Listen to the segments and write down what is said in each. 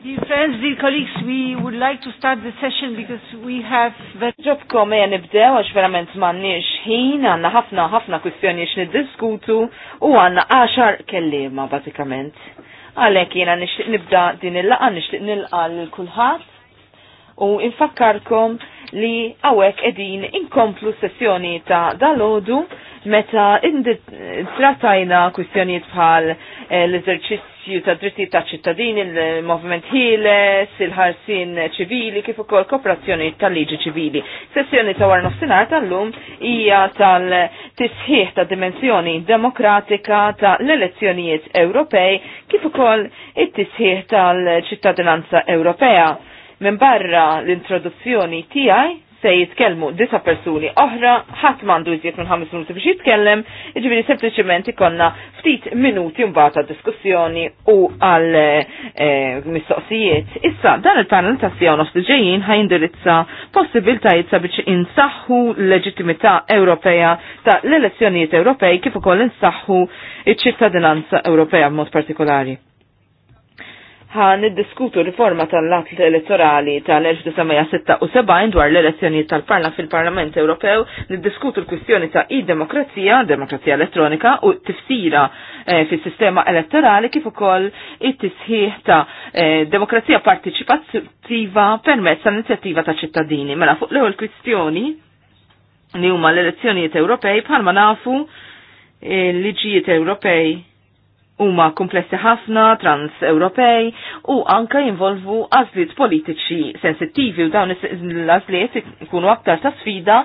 Dear friends, dear colleagues, we would like to start the session because we have... Ġobkom eja nibdew għax verament mannix ħin, għanna ħafna ħafna kwistjoni x niddiskutu u għanna għaxar kellima bazikament. Għalek jena nixtiq nibda din il-laqa, nixtiq nilqa l-kulħat u infakkarkom li għawek edin inkomplu sessjoni ta' dalodu meta indi trattajna kwistjoniet bħal eh, l-eżerċizzju rispetju ta' dritti ta' ċittadini, il-movement ħieles, il-ħarsin ċivili, kif ukoll kooperazzjoni tal-liġi ċivili. Sessjoni ta' war nofsinhar tal-lum hija tal-tisħiħ ta' dimensjoni demokratika ta' l-elezzjonijiet Ewropej kif ukoll it-tisħiħ tal-ċittadinanza Ewropea. Minn barra l-introduzzjoni tiegħi se jitkellmu disa persuni oħra, ħadd m'għandu jżid minn ħames minuti biex jitkellem, jiġifieri sempliċement ikonna ftit minuti mbagħad għad diskussjoni u għal eh, mistoqsijiet. Issa dan il-panel ta' sija nofs ġejjin ħajindirizza possibiltajiet sabiex insaħħu l-leġittimità Ewropea ta' l-elezzjonijiet Ewropej kif ukoll insaħħu iċ-ċittadinanza Ewropea b'mod partikolari ħan niddiskutu riforma tal-lat elettorali tal-1976 dwar l-elezzjoni tal-Parla fil-Parlament Ewropew, niddiskutu l-kwistjoni ta' id-demokrazija, demokrazija elettronika u tifsira eh, fis sistema elettorali kif ukoll it-tisħiħ ta' eh, demokrazija partiċipattiva permezz tal-inizjattiva ta' ċittadini. Mela fuq l-ewwel kwistjoni li huma l-elezzjonijiet Ewropej bħalma nafu eh, l-liġijiet Ewropej huma komplessi ħafna, trans-Ewropej u anka jinvolvu għażliet politiċi sensittivi u dawn l-għażliet ikunu aktar ta' sfida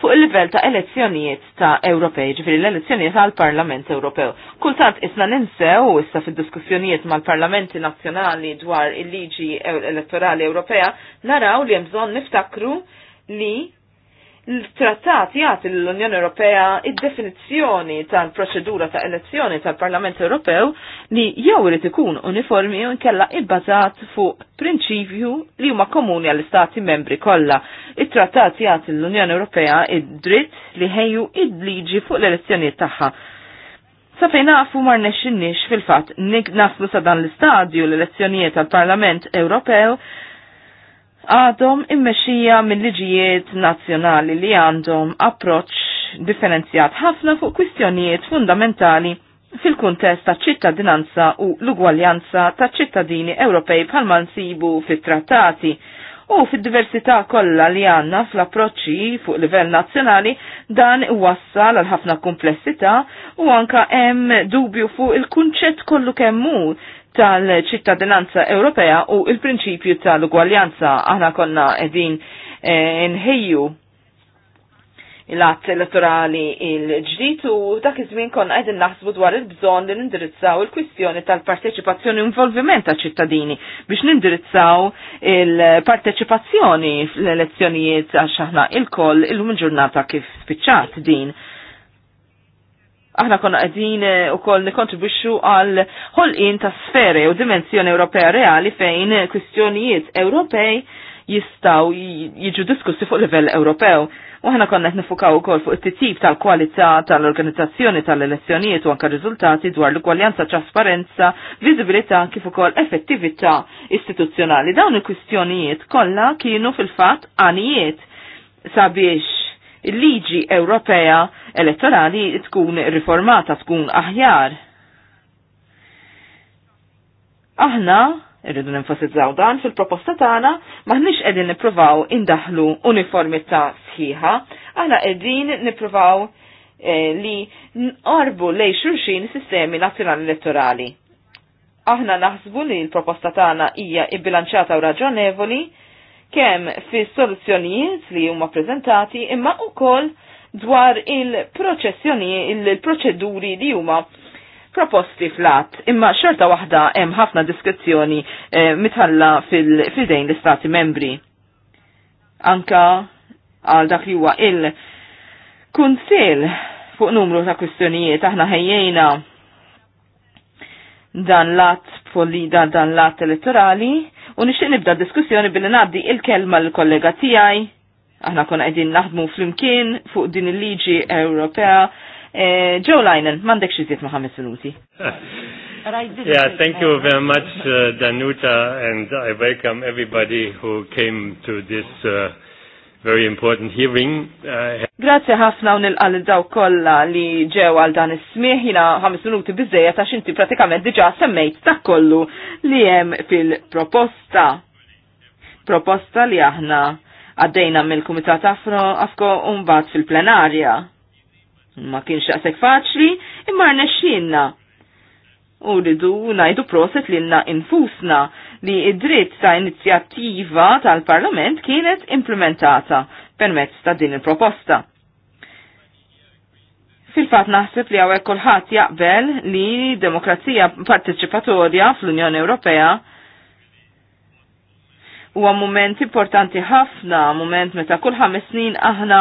fuq il-livell ta' elezzjonijiet ta' Ewropej, ġifiri l-elezzjonijiet għal Parlament Ewropew. Kultant isna ninsew issa fid-diskussjonijiet mal-Parlamenti Nazzjonali dwar il-liġi elettorali Ewropea naraw li hemm bżonn niftakru li l-trattat jagħti l-Unjoni Ewropea id-definizzjoni tal-proċedura ta' elezzjoni tal-Parlament Ewropew li jew irid ikun uniformi u nkella ibbażat fuq prinċipju li huma komuni għall-Istati membri kollha. It-trattat jagħti l-Unjoni Ewropea id-dritt li ħejju id-liġi fuq l-elezzjonijiet tagħha. Sa fejn nafu mar nexxinniex fil-fatt naslu sa dan l-istadju l-elezzjonijiet tal-Parlament Ewropew għadhom immexxija mill-liġijiet nazzjonali li għandhom approċċ differenzjat ħafna fuq kwistjonijiet fundamentali fil-kuntest ta' ċittadinanza u l-ugwaljanza ta' ċittadini Ewropej bħalma nsibu fit-trattati u fid-diversità kollha li għandna fl-approċċi fuq livell nazzjonali dan wassal għal ħafna komplessità u anka hemm dubju fuq il-kunċett kollu kemm hu tal-ċittadinanza Ewropea u il-prinċipju tal-ugwaljanza. Aħna konna edin eh, nħejju l-att elettorali il-ġdid u dak iż-żmien kon qegħdin naħsbu dwar il-bżonn li nindirizzaw il-kwistjoni tal-parteċipazzjoni u involviment ta' ċittadini biex nindirizzaw il-parteċipazzjoni fl-elezzjonijiet għax aħna il-koll il-lum ġurnata kif spiċċat din aħna konna għedin eh, u koll nikontribuxu għal ħolqin ta' sfere u dimensjoni Ewropea reali fejn kwistjonijiet Ewropej jistaw jiġu diskussi fuq livell Ewropew. U aħna konna nifukaw u koll fuq it tip tal-kwalità tal-organizzazzjoni tal-elezzjonijiet u anka riżultati dwar l-ugwaljanza, trasparenza, viżibilità kif ukoll effettività istituzzjonali. Dawn il-kwistjonijiet kollha kienu fil-fatt għanijiet sabiex il-liġi Ewropea elettorali tkun riformata, tkun aħjar. Aħna, irridu nenfasizzaw dan fil-proposta tagħna maħniex qegħdin nippruvaw indaħlu uniformità sħiħa, aħna qegħdin nippruvaw eh, li nqorbu lej xulxin sistemi nazzjonali elettorali. Aħna naħsbu li l-proposta tagħna hija ibbilanċata u raġonevoli kemm fis soluzzjonijiet li huma prezentati imma wkoll dwar il-proċessjoni il-proċeduri li huma proposti flat imma xorta waħda hemm ħafna diskrezzjoni eh, mitħalla fil-dejn l-istati membri. Anka għal dak li huwa il-kunsil fuq numru ta' kwistjonijiet aħna ħejjejna dan lat polida dan lat elettorali U nixtieq nibda diskussjoni billi ngħaddi il-kelma l-kollega tiegħi. Aħna konna qegħdin naħdmu flimkien fuq din il-liġi Ewropea. Eh, Joe Linen, m'għandek xi żied ma' ħames minuti. Yeah, thank you very much, uh, Danuta, and I welcome everybody who came to this uh, very important hearing. Uh, Grazie ħafna u nilqal daw kolla li ġew għal dan is-smieħ jina ħames minuti biżejja ta' xinti pratikament diġa semmejt ta' kollu li hemm fil-proposta. Proposta li aħna għaddejna mill-Kumitat Afro Afko umbat fil-plenarja. Ma kienx għasek faċli, imma rnexxinna u rridu najdu proset lilna infusna li id-dritt ta' inizjattiva tal-Parlament kienet implementata permezz ta' din il-proposta fil-fat naħseb li għawek kolħat jaqbel li demokrazija partecipatorja fl-Unjoni Ewropea huwa moment importanti ħafna, moment meta kull ħames snin aħna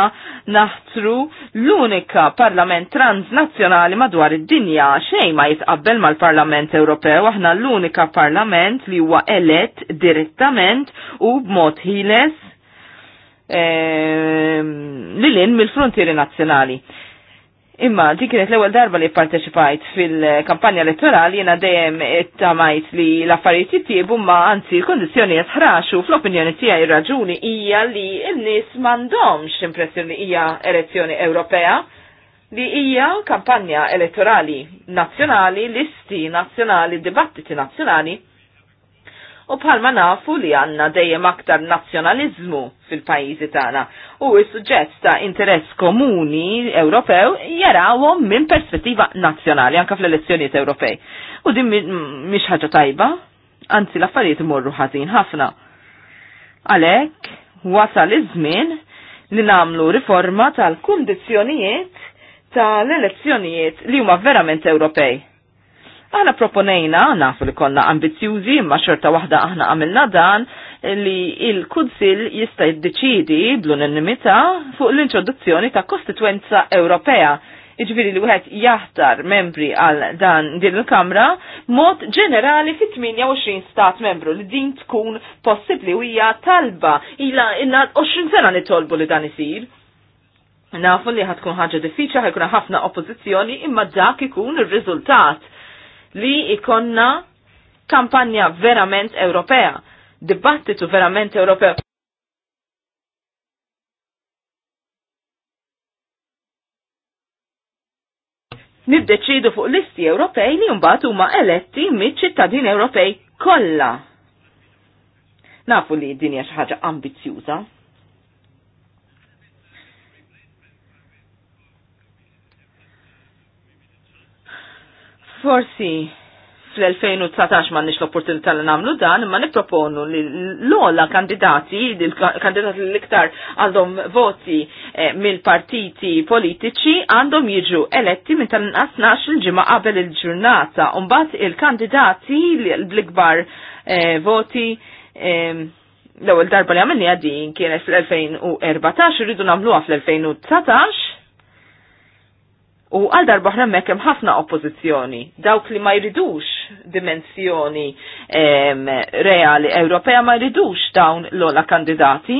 naħtru l-unika parlament transnazzjonali madwar id-dinja xejn ma jitqabbel mal-Parlament Ewropew, aħna l-unika parlament li huwa elett direttament u b'mod ħiles e, ehm, li lin mill-frontieri nazzjonali. Imma dik kienet l-ewwel darba li parteċipajt fil-kampanja elettorali jiena dejjem tamajt li l-affarijiet jittiebu ma anzi l-kondizzjonijiet ħraxu fl-opinjoni tiegħi raġuni hija li n-nies m'għandhomx impressjoni li hija elezzjoni Ewropea li hija kampanja elettorali nazzjonali, listi nazzjonali, dibattiti nazzjonali u bħalma nafu li għanna dejjem aktar nazjonalizmu fil-pajjiżi tagħna u s-suġġett ta' interess komuni Ewropew jarawhom minn perspettiva nazzjonali anke fl-elezzjonijiet Ewropej. U din mhix ħaġa tajba, anzi l-affarijiet imorru ħażin ħafna. Għalhekk wasal iż-żmien li nagħmlu riforma tal-kundizzjonijiet tal-elezzjonijiet li huma verament Ewropej Aħna proponejna, nafu li konna ambizjużi, imma xorta waħda aħna għamilna dan, li il kudzil jista' jiddeċidi bl-unanimità fuq l-introduzzjoni ta' Kostituenza Ewropea. Iġviri li wieħed jaħtar membri għal dan din il-Kamra mod ġenerali fit 28 stat membru li din tkun possibbli u hija talba ila inna 20 sena nitolbu li dan isir. Nafu li ħatkun ħaġa diffiċa ħajkun ħafna oppożizzjoni imma dak ikun ir-riżultat li ikonna kampanja verament Ewropea, dibattitu verament Ewropea. Niddeċidu fuq listi Ewropej li mbagħad huma eletti miċ ċittadin Ewropej kollha. Nafu li din hija xi ħaġa ambizjuża, Forsi fl-2019 ma nix l-opportunità li namlu dan, imma niproponu li l-ola kandidati, kandidati l-iktar għandhom voti eh, mill-partiti politiċi, għandhom jiġu eletti minn tal-inqas il-ġimma qabel il-ġurnata, umbat il-kandidati l-ikbar eh, voti eh, l-ewwel darba li għamilni għadin kienet fl-2014, rridu namluha fl-2019, U għal darba ħna hemm ħafna oppożizzjoni, dawk li ma jridux dimensjoni em, reali Ewropea ma jridux dawn l-ola kandidati.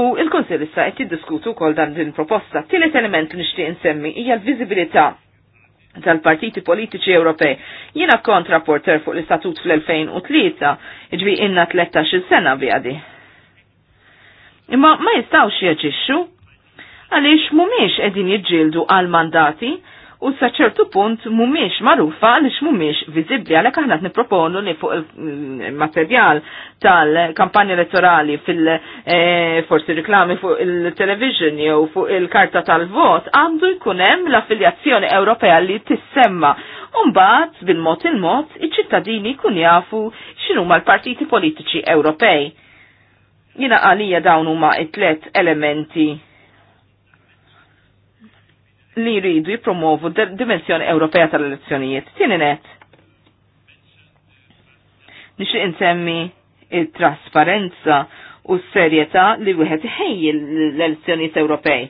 U il-Konsil issa qed jiddiskutu wkoll dan din proposta. Tielet element li nixtieq insemmi hija l-viżibilità tal-partiti politiċi Ewropej. Jiena kontra porter fuq l-istatut fl-2003, ġvi inna 13 sena bi Imma ma jistawx jeġixxu għaliex mhumiex qegħdin jiġġieldu għal mandati u sa ċertu punt mumiex marufa għalix mumiex vizibli għalek aħna niproponu li fuq il-materjal mm, tal-kampanja elettorali fil-forsi eh, riklami fuq il-television jew fuq il-karta tal-vot għandu jkunem l-affiljazzjoni Ewropea li tissemma Umbat, bil-mod il-mod, iċ-ċittadini kun jafu xinu l partiti politiċi Ewropej. Jina għalija dawn huma it-tlet elementi li jridu jipromovu dimensjoni Ewropea tal-elezzjonijiet. Tieni net. Nixtieq insemmi il trasparenza u s-serjetà li wieħed ħej l-elezzjonijiet Ewropej.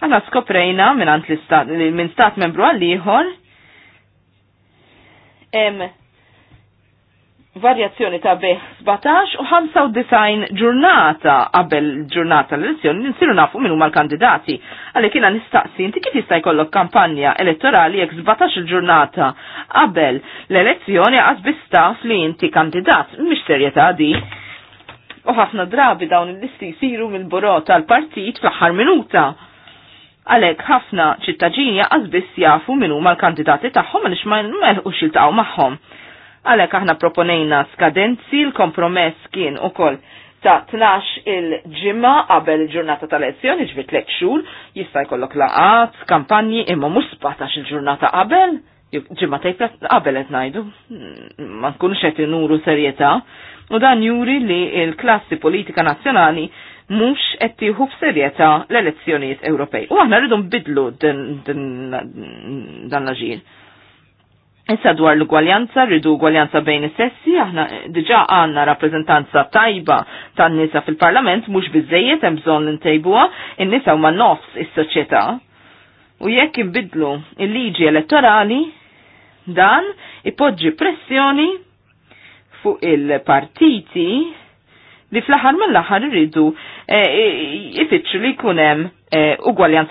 Aħna skoprejna minn stat membru għal ieħor varjazzjoni ta' beħ 17 u 95 ġurnata qabel ġurnata l-elezzjoni ninsiru nafu minnu huma l-kandidati. Għalhekk kiena nistaqsi inti kif jista' jkollok kampanja elettorali jekk 17 il-ġurnata qabel l-elezzjoni għaz bistaf li inti kandidat, mhix serjeta di. U ħafna drabi dawn il-listi jsiru mill-buro tal-partit fl-aħħar minuta. Għalhekk ħafna ċittadini għazbis jafu minnu huma l-kandidati tagħhom għaliex ma jilqux jiltaqgħu magħhom. Għalek aħna proponejna skadenzi, l-kompromess kien u koll ta' 12 il-ġimma qabel il-ġurnata tal-elezzjoni ġbit tliet xhur jista' jkollok laqat, kampanji imma mhux 17 il-ġurnata qabel. Ġimma tajpla qabel qed ngħidu, hmm, ma nkunux qed inuru serjetà, u dan juri li l-klassi politika nazzjonali mhux qed tieħu f'serjetà l-elezzjonijiet Ewropej. U aħna rridu nbidlu dan l-aġir. Issa dwar l-gwaljanza, rridu gwaljanza bejn is-sessi, aħna diġa għanna rappreżentanza tajba tan nisa fil-parlament, mhux bizzejiet hemm bżonn intejbuha, in-nisa huma nofs is-soċjetà. U jekk inbidlu il-liġi elettorali, dan ipoġġi pressjoni fuq il-partiti li fl-aħħar mill-aħħar irridu eh, ifittxu li jkun hemm E,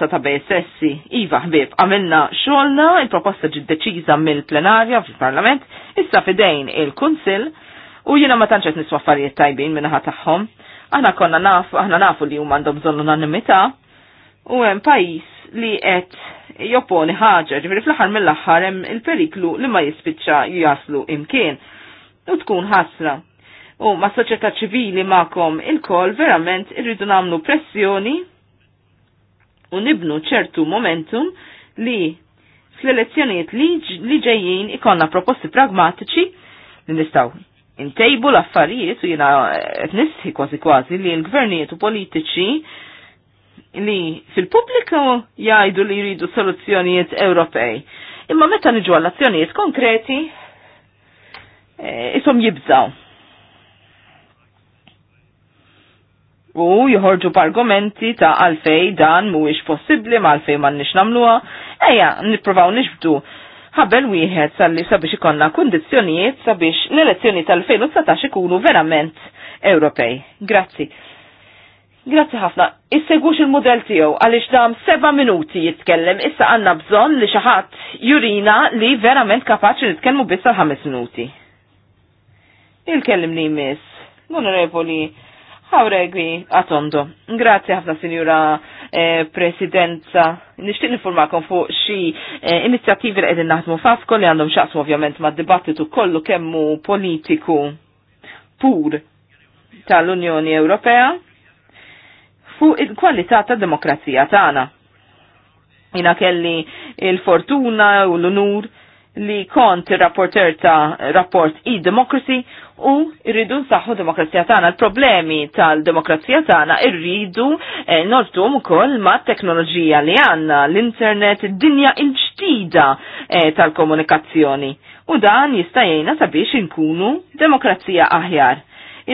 ta' bej sessi. Iva, ħbib, għamilna xolna, il-proposta ġid deċiza mill-plenarja fil-parlament, issa fidejn il-kunsil, u jina ma tanċet niswa affarijiet tajbin minnaħat tagħhom. Aħna konna naf, aħna nafu li huma għandhom unanimita, u hemm pajjiż li qed jopponi ħaġa, ġifri fl-aħħar mill-aħħar hemm il-periklu li ma jispiċċa jaslu imkien. U tkun ħasra. U ma' soċjetà ċivili ma'kom il-kol verament irridu nagħmlu pressjoni u nibnu ċertu momentum li fl-elezzjonijiet li ġejjin ikonna proposti pragmatiċi li nistaw intejbu l-affarijiet u jina nissi kważi kważi li l-gvernijiet u politiċi li fil-pubbliku jgħidu li jridu soluzzjonijiet Ewropej. Imma meta niġu għall-azzjonijiet konkreti, eh, isom jibżaw. u jħorġu b'argumenti ta' għalfej dan mhuwiex possibbli ma' għalfej ma' nix namluha, eja, nipprovaw nixbdu ħabel wieħed salli sabiex ikonna kundizzjonijiet sabiex l-elezzjoni tal-2019 ikunu verament Ewropej. Grazzi. Grazzi ħafna. Issegwux il-modell tiegħu għaliex dam seba' minuti jitkellem issa għandna bżonn li xi ħadd jurina li verament kapaċi nitkellmu biss għal ħames minuti. Il-kellim li jmiss, l-Onorevoli Hawregwi Atondo. Grazie ħafna Signora eh, Presidenza. Nixtieq nifurmakom fuq xi eh, inizjattivi li qegħdin naħdmu f'Afko li għandhom xaqsmu ovvjament mad-dibattitu kollu kemmu politiku pur tal-Unjoni Ewropea fuq il-kwalità tad-demokrazija tagħna. Jina kelli il-fortuna u l-unur li kont il-rapporter ta' rapport e-democracy u irridu nsaħħu demokrazija tagħna. Il-problemi tal-demokrazija tagħna irridu eh, nortum ukoll ma' teknoloġija li għandna, l-internet, id-dinja il-ġdida eh, tal-komunikazzjoni. U dan jista' jgħinna sabiex inkunu demokrazija aħjar.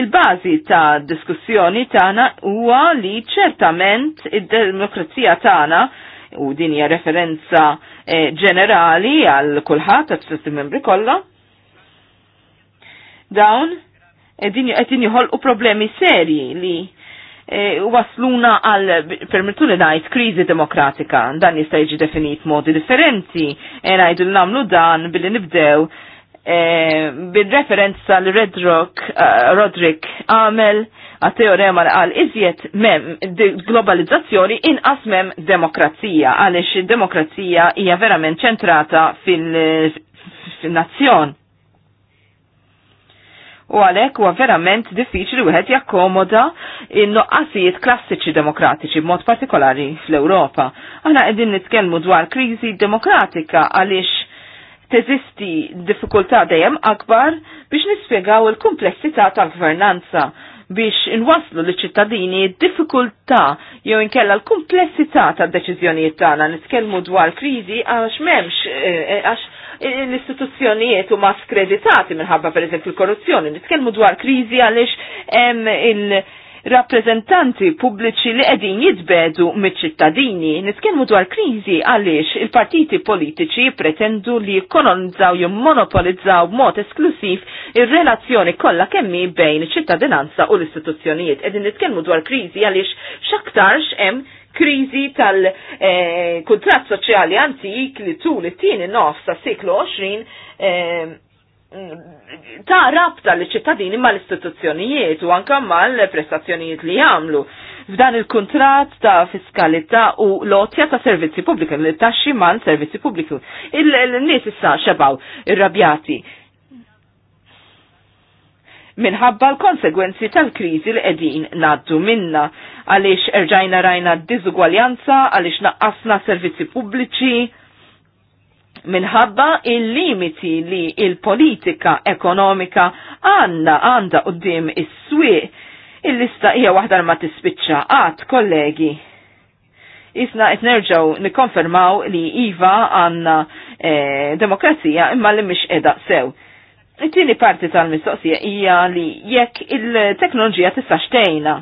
Il-bażi ta' diskussjoni tagħna huwa li ċertament id-demokrazija tagħna u din hija referenza eh, ġenerali eh, għal kulħadd tas membri kollha dawn qegħdin u problemi serji li e, wasluna għal permettu li najt krizi demokratika. Dan jista' jiġi definit modi differenti. E najdu namlu dan billi nibdew e, bil-referenza l Red Rock Roderick għamel għat teorema li għal iżjed mem globalizzazzjoni inqas asmem demokrazija għaliex id-demokrazija hija verament ċentrata fil-nazzjon u għalek huwa verament diffiċli wieħed jakkomoda in-noqqasijiet klassiċi demokratiċi b'mod partikolari fl-Ewropa. Aħna qegħdin nitkellmu dwar kriżi demokratika għaliex teżisti diffikultà dejjem akbar biex nispjegaw il-komplessità tal-gvernanza biex inwaslu li ċittadini diffikultà jew inkella l-komplessità tad deċiżjonijiet tagħna nitkellmu dwar kriżi għax m'hemmx eh, eh, għax l-istituzzjonijiet huma skreditati minħabba eżempju l-korruzzjoni. Nitkellmu dwar kriżi għaliex hemm il- rappresentanti pubbliċi li qegħdin jitbedu miċ-ċittadini nitkellmu dwar kriżi għaliex il-partiti politiċi pretendu li kolonizzaw jew monopolizzaw b'mod esklusiv ir-relazzjoni kollha kemmi bejn iċ-ċittadinanza u l-istituzzjonijiet. Qegħdin nitkellmu dwar kriżi għaliex x'aktarx hemm krizi tal-kontrat eh, soċjali antik li tul it-tieni nofs ta' siklu 20 eh, ta' rabta li ċittadini ma' l-istituzzjonijiet u anka ma' l-prestazzjonijiet li jamlu f'dan il-kontrat ta' fiskalità u lotja ta' servizzi pubblika, li taxxi mal servizzi pubbliku. Il-nies issa xebaw irrabjati minħabba l-konsegwenzi tal-krizi li qegħdin naddu minna għaliex erġajna rajna d-diżugwaljanza, għaliex naqqasna servizzi pubbliċi, minħabba il-limiti li il-politika ekonomika għanna għanda dim is-swieq il-lista hija waħda ma tispiċċa għad kollegi. Isna qed nerġgħu nikkonfermaw li iva għandna eh, demokrazija imma li mhix qiegħda sew it-tieni parti tal-mistoqsija hija li jekk il-teknoloġija tista' xtejna.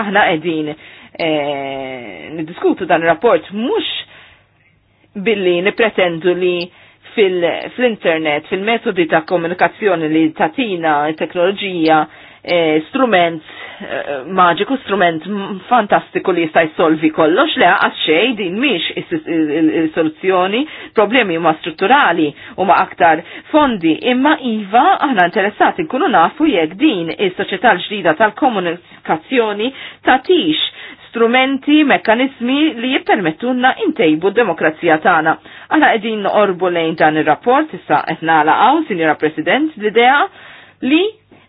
Aħna qegħdin eh, niddiskutu dan ir-rapport mhux billi nipretendu li fil-internet, fil-metodi ta' komunikazzjoni li tatina teknoloġija Eh, strument eh, maġiku, strument fantastiku li jista' jsolvi kollox, le għax xej din mhix soluzzjoni problemi huma strutturali huma aktar fondi, imma iva aħna interessati nkunu nafu jekk din is-soċjetà l-ġdida tal-komunikazzjoni tatix strumenti, mekkanizmi li jippermettunna intejbu d-demokrazija tagħna. Aħna qegħdin orbu lejn dan ir-rapport issa qed għaw, Sinjora President, l-idea li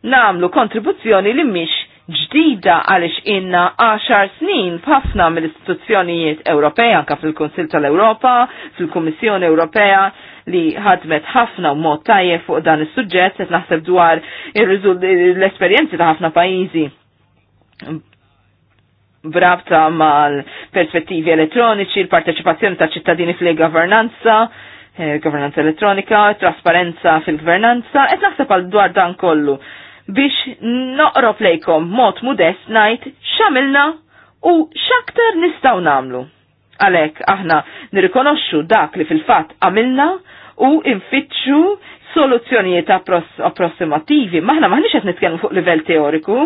namlu kontribuzzjoni li mhix ġdida għalix inna 10 snin f'ħafna mill-istituzzjonijiet Ewropea, anka fil-Konsil tal-Ewropa, fil-Kummissjoni Ewropea li ħadmet ħafna u mod tajjeb fuq dan is-suġġett qed naħseb dwar l-esperjenzi ta' ħafna pajjiżi brabta mal-perspettivi elettroniċi, l-parteċipazzjoni ta' ċittadini fil-governanza, eh, governanza elettronika, trasparenza fil-gvernanza, qed naħseb għal dwar dan kollu biex noqrob lejkom mod modest najt xamilna u xaktar nistaw namlu. Għalhekk aħna nirrikonoxxu dak li fil-fat għamilna u infittxu soluzzjonijiet approssimativi. Maħna maħniċ qed nitkellmu fuq livell teoriku,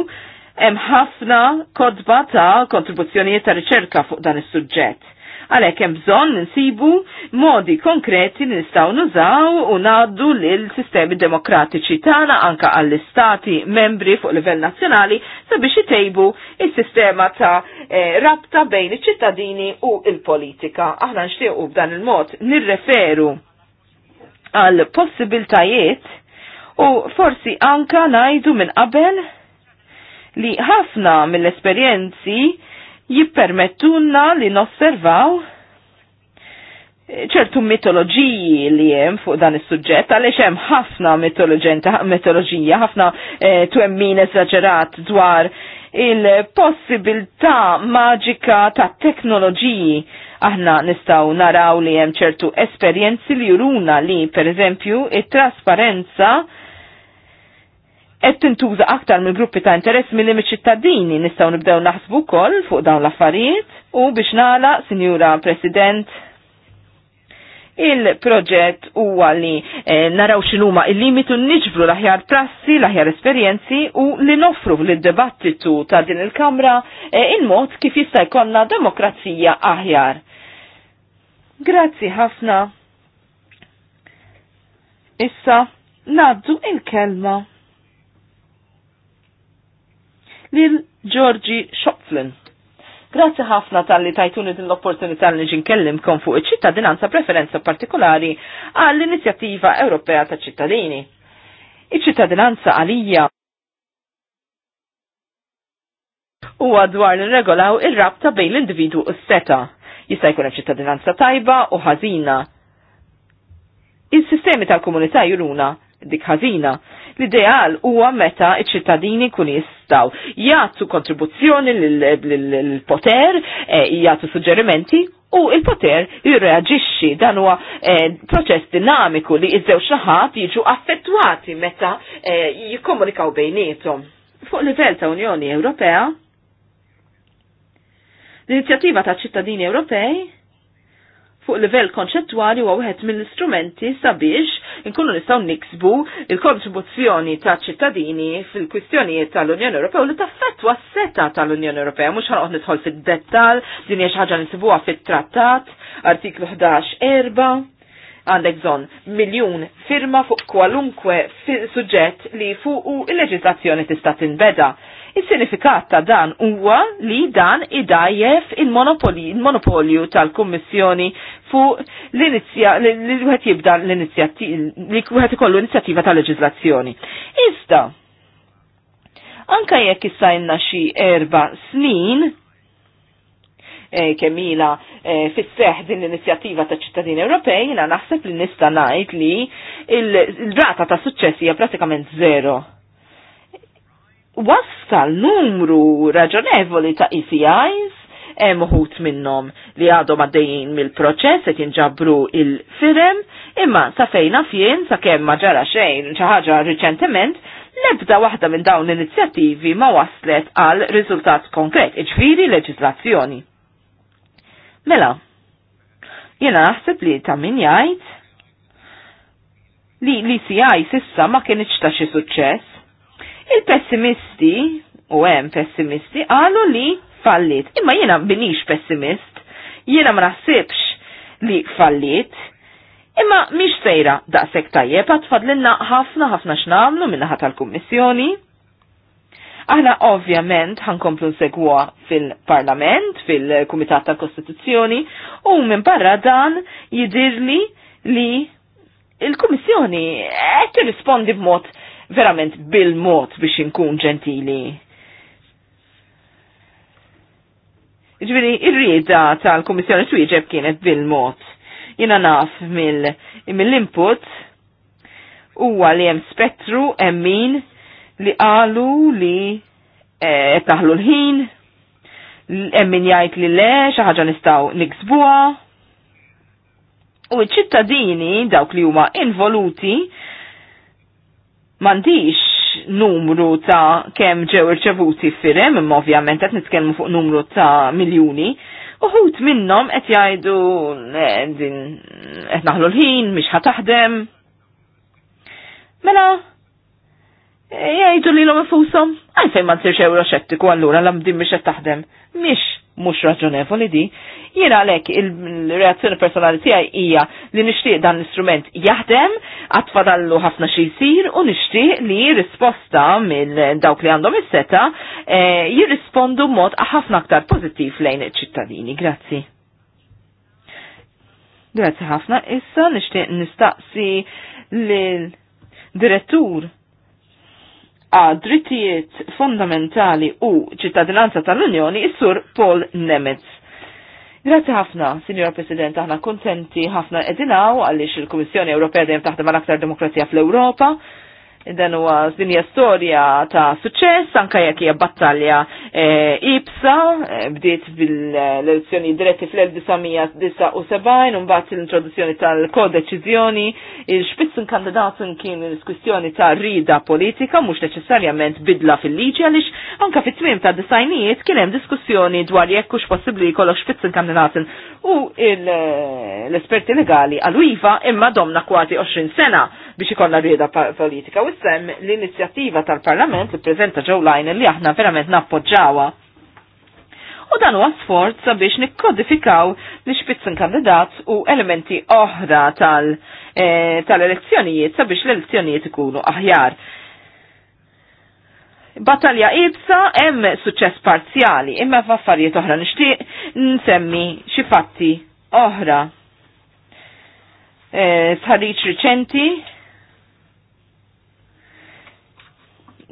hemm ħafna kodba ta' kontribuzzjonijiet ta' riċerka fuq dan is-suġġett Għalhekk hemm bżonn insibu modi konkreti nistaw nistgħu nużaw u ngħaddu lil sistemi demokratiċi tagħna anka għall-istati membri fuq livell nazzjonali sabiex itejbu is-sistema ta' eh, rabta bejn iċ-ċittadini u l-politika. Aħna nxtiequ b'dan il-mod nirreferu għal possibiltajiet u forsi anka najdu minn qabel li ħafna mill-esperjenzi jippermettunna li nosservaw ċertu mitoloġiji li jem fuq dan is suġġett għaliex hemm ħafna mitoloġija, ħafna eh, twemmin eżaġerat dwar il-possibilità maġika ta' teknoloġiji. Aħna nistaw naraw li hemm ċertu esperjenzi li juruna li, per eżempju, il trasparenza qed tintuża aktar mill gruppi ta' interess milli miċ-ċittadini nistgħu nibdew naħsbu wkoll fuq dawn l-affarijiet u biex nagħlaq, Sinjura President, il-proġett huwa li eh, naraw x'inhuma il-limitu niġbru l-aħjar prassi, l-aħjar esperjenzi u li noffru lid-dibattitu ta' din il-Kamra eh, il-mod kif jista' jkollna demokrazija aħjar. Grazzi ħafna. Issa, naddu il-kelma lil Georgi Schopflin. Grazzi ħafna tal-li tajtuni din l-opportunità li ġinkellimkom fuq iċ-ċittadinanza preferenza partikolari għall-Inizjattiva Ewropea ta' ċittadini. Iċ-ċittadinanza għalija huwa dwar regolaw ir-rabta bejn l-individu u s-seta. Jista' jkun ċittadinanza tajba u ħażina. Is-sistemi tal-komunità juruna dik ħażina. L-ideal huwa meta iċ-ċittadini kun jistaw jagħtu kontribuzzjoni lill-poter, eh, jagħtu suġġerimenti u il-poter jirreagġixxi dan huwa eh, proċess dinamiku li iż-żewġ naħat jiġu affettwati meta eh, jikkomunikaw bejniethom. Fuq livell ta' Unjoni Ewropea, l-inizjattiva ta' ċittadini Ewropej fuq livell konċettwali huwa wieħed mill-istrumenti sabiex inkunu nistgħu niksbu il-kontribuzzjoni ta' ċittadini fil-kwistjonijiet tal-Unjoni Ewropea u li taffettwa s-seta tal-Unjoni Ewropea mhux ħanoqgħod nidħol fid-dettal din hija xi ħaġa nisibuha fit-trattat artiklu 11 erba' għandek bżon miljun firma fuq kwalunkwe suġġett li fuq il-leġislazzjoni tista' tinbeda. Is-sinifikat ta' dan huwa li dan idajjef il-monopolju il monopolju tal kummissjoni fuq li wieħed jibda l-inizjattiva li wieħed ikollu inizjattiva tal-leġiżlazzjoni. Iżda, anka jekk issajna xi erba' snin E, kemila e, fisseħ din l-inizjattiva ta' ċittadini Ewropej, jina naħseb li nista' ngħid li il-rata ta' suċċess hija pratikament zero wassal numru raġonevoli ta' ECIs, hemm uħut minnhom li għadhom għaddejjin mill-proċess qed jinġabru il-firem, imma sa fejna fien sa kemm ma ġara xejn xi ħaġa riċentement, nebda waħda minn dawn l-inizjattivi ma waslet għal riżultat konkret, iġviri leġislazzjoni. Mela, jena naħseb li ta' min jgħid li li CI sissa ma kienx ta' xi suċċess, Il-pessimisti, u hemm pessimisti, għalu li fallit. Imma jiena binix pessimist, jiena mrasibx li fallit, imma miex sejra daqsek tajjeb għatfadlinna ħafna ħafna x'namlu minnaħa tal-Kummissjoni. Aħna ovvjament ħankomplu nsegwa fil-Parlament, fil-Kumitat tal-Kostituzzjoni, u minn barra dan jidirli li il-Kummissjoni qed tirrispondi b'mod verament bil-mod biex inkun ġentili. Ġviri, ir-rieda tal-Komissjoni Twieġeb kienet bil-mod. Jina naf mill-input u huwa li hemm spettru hemm min li qalu li e, taħlu l-ħin, hemm min jgħid li le xi ħaġa nistgħu niksbuha. U ċittadini dawk li huma involuti mandiċ numru ta' kem ġew irċevuti firem, imma ovvjament qed nitkellmu fuq numru ta' miljuni, uħut minnom qed jgħidu qed naħlu l-ħin, mhix ħataħdem. Mela, jgħidu li l-om infushom, għalfejn ma tsirx euro xettiku allura l-amdin mhix qed taħdem. Mhix mhux raġunevoli di. jina għalek il-reazzjoni personali tiegħi hija li nixtieq dan l instrument jaħdem, għatfadallu ħafna xi jsir u nixtieq li risposta minn dawk li għandhom is-seta e, jirrispondu mod ħafna aktar pozittiv lejn iċ-ċittadini. Grazzi. Grazzi ħafna. Issa nixtieq nistaqsi l direttur għad drittijiet fondamentali u ċittadinanza tal-Unjoni is-sur Paul Nemetz. Grazie ħafna, Signora President, aħna kontenti ħafna edinaw għaliex il-Kummissjoni Ewropea dejjem taħdem għal aktar demokrazija fl-Ewropa dan huwa dinja storja ta' suċċess anke jekk hija battalja e, ibsa e, bdiet bil-elezzjoni diretti fl-1979 u mbagħad l-introduzzjoni tal-kodeċiżjoni il-Spitzen kandidaten kien diskussjoni ta' rida politika mhux neċessarjament bidla fil-liġi għaliex anke fit-tmiem ta' disajnijiet kien hemm diskussjoni dwar jekk hux possibbli jkollok Spitzen kandidaten u e, l-esperti legali għal iva imma domna kważi 20 sena biex ikollna rieda politika sem l-inizjattiva tal-Parlament li prezenta Joe Lajn li aħna verament nappoġġawha. U dan huwa sforz sabiex nikkodifikaw li xpizzin kandidat u elementi oħra eh, tal-elezzjonijiet tal sabiex l-elezzjonijiet ikunu aħjar. Battalja ibsa hemm suċċess parzjali, imma f'affarijiet oħra nixtieq nsemmi xi fatti oħra. E, eh, Sħarriċ riċenti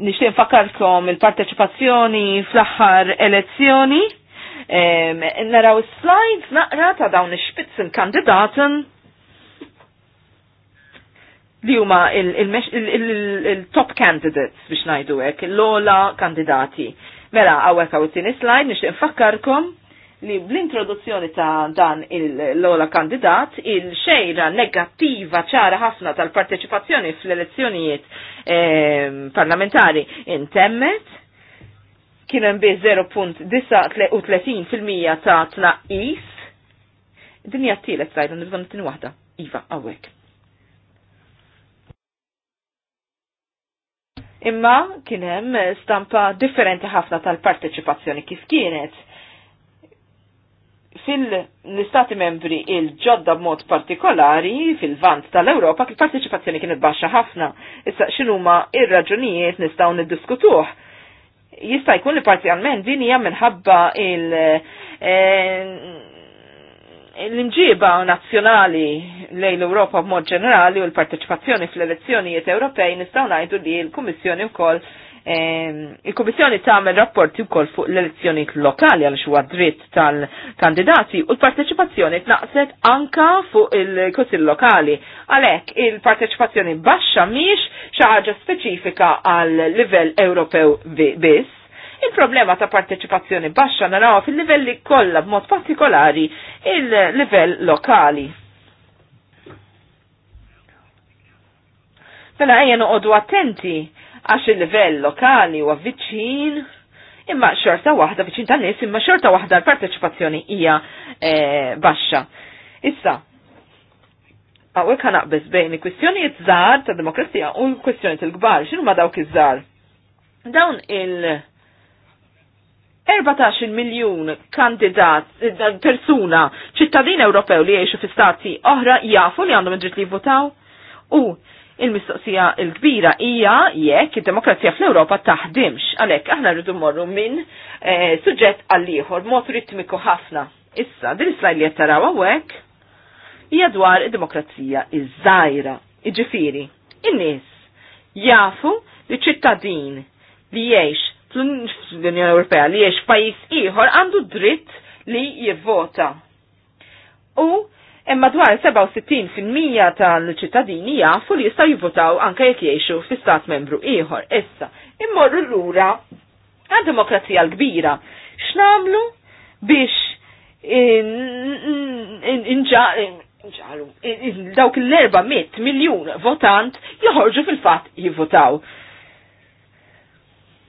nishtiq fakarkom il-parteċipazzjoni fl-aħħar elezzjoni. naraw slides naqra ta' dawn ix-spitzen kandidaten li huma il-top candidates biex ngħidu hekk, l-ola kandidati. Mela hawnhekk hawn it-tieni slide nixtieq nfakkarkom li bl-introduzzjoni ta' dan l-ola kandidat, il-xejra negattiva ċara ħafna tal-parteċipazzjoni fl-elezzjonijiet eh, parlamentari intemmet, kienu mbi 0.39% ta' tnaqis, dinja t-tielet sajda, nibżon t wahda, Iva, għawek. Imma kienem stampa differenti ħafna tal-parteċipazzjoni kif kienet fil-istati membri il-ġodda b'mod partikolari fil-vant tal-Europa il-partiċipazzjoni kienet baxxa ħafna. Issa x'inhuma ir-raġunijiet nistgħu niddiskutuh. Jista' jkun li parzjalment din hija minħabba il- eh, l-imġiba nazzjonali lejn l-Europa b'mod ġenerali u l-partiċipazzjoni fl-elezzjonijiet Ewropej nistgħu ngħidu li l-Kummissjoni wkoll Ehm, Il-Komissjoni tagħmel rapporti wkoll fuq l-elezzjoni lokali għal huwa dritt tal-kandidati u l-parteċipazzjoni tnaqset anka fuq il-Kunsill lokali. Għalhekk il-parteċipazzjoni baxxa mhix xi ħaġa speċifika għal livell Ewropew biss. Il-problema ta' parteċipazzjoni baxxa naraw fil-livelli kollha b'mod partikolari il-livell lokali. Mela ejja noqogħdu attenti għax il-livell lokali huwa viċin imma xorta waħda viċin tan-nies imma xorta waħda l-parteċipazzjoni hija e, baxxa. Issa, għawek naqbis bejn il-kwistjonijiet żgħar ta' demokrazija u l-kwistjonijiet il-kbar, x'inhu ma dawk iż-żgħar? Dawn il- 14 miljun kandidat, eh, persuna, ċittadin Ewropew li jiexu fi stati oħra jafu li għandhom id-dritt li votaw? U il-mistoqsija il-kbira hija jekk id-demokrazija fl-Ewropa taħdimx. Għalhekk aħna rridu morru minn eh, suġġett għal ieħor mod ritmiku ħafna. Issa, din is-slajd li qed taraw hawnhekk hija dwar id-demokrazija iż-żgħira. Iġifieri, in-nies jafu li ċittadin li jgħix fl-Unjoni Ewropea li jgħix pajjiż ieħor għandu dritt li jivvota. U Imma dwar 67% tal-ċittadini jafu li jistaw jivvotaw anke jekk jgħixu fi stat membru ieħor. Issa, immorru lura għad demokrazija l-kbira. X'namlu biex dawk l-400 miljun votant joħorġu fil-fatt jivvotaw.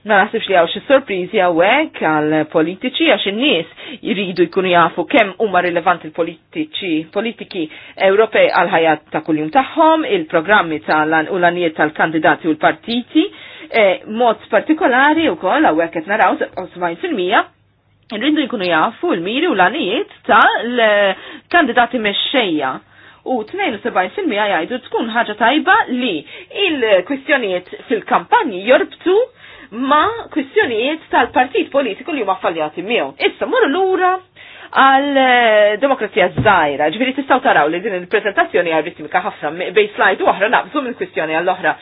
Ma nasibx li għaw xie sorprizi għawek għal politiċi għax in-nies jiridu jkunu jafu kemm huma rilevanti l-politiċi politiki Ewropej għal ħajat ta' kuljum tagħhom, il-programmi tal l-anijiet tal-kandidati u l-partiti, e, mod partikolari wkoll għawek qed naraw 70% irridu jkunu jafu l-miri u l-anijiet tal-kandidati meċxeja u 72% jgħidu tkun ħaġa tajba li il-kwistjonijiet fil-kampanji jorbtu ma' kwistjonijiet tal-partit politiku li huma affaljati miegħu. Issa morru lura għal eh, demokrazija żgħira, ġifieri tistgħu taraw li din il-preżentazzjoni għal ritmika ħafna bej slide oħra naqbżu minn kwistjoni għall oħra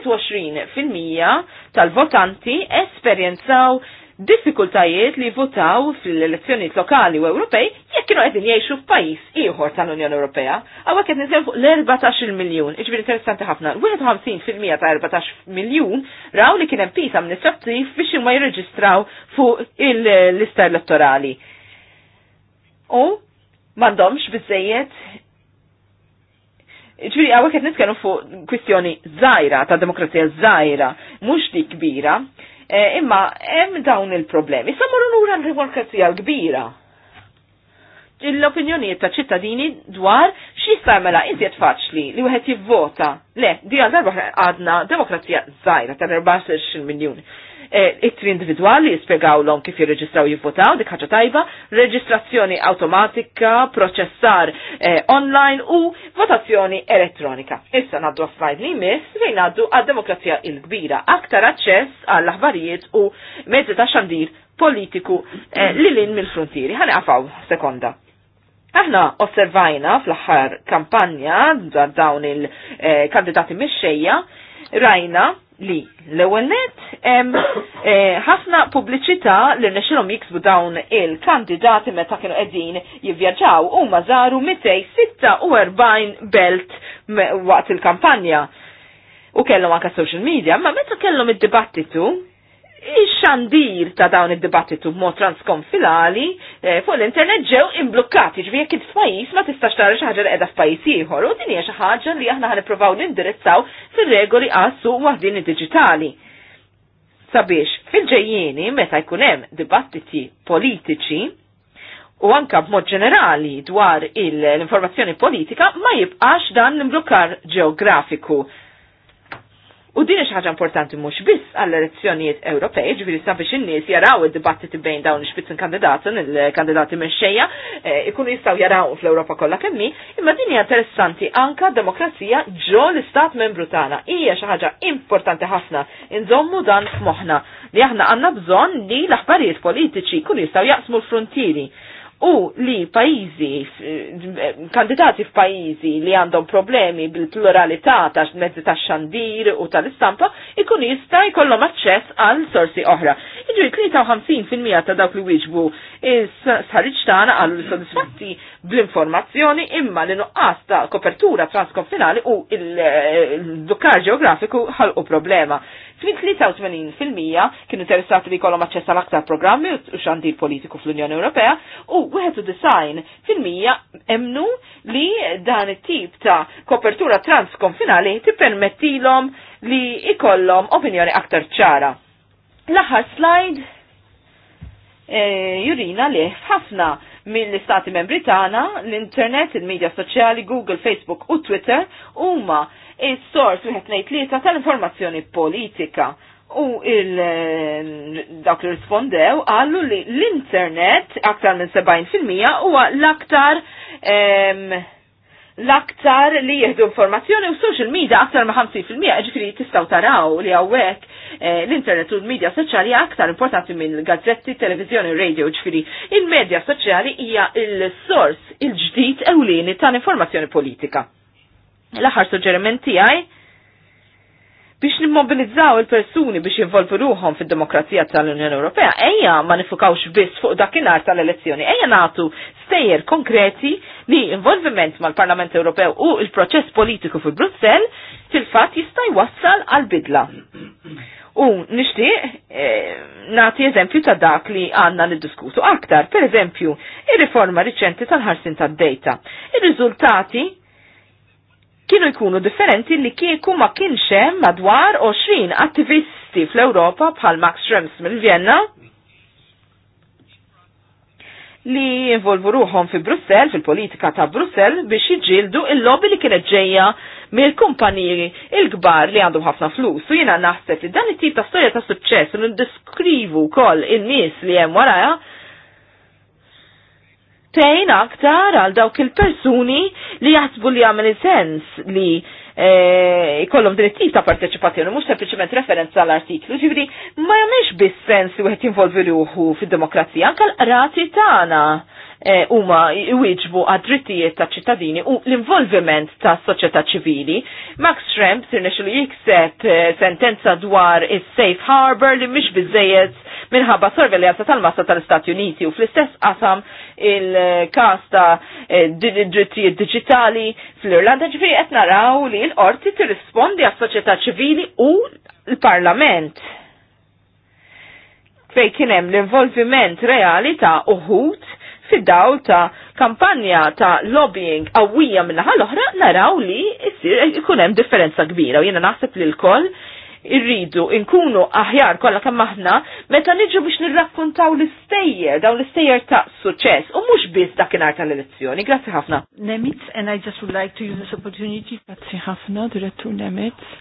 21% tal-votanti esperjenzaw diffikultajiet li votaw fil-elezzjonijiet lokali u Ewropej jekk kienu qegħdin jgħixu f'pajjiż ieħor tal-Unjoni Ewropea. għaw qed nisew fuq l-14 miljun, iġbir interessanti ħafna. 51% ta' 14 miljun raw li kien hemm pis amministrattiv biex huma jirreġistraw fuq il-lista elettorali. U m'għandhomx bizzejiet Ġviri, għawek għed nitkellmu fuq kwistjoni zaħira, ta' demokrazija zaħira, mux di kbira, Eh, imma hemm dawn il-problemi. Sa morru lura l-rivolkazzija l-kbira. L-opinjonijiet ta' ċittadini dwar xi samela iżjed faċli li wieħed jivvota. Le, di għal darba għadna demokrazija żgħira ta' 14 miljuni it e, ittri individwali jispjegawlhom kif jirreġistraw jivvotaw, dik ħaġa tajba, reġistrazzjoni awtomatika, proċessar e, online u votazzjoni elettronika. Issa naddu għas li mis, fejn naddu għad-demokrazija il-kbira, aktar aċċess għall-aħbarijiet u mezzi ta' xandir politiku e, li lin mill frontiri Ħani għafaw sekonda. Aħna osservajna fl-aħħar kampanja dawn il-kandidati mis xejja rajna li l-ewwel eh, ħafna eh, pubbliċità li nexilhom jiksbu dawn il-kandidati meta kienu qegħdin jivvjaġġaw huma żaru 246 belt waqt il-kampanja. U kellhom anke social media, ma meta kellhom id-dibattitu ix-xandir ta' dawn id-dibattitu b'mod transkonfilali eh, fuq l-internet ġew imblukkati ġvijek kif f'pajis ma tistax tara xi ħaġa li qiegħda f'pajjiż ieħor u din hija xi ħaġa li aħna ħanippruvaw nindirizzaw fir-regoli qassu waħdin id-diġitali. Sabiex fil-ġejjieni meta jkun hemm dibattiti politiċi u anka b'mod ġenerali dwar l-informazzjoni politika ma jibqax dan l-imblukkar ġeografiku U din ħaġa importanti mhux biss għall elezzjonijiet Ewropej, ġifiri sabiex in-nies jaraw id-dibattiti bejn dawn il-xpizzin kandidatin, il-kandidati minn xejja, eh, ikunu jistgħu jaraw fl-Ewropa kollha kemm imma din hija interessanti anka demokrazija ġo l-istat membru tagħna. Hija xi ħaġa importanti ħafna inżommu dan f'moħħna li aħna għandna bżonn li l-aħbarijiet politiċi kun jistgħu jaqsmu l-frontieri u li pajizi, eh, kandidati f'pajizi li għandhom problemi bil-pluralità ta' mezzi ta' xandir u tal-istampa, ikun jista' jkollhom aċċess għal sorsi oħra. Iġu 53% ta' dawk li wieġbu sħarriġ tagħna għal li sodisfatti bl-informazzjoni imma li nuqqas ta' kopertura transkonfinali u eh, il-dukkar ġeografiku ħalqu problema. 83% kienu interessati li kolom aċċess għal aktar programmi u xandir politiku fl-Unjoni Ewropea u 91% emnu li dan it-tip ta' kopertura transkonfinali tippermettilhom li ikollom opinjoni aktar ċara. L-aħħar slide e, jurina li ħafna mill-istati membri tagħna, l-internet, il-medja soċjali, Google, Facebook u Twitter huma is-sors wieħed ngħid lieta tal-informazzjoni politika. U il eh, dak li rispondew għallu li l-internet aktar minn 70% huwa l-aktar l-aktar li jihdu informazzjoni u social media aktar ma' 50% ġifiri tistaw taraw li għawek eh, l-internet u l-medja soċjali aktar importanti minn gazzetti, televizjoni u radio ġifiri. Il-medja soċjali hija il-sors il-ġdid ewlieni tal informazzjoni politika. L-aħħar suġġerimenti għaj biex nimmobilizzaw il-persuni biex jinvolvu ruħom fil-demokrazija tal-Unjoni Ewropea, ejja ma nifukawx biss fuq dakinhar tal-elezzjoni, ejja natu stejjer konkreti li involviment mal-Parlament Ewropew u il-proċess politiku fi Brussell fil-fatt jista' jwassal għal bidla. U nixtieq eh, nagħti eżempju ta' dak li għandna niddiskutu aktar, per eżempju, ir-riforma riċenti tal-ħarsin tad-data. Ir-riżultati kienu jkunu differenti li kieku ma kienx hemm madwar 20 attivisti fl-Ewropa bħal Max Schrems mill-Vienna li involvu ruħom fi Brussel, fil-politika ta' Brussel, biex jġildu il-lobby li kienet ġeja mill kumpaniji il-gbar li għandhom ħafna flus. U jena naħseb li dan it-tip ta' storja ta' suċċess u diskrivu kol il-nies li hemm warajha, tejn aktar għal dawk il-persuni li jaħsbu li għamil sens li jkollhom e, drittijiet ta' parteċipazzjoni, mhux sempliċement referenza għall artiklu ġifri ma jagħmilx biss sens li wieħed jinvolvi ruħu fid-demokrazija, anke l-qrati tagħna Eh, huma jwieġbu għad-drittijiet ta' ċittadini u l-involviment ta' soċjetà ċivili. Max Schremp sirnex li jikseb eh, sentenza dwar is-safe harbor li mhix biżejjed minħabba sorveljanza tal-massa tal-Istati Uniti u fl-istess qasam il-kas ta' eh, drittijiet digitali fl-Irlanda ġifieri qed naraw li l-qorti tirrispondi għas-soċjetà ċivili u l-Parlament fej kien hemm l-involviment reali ta' uħud fid-dawl ta' kampanja ta' lobbying qawwija minna l-oħra naraw li jsir ikun hemm differenza kbira u jiena naħseb li l-koll irridu inkunu aħjar kollha kemm aħna meta niġu biex nirrakkuntaw l-istejjer dawn l-istejjer ta' suċċess u mhux biss dakinhar tal-elezzjoni. Grazzi ħafna. Nemitz and I just would like to use this opportunity. Grazzi ħafna, Direttur Nemitz.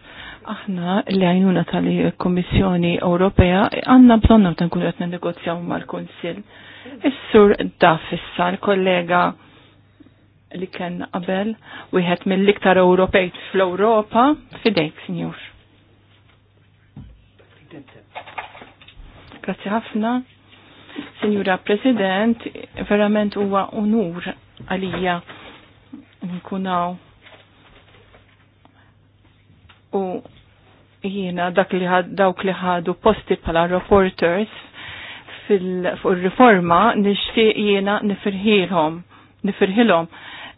Aħna li għajnuna tal-Kommissjoni Ewropea għanna bżonna ta nkunu qed negozjaw mal-Kunsill Is-sur daf issa l-kollega li kien qabel, wieħed mill-iktar Ewropej fl-Ewropa, fidejk, sinjur. Grazzi ħafna. Sinjura President, verament huwa unur għalija nkunaw u jiena dak li dawk li ħadu posti bħala reporters fuq il-riforma nixtieq jiena nifirħilhom, nifirħilhom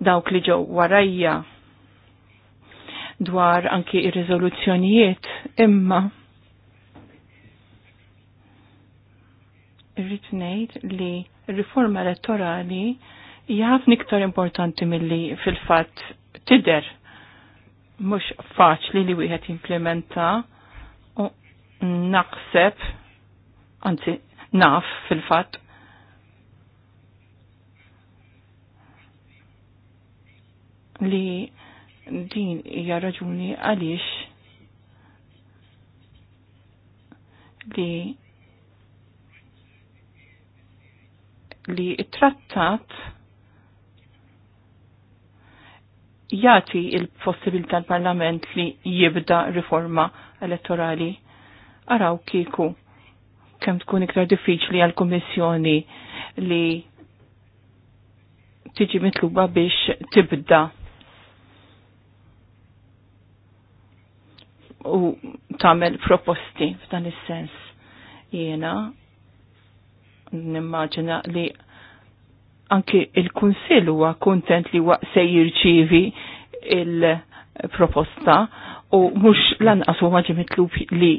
dawk li ġew warajja dwar anki ir-riżoluzzjonijiet imma irrid ngħid li r-riforma elettorali hija ħafna iktar importanti milli fil-fatt tidher mhux faċli li wieħed jimplementa u naħseb anzi naf fil-fatt. li din hija raġuni għaliex li li trattat jati il-possibilità tal-Parlament li jibda riforma elettorali. Araw kiku kemm tkun iktar diffiċli għal kummissjoni li tiġi mitluba biex tibda u tamel proposti f'dan is-sens. Jiena nimmaġina li anki il-Kunsill huwa kuntent li huwa se jirċivi il-proposta u mhux lanqas huwa ġi mitlub li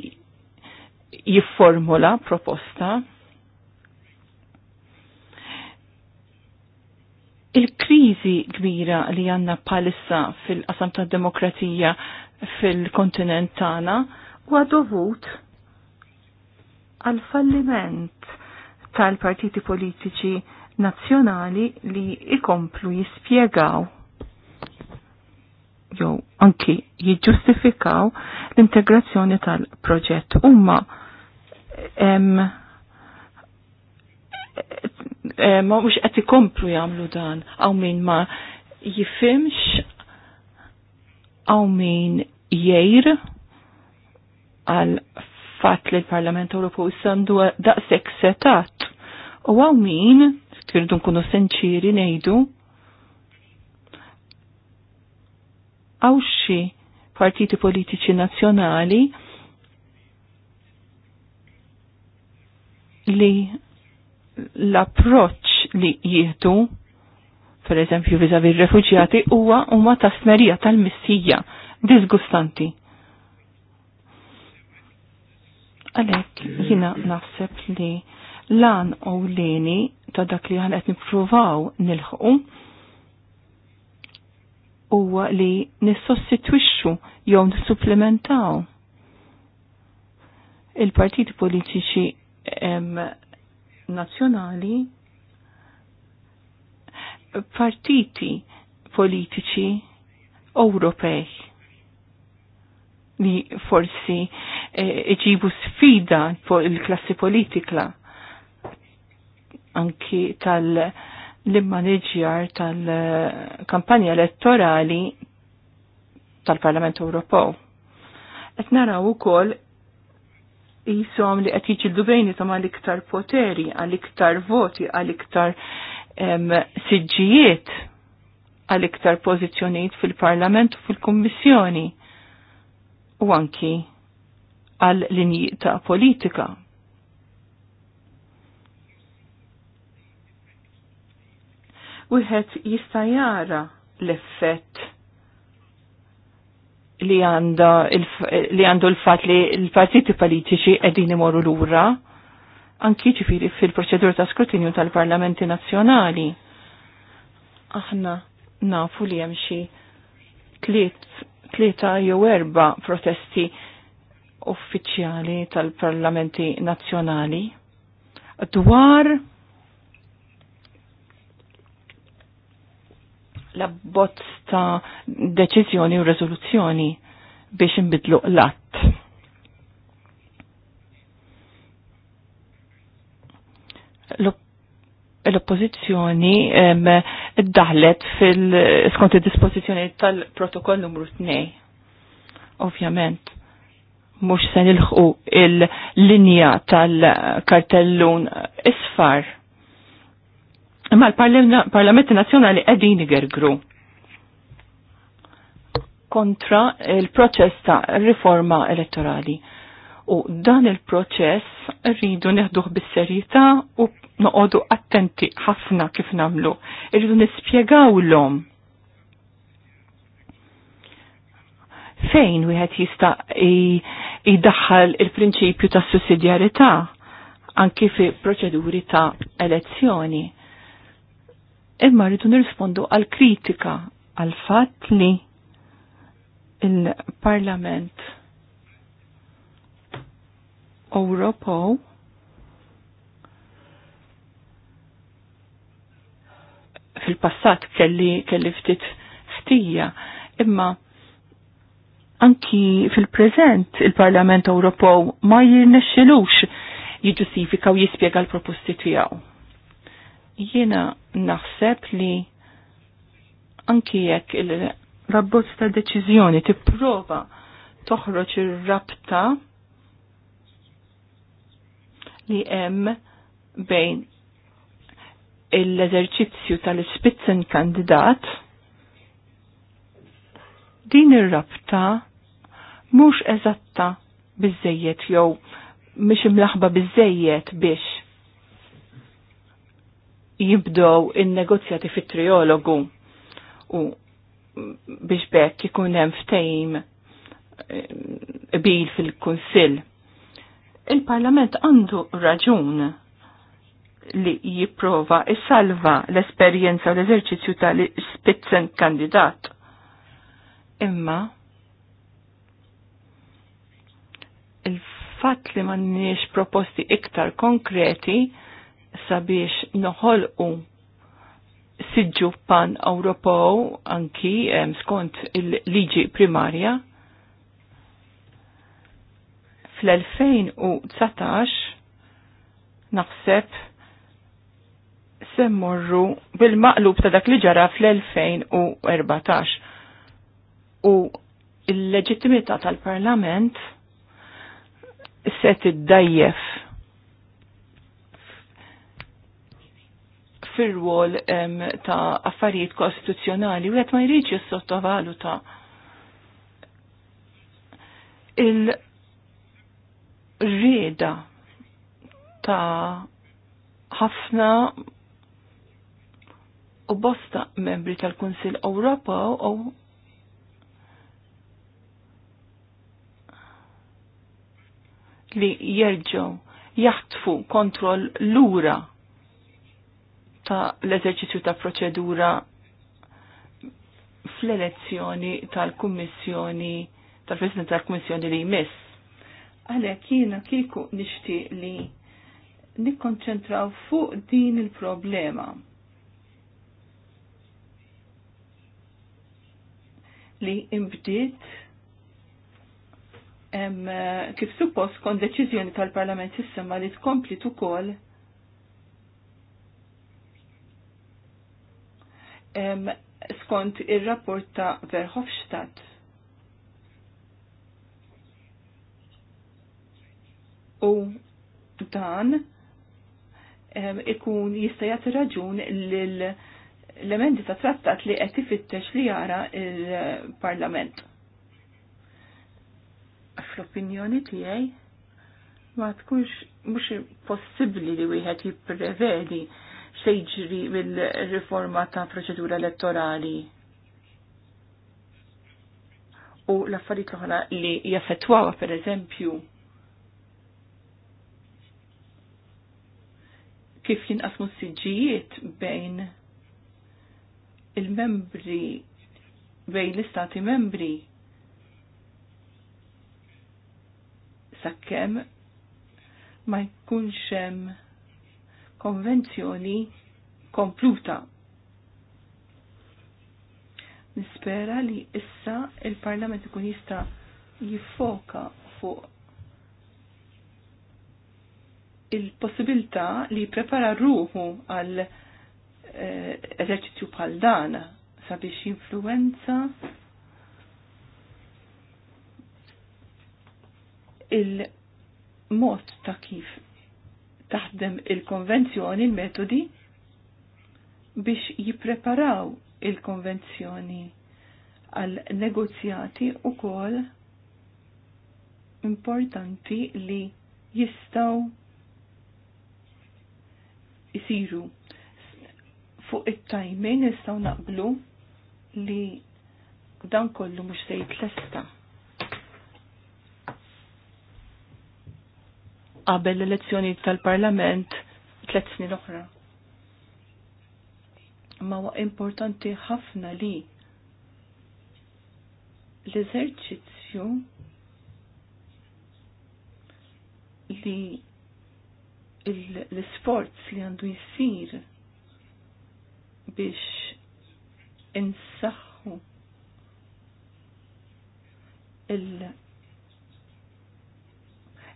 jifformula proposta il-krizi kbira li għanna palissa fil-qasam demokratija fil-kontinent tagħna huwa dovut għal falliment tal-partiti politiċi nazzjonali li ikomplu jispjegaw jew anki jiġġustifikaw l-integrazzjoni tal-proġett huma ma mux qed ikomplu jagħmlu dan għaw min ma jifimx għaw min jgħir għal fatt li l-Parlament Ewropew sandu daqshekk setat u għaw min kirdu nkunu senċiri ngħidu għaw xi partiti politiċi nazzjonali li l-approċ li jieħdu per eżempju vizavi refugjati huwa huma ta' smerija tal-missija disgustanti. Għalek jina naħseb li lan u leni ta' dak li għan nipruvaw nippruvaw nilħu huwa li nissostitwixxu jew nissupplementaw il-partiti politiċi nazzjonali partiti politiċi Ewropej li forsi eh, iġibu e, sfida il-klassi politika anki tal-immaneġjar tal-kampanja elettorali tal-Parlament Ewropew. Qed naraw ukoll jisom li qed jiġildu bejnietom għal iktar poteri, għal iktar voti, għal iktar siġġijiet, għal iktar pożizzjonijiet fil-Parlament u fil-Kummissjoni u anki għal linji ta' politika. Wieħed jista' jara l-effett li għandu l-fat li l-partiti politiċi edin imorru l-ura, anki ċifiri fil-proċedur ta' skrutinju tal-parlamenti nazjonali. Aħna nafu li jemxi tlieta jew erba protesti uffiċjali tal-parlamenti nazjonali dwar l-abbozz ta' deċiżjoni u rezoluzzjoni biex imbidlu l-att. L-oppozizjoni daħlet fil-skont il-dispozizjoni tal-protokoll numru 2. Ovvjament, mux sen il-linja tal-kartellun isfar Imma l-Parlamenti Nazzjonali qegħdin igergru kontra il-proċess ta' riforma elettorali. U dan il-proċess rridu neħduh bis-serjetà u noqogħdu attenti ħafna kif nagħmlu. Irridu nispjegawlhom fejn wieħed jista' jidaħħal il-prinċipju ta' sussidjarità anki fi proċeduri ta' elezzjoni imma rridu nirrispondu għal kritika għal fatt li il-Parlament Ewropew fil-passat kelli kelli ftit ftija imma anki fil-preżent il-Parlament Ewropew ma jirnexxilux jiġġustifika u jispjega l-proposti tiegħu Jiena naħseb li anki jekk il rabbot ta' deċiżjoni tipprova toħroġ ir-rabta li hemm bejn l-eżerċizzju tal-spitzen kandidat, din ir-rabta mhux eżatta biżejjed jew mhix imlaħba biżejjed biex jibdow il negozjati fit-triologu u biex bekk ikun hemm ftehim eh, bil fil-Kunsill. Il-Parlament għandu raġun li jipprova issalva l-esperjenza u l-eżerċizzju tal-spitzen kandidat. Imma il-fatt li m'għandniex proposti iktar konkreti sabiex noħolqu siġġu pan Ewropew anki skont il-liġi primarja fl-2019 naħseb semmurru bil-maqlub ta' dak li ġara fl-2014 u l-leġittimità tal-parlament set iddajjef fir wol ta' affarijiet kostituzzjonali u ma jridx jissottovaluta il-rieda ta' ħafna u bosta membri tal-Kunsil Ewropa u li jerġgħu jaħtfu kontroll lura ta' l-eżerċizzju ta' proċedura fl-elezzjoni tal-Kummissjoni tal-President tal-Kummissjoni li jmiss. Għalhekk jiena kieku nixtieq li nikkonċentraw fuq din il-problema. Li imbdiet kif suppost kon deċiżjoni tal-Parlament sistema li tkompli ukoll skont il-rapport ta' Verhofstadt. U dan ikun jista' jagħti raġun l-emendi ta' trattat li qed ifittex li jara il-Parlament. Fl-opinjoni tiegħi ma tkunx mhux possibbli li wieħed jipprevedi se jiġri mill-riforma ta' proċedura elettorali u l-affarijiet l-oħra li jaffettwawa per eżempju kif jinqasmu s-siġijiet bejn il-membri bejn l-istati membri sakkem ma jkunx hemm konvenzjoni kompluta. Nispera li issa il-Parlament ikun jista' jiffoka fuq il-possibilità li prepara ruħu għal eh, eżerċizzju bħal dan sabiex influenza il-mod ta' kif taħdem il-konvenzjoni, il-metodi biex jipreparaw il-konvenzjoni għal negozjati u kol importanti li jistaw jisiru fuq it-tajmin jistaw naqblu li dan kollu mux sejt l-esta. qabel l-elezzjoni tal-Parlament tlet snin oħra. Ma huwa importanti ħafna li l-eżerċizzju li l-sforz li għandu jisir biex insaħħu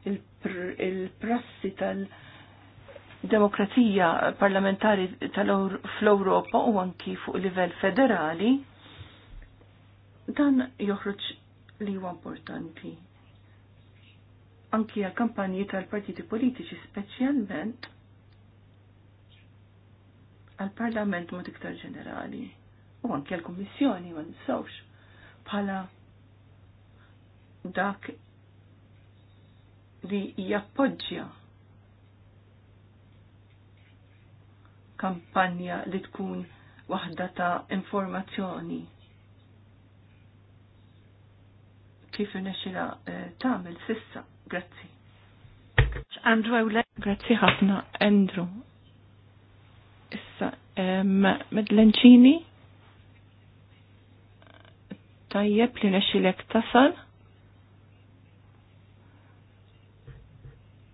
il-prassi tal-demokrazija parlamentari tal-Europa u anki fuq livell federali, dan joħroġ li huwa importanti. Anki għal kampanji tal-partiti politiċi speċjalment għal-parlament mod iktar ġenerali u anki għal-kommissjoni ma nistawx bħala dak li jappoġġja kampanja li tkun waħda ta' informazzjoni. Kif irnexxila eh, tagħmel sissa, grazzi. Andrew Grazzi ħafna, Andrew. Issa, Medlenċini, tajjeb li nexilek tasal.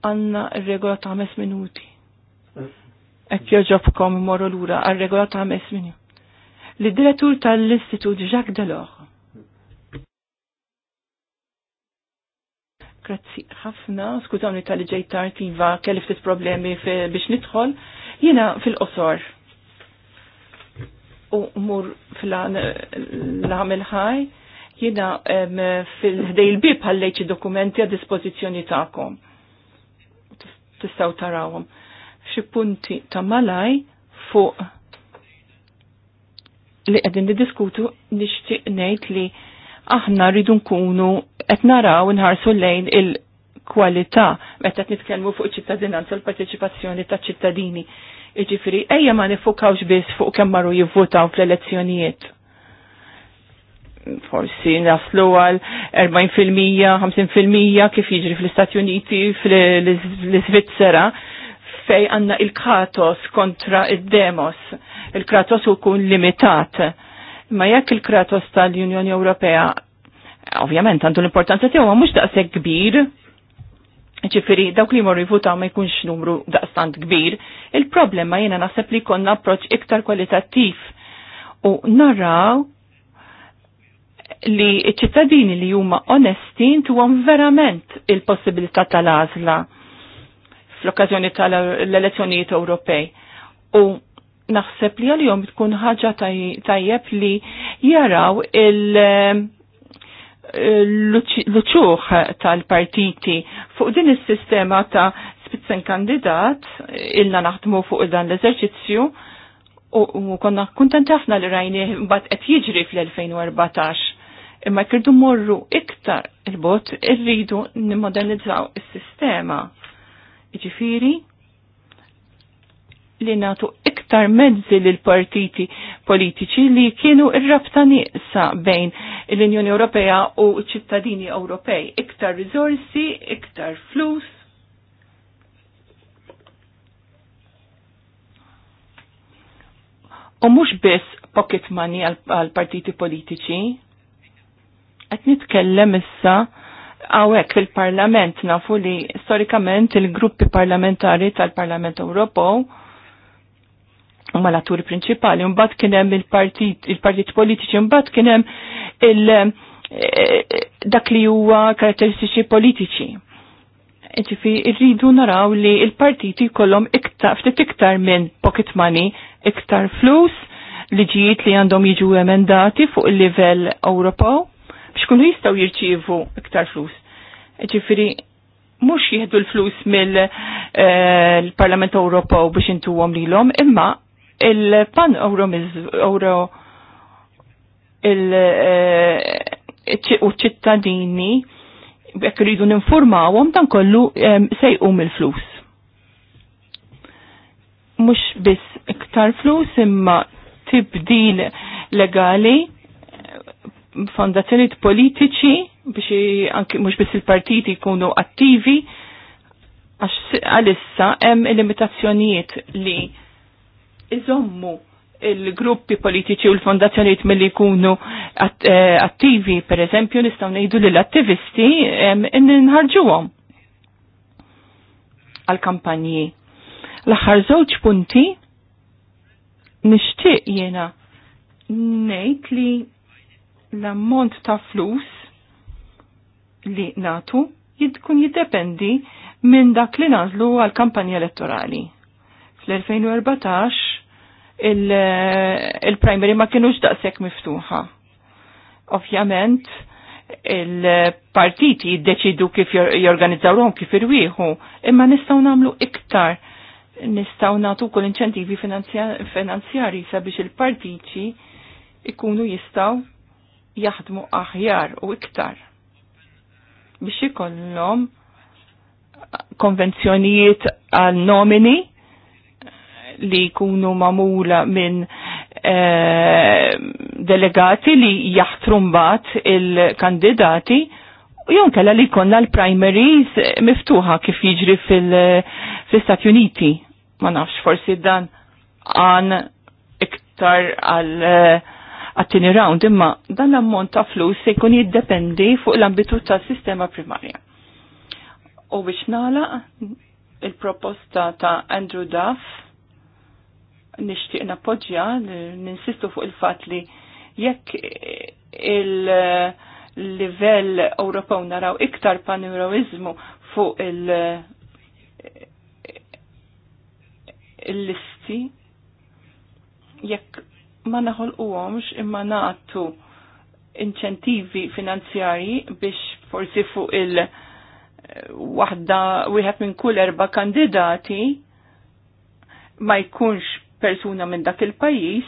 għanna regola ta' 5 minuti. Ek joġobkom morru l-ura għal regola ta' 5 minuti. L-direttur tal-Istitut Jacques Delors. Grazzi ħafna, skużawni tal-li ġej tard iva kelli ftit problemi biex nidħol. Jiena fil-qosor u mur fil-għamil ħaj, jina fil-ħdej l-bib għallejċi dokumenti għad dispozizjoni ta'kom tistaw tarawhom. Xi punti ta' malaj fuq li qegħdin niddiskutu nixtieq ngħid li aħna rridu nkunu qed naraw nħarsu lejn il-kwalità meta qed nitkellmu fuq iċ-ċittadinanza u l-parteċipazzjoni taċ-ċittadini. Iġifieri ejja ma nifukawx biss fuq kemm marru jivvotaw fl-elezzjonijiet forsi naslu għal 40%, 50% kif jiġri fl-Istati Uniti, fl-Svizzera, fej għanna il-kratos kontra il-demos. Il-kratos u kun limitat. Ma jekk il-kratos tal-Unjoni Ewropea, ovvjament għandu l-importanza tiegħu ma mhux daqshekk kbir, ċifiri, dawk li morri votaw ma jkunx numru daqstant kbir, il-problema jena naħseb li konna approċ iktar kwalitattiv u narraw li ċittadini li huma onesti intuhom verament il-possibilità tal-għażla fl-okkażjoni tal-elezzjonijiet Ewropej. U naħseb li għal-jom tkun ħaġa tajjeb li jaraw il- l-uċuħ tal-partiti fuq din is-sistema ta' spitzen kandidat illa naħdmu fuq dan l-eżerċizzju u konna kontentafna ħafna li rajni bat qed jiġri fl-2014 Imma kirdu morru iktar il-bot irridu nimodernizzaw is-sistema. Iġifiri, li natu iktar mezzi lil partiti politiċi li kienu ir-rabta nieqsa bejn l-Unjoni Ewropea u ċittadini Ewropej. Iktar rizorsi, iktar flus. U mhux biss pocket money għal partiti politiċi, Qed nitkellem issa hawnhekk fil-Parlament nafu li storikament il-gruppi parlamentari tal-Parlament Ewropew u l-atturi prinċipali, mbagħad kien hemm il-partit il politiċi, mbagħad kien hemm il- eh, dak li huwa karatteristiċi politiċi. Ġifi, irridu naraw li il-partiti kollom iktar, ftit iktar minn pocket money, iktar flus, li ġijiet li għandhom jiġu emendati fuq il-livell Ewropew biex kunu jistaw jirċivu iktar flus. Ġifiri, mux jihdu l-flus mill-Parlament eh, Ewropew biex intu għom li l-om, imma il-pan euro il-ċittadini eh, jekk rridu ninformawhom dan kollu sejqu mill-flus. Mhux biss iktar flus imma tibdil legali fondazzjoni politiċi biex anki mhux biss il-partiti jkunu attivi għax għalissa hemm limitazzjonijiet li iżommu il-gruppi politiċi u l-fondazzjoniet mill-li jkunu eh, attivi, per eżempju, nistaw nejdu li l-attivisti nħarġuhom għal-kampanji. L-aħħar żewġ punti nixtieq jiena ngħid li l-ammont ta' flus li natu jidkun jiddependi minn dak li nazlu għal kampanja elettorali. Fl-2014 il-primary il ma kienux daqshekk miftuħa. Ovvjament, il-partiti jiddeċidu kif jorganizzawhom kif irwieħu, imma nistgħu nagħmlu iktar nistgħu natu kol inċentivi finanzjari sabiex il-partiti ikunu jistgħu jaħdmu aħjar u iktar biex ikollhom konvenzjonijiet għal nomini li jkunu mamula minn e, delegati li jaħtrumbat il-kandidati jew kella li jkollna l-primaries miftuħa kif jiġri fil-Stati fil Uniti. Ma nafx forsi dan għan iktar għal eh, għattini round, imma dan l ammont ta' flus se jkun jiddependi fuq l-ambitu ta' sistema primarja. U biex nala il-proposta ta' Andrew Duff nishtiq napoġġja, ninsistu fuq il-fat li jekk il-livell Ewropew naraw iktar pan fuq il- il-listi jekk ma naħolquhomx imma nagħtu inċentivi finanzjarji biex forsi fuq il- eh, waħda wieħed minn kull erba' kandidati ma jkunx persuna minn dak il-pajjiż,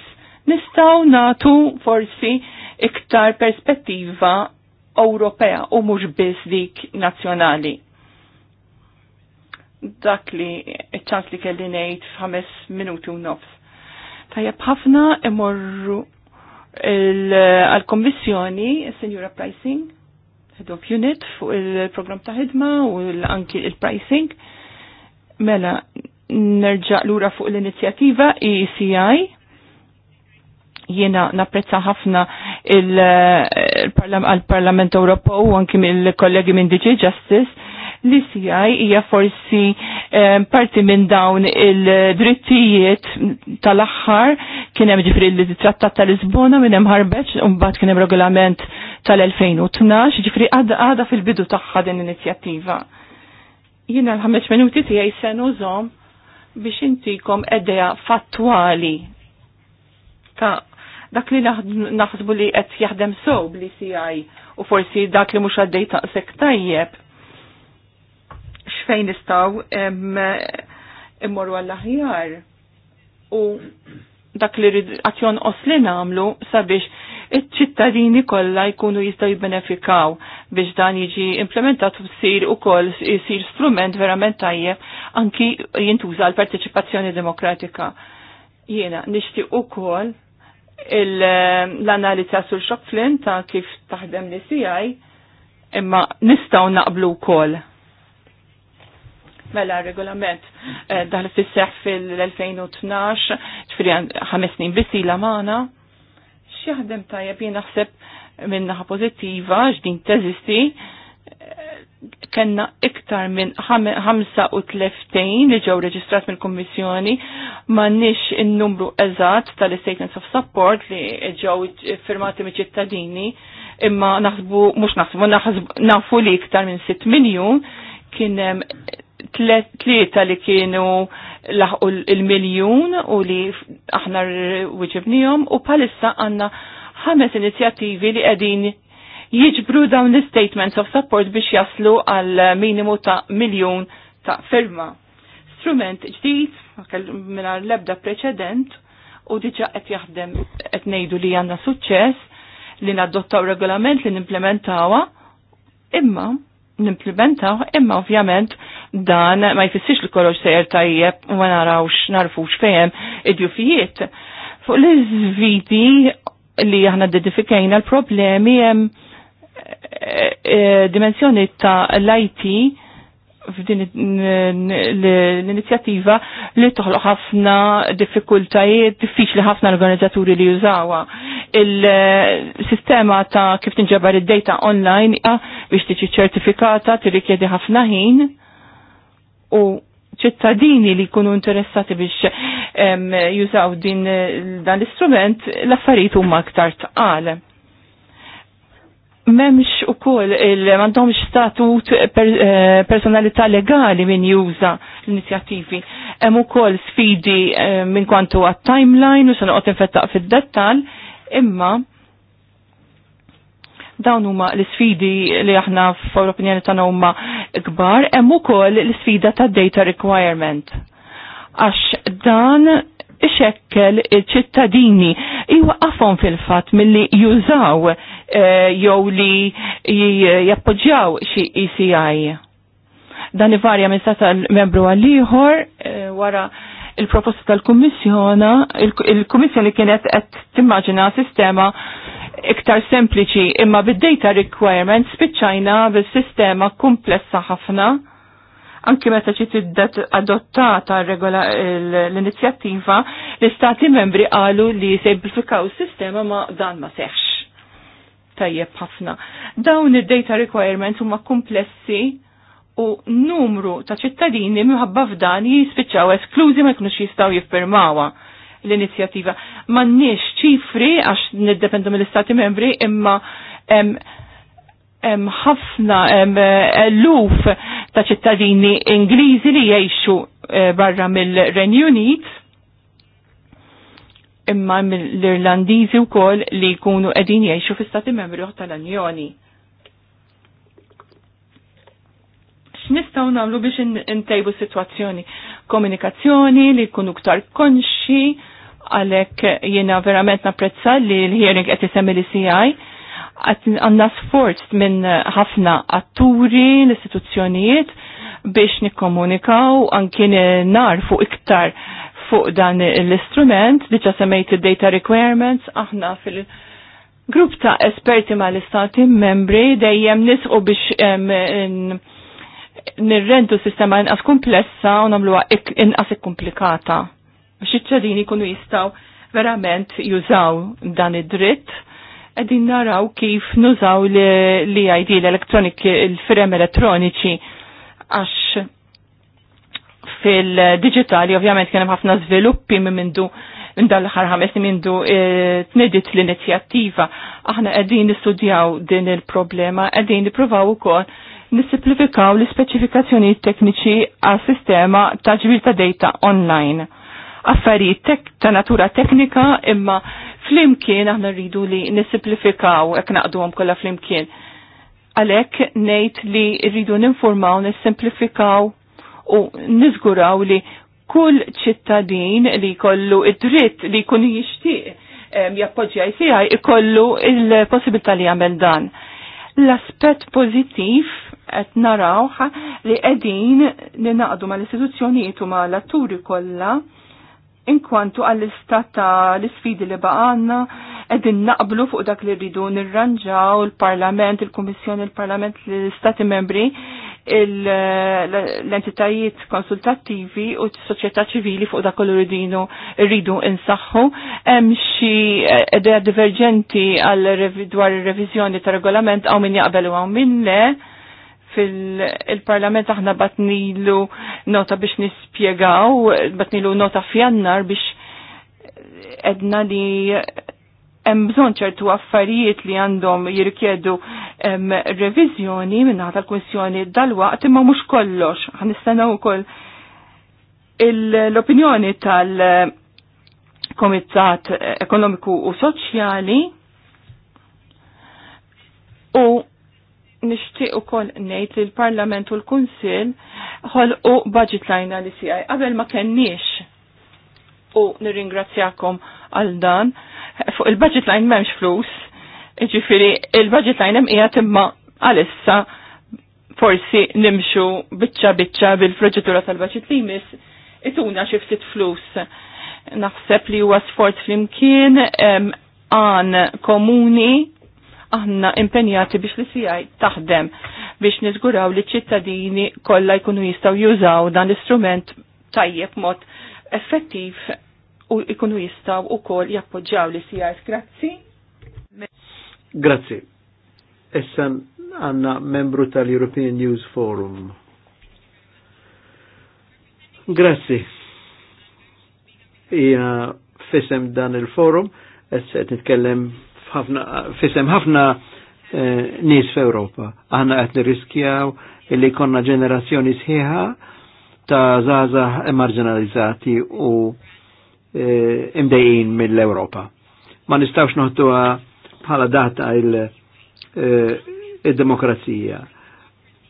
nistgħu nagħtu forsi iktar perspettiva Ewropea u mhux biss dik nazzjonali. Dak li ċans li kelli ngħid f'ħames minuti u nofs. Tajab ħafna imorru għal-Kommissjoni, Senjura Pricing, Head of Unit, fuq il-program ta' ħidma u anki il-pricing. Mela, nerġa' lura fuq l-inizjattiva ECI. Jiena napprezza ħafna il-Parlament Ewropew u anki mill-kollegi minn DG Justice L-ICI hija forsi eh, parti minn dawn il-drittijiet tal-aħħar kien hemm ġifri li trattat tal-Lisbona minn hemm ħarbeġ u mbagħad kien hemm regolament tal-2012, ġifri għadha fil-bidu tagħha din l-inizjattiva. Jiena l-ħames minuti tiegħi se nużhom biex intikom idea fattwali ta' dak li naħsbu li qed jaħdem sow bli CI u forsi dak li mhux għaddej taqsek tajjeb fejn istaw immorru għall-aħjar. U dak li azzjon osli namlu sabiex iċ-ċittadini kollha jkunu jistgħu jibbenefikaw biex dan jiġi implementat u u ukoll jsir strument verament tajjeb anki jintuża l-partiċipazzjoni demokratika. Jiena u ukoll l-analizza sul Flynn ta' kif taħdem li CI imma nistgħu naqblu wkoll Mela regolament eh, dal fisseħ fil-2012, ġifiri ħames snin bisila maħna, xieħdem tajab jien naħseb minnaħa pozittiva, ġdin teżisti, eh, kenna iktar minn 35 li ġew reġistrat mill-Kummissjoni m'għandniex in-numru eżatt tal-statements of support li ġew firmati mill-ċittadini imma naħsbu mhux naħsbu nafu li iktar minn 6 miljun kien hemm tlieta li kienu laħqu il-miljun u li aħna wieġibnihom u palissa għandna ħames inizjattivi li qegħdin jiġbru dawn l-statements of support biex jaslu għal minimu ta' miljun ta' firma. Strument ġdid, minna l-ebda preċedent, u diġa qed jaħdem qed ngħidu li għandna suċċess li nadottaw regolament li nimplementawa, imma nimplementaw, imma ovvjament dan ma jfissix li kollox sejjer tajjeb u ma narawx narfux fejem id-jufijiet. Fuq l iżviti li aħna difikajna l-problemi hemm eh, eh, dimensjoni ta' l-IT f'din l-inizjattiva li toħloq ħafna diffikultajiet, diffiċli ħafna organizzaturi li jużawa. Il-sistema ta' kif tinġabar id-data online biex tiġi ċertifikata tirrikjedi ħafna ħin u ċittadini li jkunu interessati biex jużaw din dan l-istrument l-affarijiet huma aktar tqal memx u koll il-mandomx statut per, eh, personalità legali min juża l-inizjattivi. Hemm ukoll sfidi eh, minn kwantu għat-timeline u se noqgħod infettaq fid-dettal, imma dawn huma l-sfidi li aħna f'opinjoni tagħna huma kbar, hemm ukoll l-sfida ta' data requirement. Għax dan ixekkel il-ċittadini iwaqafhom fil-fatt milli jużaw Eh, jew li jappoġġjaw xi ECI. Dan ivarja minn sata l-membru għal liħor eh, wara il-proposta tal-Kummissjona, il kommissjoni kienet qed timmaġina sistema iktar sempliċi imma bid-data requirements spiċċajna bil-sistema komplessa ħafna anki meta tiddet adottata l-inizjattiva, l-istati membri qalu li sejbifikaw is-sistema ma dan ma seħx tajjeb ħafna. Dawn id-data requirements huma komplessi u numru ta' ċittadini minħabba f'dan jispiċċaw esklużi ma jkunux jistgħu jiffirmawha l-inizjattiva. M'għandniex ċifri għax niddependu mill-Istati membri imma hemm ħafna eluf ta' ċittadini Ingliżi li jgħixu eh, barra mill-Renju Unit imma l-Irlandizi irlandiżi wkoll li jkunu qegħdin jgħixu fi-Stati Membri tal-Unjoni. X'nistgħu nagħmlu biex intejbu s-sitwazzjoni? Komunikazzjoni li jkunu ktar konxi għalhekk jiena verament napprezza li l-hearing qed isem il CI għandna sforz minn ħafna atturi, l-istituzzjonijiet biex nikkomunikaw anki nar fuq iktar fuq dan l-istrument, diċa semejt il-data requirements, aħna fil- Grupp ta' esperti ma' l-istati membri dejjem nisqu biex nirrendu sistema inqas komplessa u namluwa inqas komplikata. Biex iċ kunu jistaw verament jużaw dan id-dritt Edin naraw kif nużaw li id l-elektronik, il firem elettroniċi, għax fil-digitali, ovvjament kienem ħafna sviluppi minn mindu minn dal-ħar ħames e, t-nedit l-inizjattiva. Aħna qegħdin nistudjaw din il-problema, qegħdin nippruvaw ukoll nissimplifikaw l specifikazzjoni tekniċi għal sistema ta' ġbir ta' data online. Affarijiet ta' natura teknika imma flimkien aħna rridu li nissimplifikaw naqdu naqduhom kollha flimkien. Għalhekk ngħid li rridu ninformaw, nissimplifikaw u nizguraw li kull ċittadin li kollu id-dritt li kun jixtieq jappoġġjaj jisijaj ikollu il-possibilità li jagħmel dan. L-aspett pożittiv qed narawh li qegħdin li naqdu mal-istituzzjonijiet u l atturi kollha inkwantu għall-istat l-sfidi li baqanna, għedin naqblu fuq dak li rridu nirranġaw il-Parlament, il-Kommissjoni, il-Parlament, l istati membri, l-entitajiet konsultattivi u s-soċjetà ċivili fuq dak kollu rridu rridu insaħħu. Hemm xi eh, idea diverġenti għal dwar ir-reviżjoni ta' regolament hawn min jaqbel u hawn min le fil-parlament aħna batnilu nota biex nispiegaw, batnilu nota fjannar biex edna li hemm bżonn ċertu affarijiet li għandhom jirkjedu reviżjoni minna tal-kwissjoni dal-waqt imma mhux kollox. Ħanistennew ukoll l-opinjoni tal-Komitat Ekonomiku u Soċjali u nixtieq ukoll ngħid li l-Parlament u l-Kunsill ħolqu budget line li CI qabel ma kenniex u nirringrazzjakom għal dan fuq il-budget line memx flus, ġifiri il-budget line hemm qiegħed imma għalissa forsi nimxu biċċa biċċa bil-proġettura tal-budget li jmiss ituna xi ftit flus. Naħseb li huwa sforz flimkien għan komuni aħna impenjati biex li sijaj taħdem biex nizguraw li ċittadini kollha jkunu jistgħu jużaw dan l-istrument tajjeb mod effettiv u ikunu jistaw u kol jappoġġaw li sijar. Grazzi. Grazzi. Essan għanna membru tal-European News Forum. Grazzi. Ija fisem dan il-forum, qed nitkellem fisem ħafna eh, nies f'Ewropa. Aħna qed nirriskjaw illi konna ġenerazzjoni sħiħa ta' zaza marginalizzati u Eh, imdejjin mill-Europa. Ma nistawx noħtuha bħala data il-demokrazija. Eh,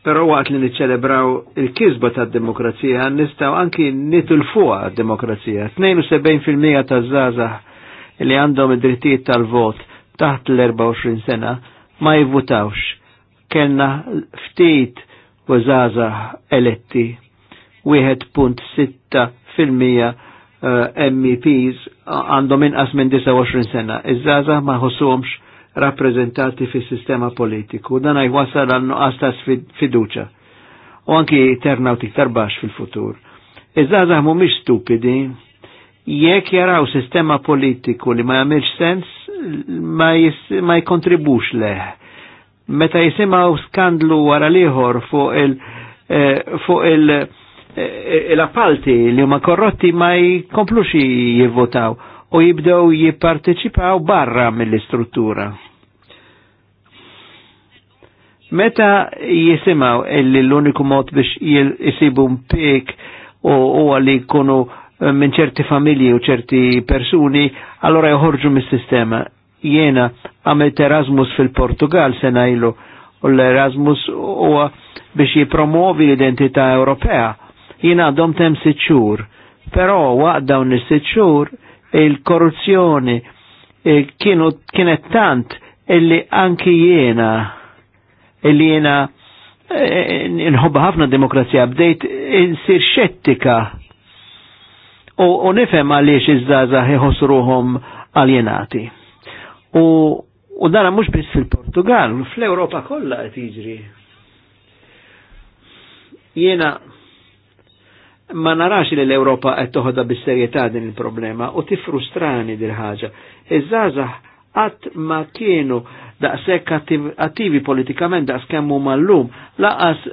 Però waqt li niċċelebraw il-kisba tad demokrazija nistaw anki nitulfuha d-demokrazija. 72% taż-żgħażagħ li għandhom id-drittijiet tal-vot taħt l-24 sena ma jivvutawx. Kellna ftit u żgħażagħ eletti 1.6 fil-mija Eh, MEPs għandhom inqas minn 29 sena. Iż-żgħażagħ ma ħossuhomx rappreżentati fis-sistema politiku. Dan jwassal għal nuqqas ta' fiduċa. U anki ternaw tiktar baxx fil-futur. Iż-żgħażagħ mhumiex stupidi. Jekk jaraw sistema politiku li ma jagħmilx sens, ma, jis, ma jkontribux leħ. Meta jisimaw skandlu wara liħor fuq il- eh, fuq il- E, e, e l-appalti li huma korrotti ma jkomplux jivvotaw u jibdew jipparteċipaw barra mill-istruttura. Meta jisimaw illi l-uniku mod biex jisibu mpik u għalli kunu eh, minn ċerti familji u ċerti persuni, allora joħorġu mis-sistema. Jena għamilt Erasmus fil-Portugal sena ilu u l-Erasmus u biex jipromuovi l-identità Ewropea jien għadhom tem sitt xhur. Però waqt dawn is-sitt xhur il-korruzzjoni eh, kienet tant illi anki jiena illi jiena eh, nħobba ħafna demokrazija bdejt insir xettika u nifhem għaliex iż-żgħażagħ iħossu ruhom aljenati. U U dana mux biss fil-Portugal, fl-Europa kolla qed jiġri. Jena ma narax li l-Europa qed toħodha bis-serjetà din il-problema u tifrustrani din ħaġa. Iż-żgħażagħ qatt ma kienu daqshekk attivi politikament daqs kemm huma llum laqas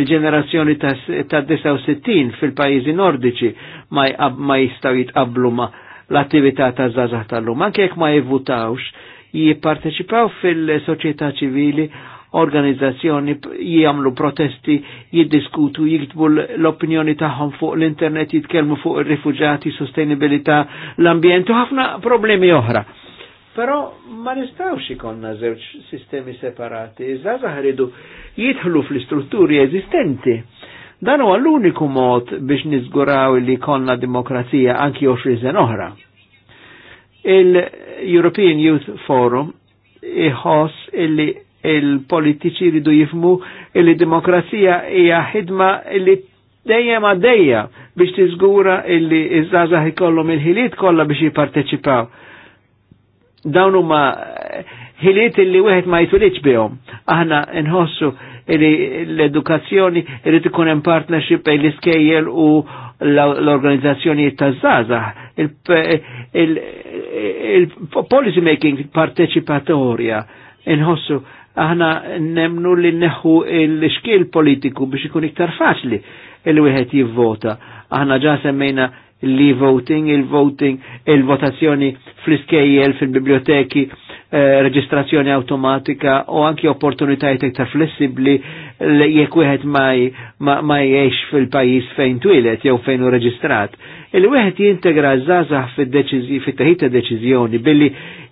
il-ġenerazzjoni ta' 69 fil-pajjiżi nordiċi ma jistgħu jitqablu ma l-attività ta' żgħażagħ tal-lum. Anke jekk ma jivvutawx, jipparteċipaw fil-soċjetà ċivili organizzazzjoni jgħamlu protesti, jiddiskutu, jiktbu l-opinjoni tagħhom fuq l-internet, jitkellmu fuq ir-rifuġati, sostenibilità, l-ambjent u ħafna problemi oħra. Però ma nistawx ikonna żewġ sistemi separati, iż-żgħażagħ iridu jidħlu fl-istrutturi eżistenti. Dan huwa l-uniku mod biex niżguraw li konna demokrazija anki 20 xrizen oħra. Il-European Youth Forum iħoss illi il-politiċi ridu jifmu il demokrazija hija ħidma li dejjem għaddejja biex tiżgura illi iż-żgħażagħ ikollhom il-ħiliet kollha biex jipparteċipaw. Dawn huma ħiliet illi wieħed ma jitulitx bihom. Aħna nħossu li l-edukazzjoni irid ikun hemm partnership bejn l-iskejjel u l-organizzazzjonijiet taż-żgħażagħ. Il-policy making parteċipatorja inħossu aħna nemnu li neħu l iskil politiku biex ikun iktar faċli il-wieħed jivvota. Aħna ġa semmejna li voting, il-voting, il-votazzjoni fl-iskejjel, fil-biblioteki, eh, reġistrazzjoni automatika u anki opportunitajiet iktar flessibli jekk wieħed ma jgħix fil-pajjiż fejn twilet jew fejn u reġistrat il-wieħed jintegra zazah fit teħita ta' deċiżjoni billi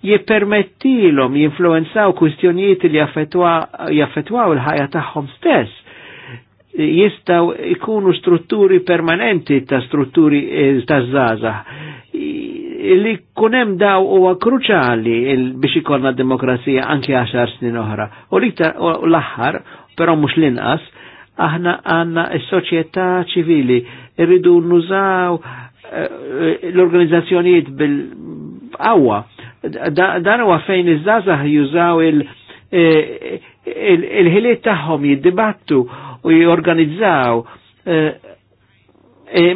jippermettilhom jinfluenzaw kwistjonijiet li jaffetwaw il-ħajja tagħhom stess jistaw ikunu strutturi permanenti ta' strutturi eh, ta' żgħażagħ li kunem daw huwa kruċali biex ikollna demokrazija anki għaxar snin oħra. U l-aħħar, però mhux l-inqas, aħna għanna s-soċjetà ċivili, irridu nużaw Eh, l-organizzazzjonijiet bil-qawwa. Dan huwa fejn iż-żgħażagħ jużaw eh, il-ħiliet tagħhom jiddibattu u jorganizzaw eh,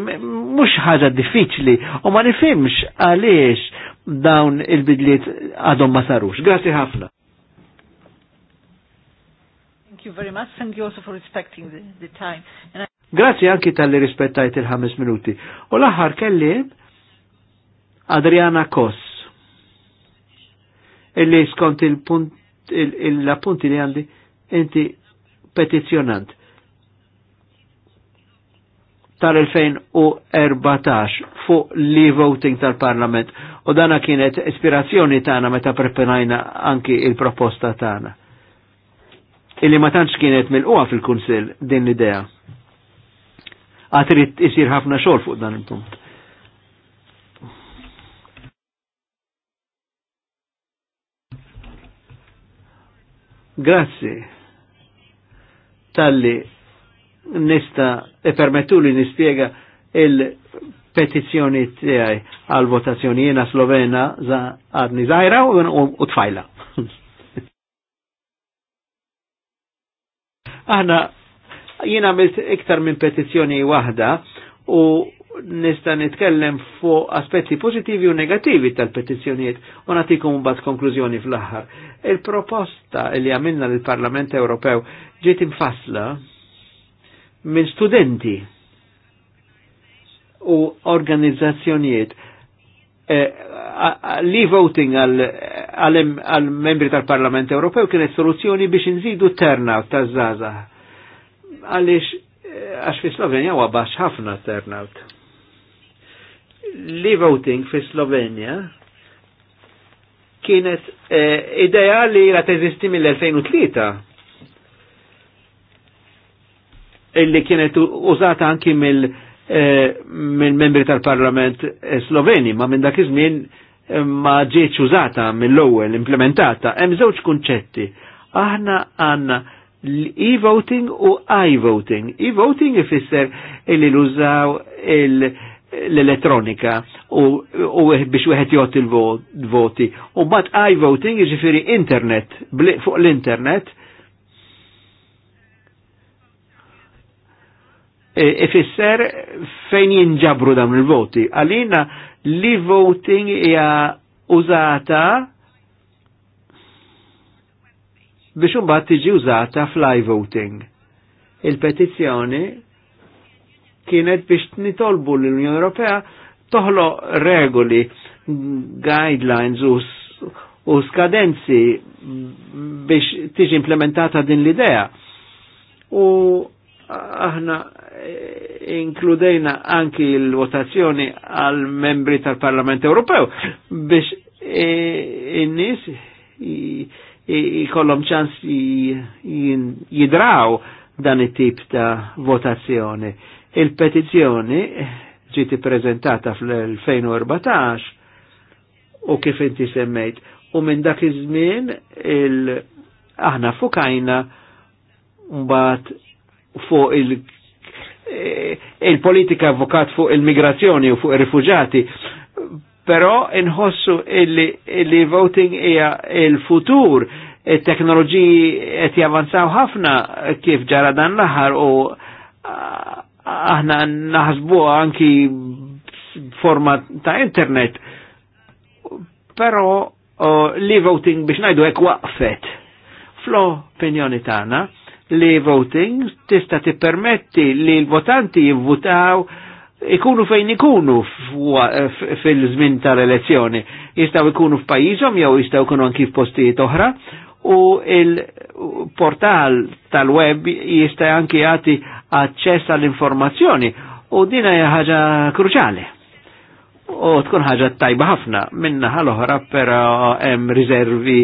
mhux ħaġa diffiċli u ma nifhimx għaliex dawn il-bidliet għadhom ma sarux. Grazzi ħafna. Thank you very much. Thank you also for respecting the, the time. And I Grazzi anki tal-li rispettajt il-ħames minuti. U l-aħħar kelli Adriana Koss. Illi skont il-appunti il il li għandi inti petizjonant tal-2014 fuq li voting tal-Parlament u dana kienet ispirazzjoni tana meta prepenajna anki il-proposta tana. Illi ma tantx kienet mill-qwa fil-Kunsil din l-idea għatrit isir ħafna xol fuq dan il-punt. Grazzi tal-li nista e permettu li nispiega il-petizjoni tiegħi għal votazzjoni jena slovena za għadni zaħira u tfajla. Aħna Jien għamilt iktar minn petizjoni waħda u nista' nitkellem fuq aspetti pozitivi u negativi tal-petizzjonijiet u nagħtikum bat konklużjoni fl-aħħar. Il-proposta li għamilna lill-Parlament Ewropew ġiet infassla minn studenti u organizzazzjonijiet eh, li voting għal membri tal-Parlament Ewropew kienet soluzzjoni biex nżidu turnout ta' zaza għaliex għax fi Slovenja huwa baxx ħafna turnout. Li voting fi Slovenja kienet eh, ideja li la teżisti mill-2003 illi kienet użata anki mill- eh, membri tal-Parlament eh, Sloveni, ma minn dak iż-żmien eh, ma ġietx użata mill-ewwel implementata. Hemm żewġ kunċetti. Aħna għandna l-e-voting u i-voting. E-voting ifisser illi l-użaw l-elettronika u, u biex wieħed jgħot il-voti. U bat i-voting jiġifieri internet, fuq l-internet, e, ifisser fejn jinġabru dawn il-voti. Għalina e voting hija użata biex unbat tiġi użata fly voting. Il-petizzjoni kienet biex nitolbu l-Unjoni Ewropea toħlo regoli, guidelines u, u skadenzi biex tiġi implementata din l-idea. U aħna eh, inkludejna anki l-votazzjoni għal membri tal-Parlament Ewropew biex eh, in-nies jkollhom ċans jidraw dan it-tip ta' votazzjoni. Il-petizzjoni ġiti prezentata fl-2014 u kif inti semmejt. U minn dak iż-żmien aħna fukajna mbagħad fuq il eh, il-politika avvokat fuq il-migrazzjoni u fuq ir-rifuġati però inħossu illi voting hija il-futur, il-teknoloġiji qed javanzaw ħafna kif ġara dan l-aħħar u aħna naħsbuha anki forma ta' internet. Però li voting biex najdu hekk waqfet. F'lo opinjoni tagħna li voting tista' tippermetti li l-votanti jivvutaw ikunu fejn ikunu fil-żmien tal-elezzjoni. Jistgħu ikunu f'pajjiżhom jew jistgħu ikunu anki f'postijiet oħra u il-portal tal-web jista' anki jagħti aċċess għall-informazzjoni u din hija ħaġa kruċjali. U tkun ħaġa tajba ħafna minna ħal-oħra però hemm riservi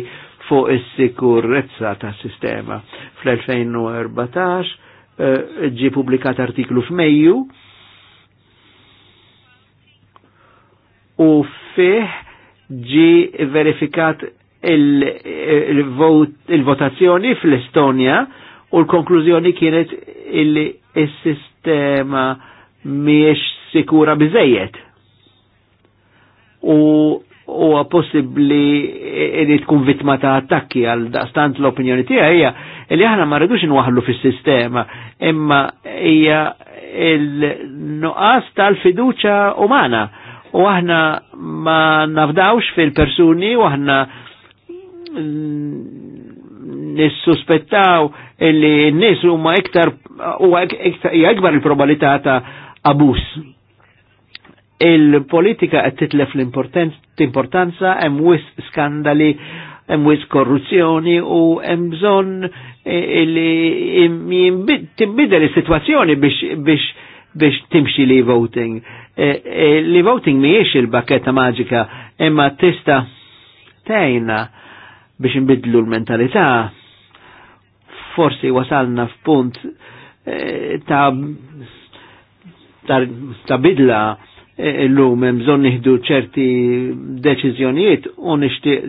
fuq is-sikurezza tas-sistema. Fl-2014 eh, ġie pubblikat artiklu f'Mejju u fih ġi verifikat il-votazzjoni il fl-Estonja u l-konklużjoni kienet illi il-sistema miex sikura biżejjed. U huwa possibbli li tkun vittma ta' attakki għal stant l-opinjoni tiegħi hija li aħna ma rridux inwaħħlu fis-sistema, imma hija il-nuqqas tal-fiduċa umana u aħna ma nafdawx fil-persuni u aħna nissuspettaw illi n-nis huma iktar u għagbar il-probabilità ta' abus. Il-politika qed titlef l-importanza hemm wis skandali, hemm wis korruzzjoni u hemm bżonn eh, li timbidel is-sitwazzjoni biex biex biex timxi li voting. E, e, li voting miex il-bakketta maġika, imma tista tajna biex nbidlu l-mentalità. Forsi wasalna f'punt e, ta, ta, bidla l-lum, mżon nihdu ċerti deċizjonijiet u nishtiq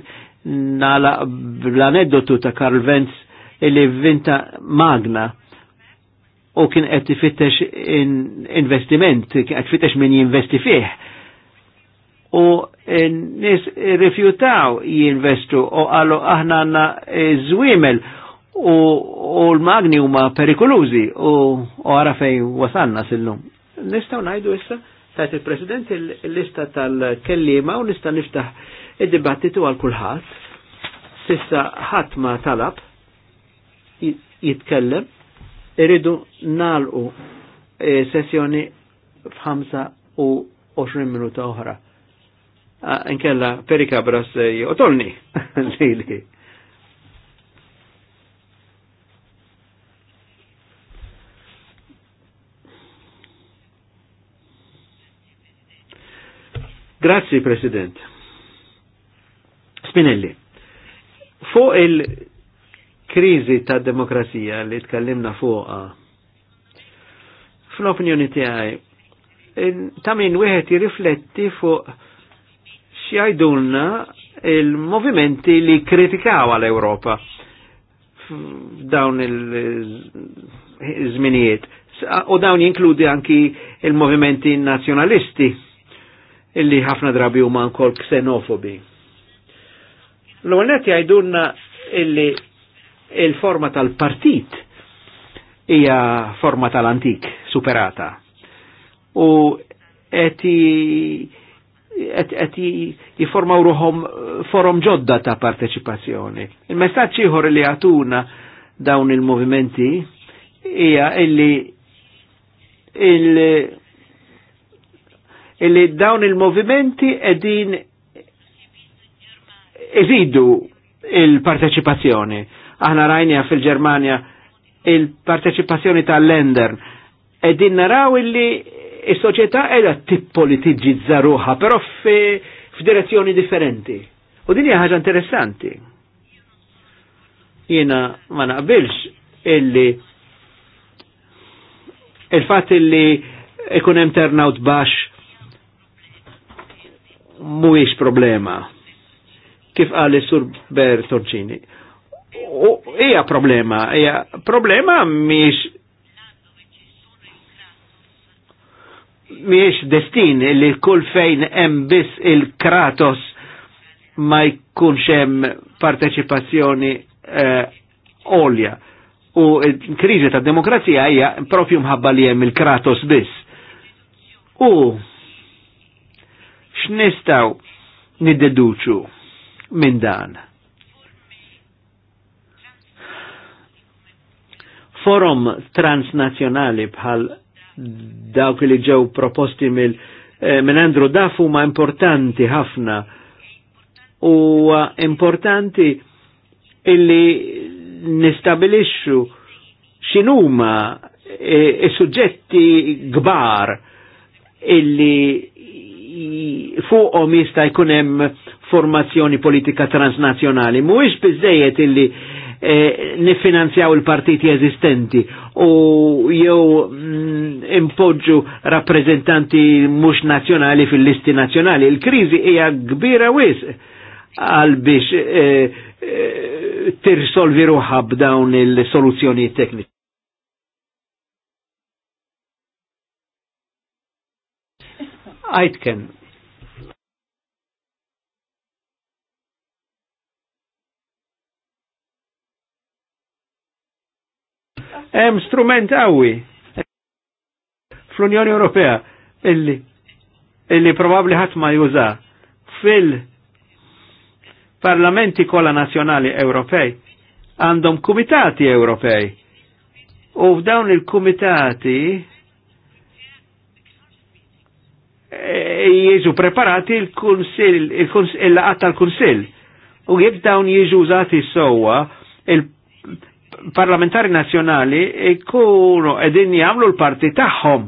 nala bl-aneddotu ta' Karl Vents illi vinta magna u kien qed ifittex in investiment, kien qed fittex min jinvesti fih. U nis rifjutaw jinvestu u għallu aħna għanna zwimel e, u l-magni huma perikolużi u għara fej wasanna sillum. Nistaw najdu issa tajt il-President il-lista tal-kellima u nista niftaħ id-dibattitu għal kulħadd. Sissa ħadd ma talab jitkellem Iridu nalqu e, sessjoni f'5 u 20 minuta oħra. Inkella Perika Bras e, jotolni lili. Grazzi President. Spinelli. Fuq il il-krizi ta' demokrazija li tkellimna fuqa. Fl-opinjoni tiegħi, ta' min wieħed jirrifletti fuq x'jgħidulna il-movimenti li kritikaw għal Ewropa f'dawn il-żminijiet. U dawn jinkludi anki il-movimenti nazjonalisti illi ħafna drabi huma nkol ksenofobi. L-għonet jgħidulna illi il-forma tal-partit hija forma tal-antik superata. U qed jiformaw ruħom forum ġodda ta' parteċipazzjoni. Il-messaġġ ieħor li għatuna dawn il-movimenti hija illi illi dawn il-movimenti edin eżidu il-parteċipazzjoni aħna rajnija fil-Germania il-parteċipazzjoni tal-lender. Eddin naraw illi il-soċieta edha tippolitiġizza ruħa, però f'direzzjoni differenti. U din hija ħaġa interessanti. Jiena ma naqbilx illi il-fatt illi ikun hemm turnout baxx mhuwiex problema. Kif qal is-sur Bertorġini hija problema, hija problema miex miex destin li kull fejn hemm biss il-Kratos ma jkunx hemm parteċipazzjoni eh, olja. U l-kriżi ta' demokrazija hija propju mħabba li hemm il-Kratos biss. U x'nistgħu niddeduċu minn dan? forum transnazjonali bħal dawk li ġew proposti mill eh, minn Andrew Duff huma importanti ħafna u importanti illi nistabilixxu x'inhuma eh, is-suġġetti kbar illi fuqhom jista' jkun hemm formazzjoni politika transnazzjonali. Mhuwiex biżejjed illi E, nifinanzjaw il-partiti eżistenti u jew mm, impoġġu rappreżentanti mhux nazzjonali fil-listi nazzjonali. Il-kriżi hija kbira wis għal biex e, e, tirsolvi ruħha b'dawn il-soluzzjoni tekniċi. Għajtken, hemm strument qawwi fl-Unjoni Ewropea illi illi probabbli ħadd ma juża fil-parlamenti kollha nazzjonali Ewropej għandhom kumitati Ewropej. U f'dawn il-kumitati e, jiġu preparati il-kunsil, il-laqat tal-kunsil. U jibdawn dawn jiġu użati sowa, il parlamentari nazjonali ikunu edin jamlu l-parti taħħom.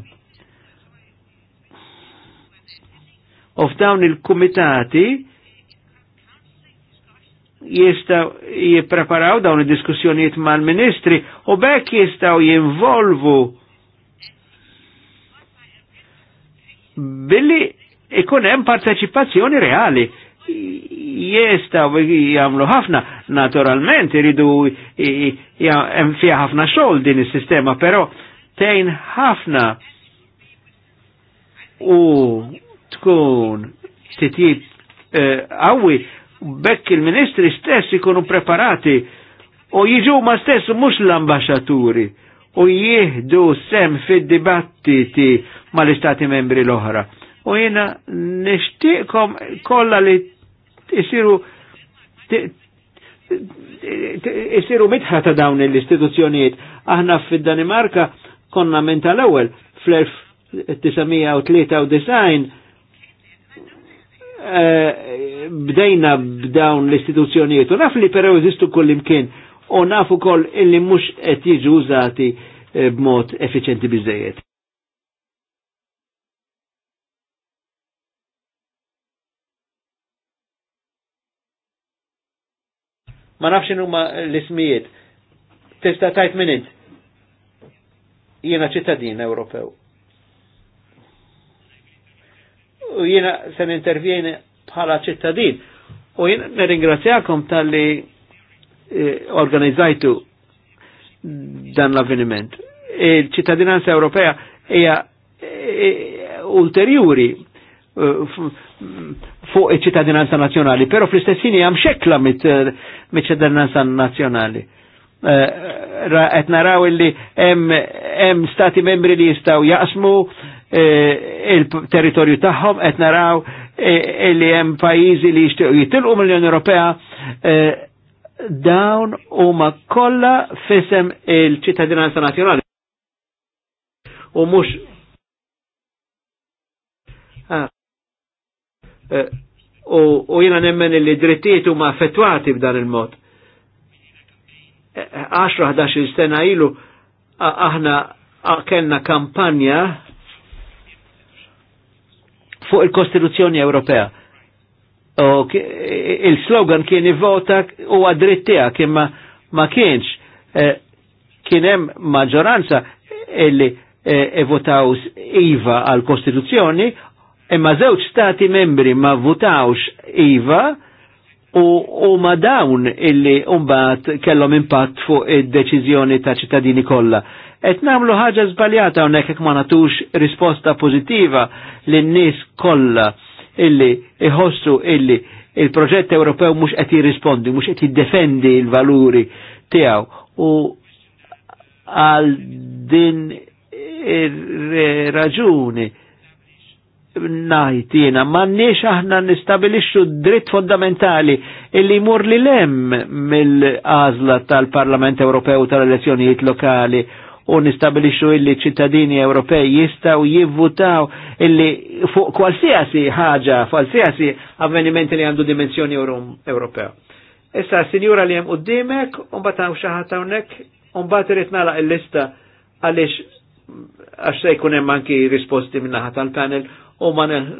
U f'dawn il-kumitati jistaw jipreparaw dawn id-diskussjonijiet mal-ministri u bekk jistaw jinvolvu billi ikun hemm parteċipazzjoni reali jistaw jamlu ħafna, naturalment iridu jem fija ħafna xol din il-sistema, pero tejn ħafna u tkun titjib għawi eh, bekk il-ministri stess ikunu preparati u jiġu ma stess mux l ambasġaturi u jihdu sem fid-dibattiti mal-istati membri l-oħra. U jina nishtiqkom kolla li isiru isiru mitħa ta' dawn l-istituzzjonijiet. Aħna fid-Danimarka konna minn tal-ewwel fl-1993 eh, bdejna b'dawn l-istituzzjonijiet. U naf li però jeżistu kull imkien u nafu kol illi mhux qed jiġu użati eh, b'mod effiċenti biżejjed. Ma nafx huma l-ismijiet. Tista' tajt minn int. Jiena ċittadin Ewropew. U jiena se nintervjeni bħala ċittadin. U jiena nirringrazzjakom tal-li eh, organizzajtu dan l-avveniment. Il-ċittadinanza Ewropea hija eh, ulterjuri Eh, fuq iċ-ċittadinanza nazjonali, pero fl istessini hija xekla eh, mit-ċittadinanza nazjonali. Eh, qed naraw illi hemm stati membri li jistgħu jaqsmu il-territorju tagħhom, qed naraw illi hemm pajjiżi li jixtiequ jitilqu mill-Unjoni Ewropea dawn huma kollha fisem il-ċittadinanza nazzjonali. U mhux ah. Eh, u jena nemmen li drittijiet huma affettwati b'dan il-mod. 10-11 eh, sena ilu aħna kellna kampanja fuq il-Kostituzzjoni Ewropea. Il-slogan kien ivvota u għadrittija kien ma kienx. Eh, kien hemm maġġoranza illi evotaw iva għal kostituzzjoni Imma żewġ stati membri ma votawx IVA u, u ma dawn illi umbat kellhom impatt fuq id-deċiżjoni ta' ċittadini kollha. Et namlu ħaġa żbaljata hawnhekk ma natux risposta pożittiva lin-nies kollha illi iħossu illi il-proġett Ewropew mhux qed jirrispondi, mhux qed jiddefendi l valuri tiegħu u għal din raġuni najt jena, mannix aħna nistabilixxu dritt fondamentali illi jmur li lem mill azla tal-Parlament Ewropew tal-elezzjonijiet lokali u nistabilixxu illi ċittadini Ewropej jistaw jivvutaw illi fuq kwalsiasi ħaġa, kwalsiasi avvenimenti li għandu dimensjoni Ewropew. Issa, sinjura li jem u d-dimek, un bataw xaħat unnek, un bat il-lista għalix għax se jkun hemm anki risposti minnaħat tal-panel u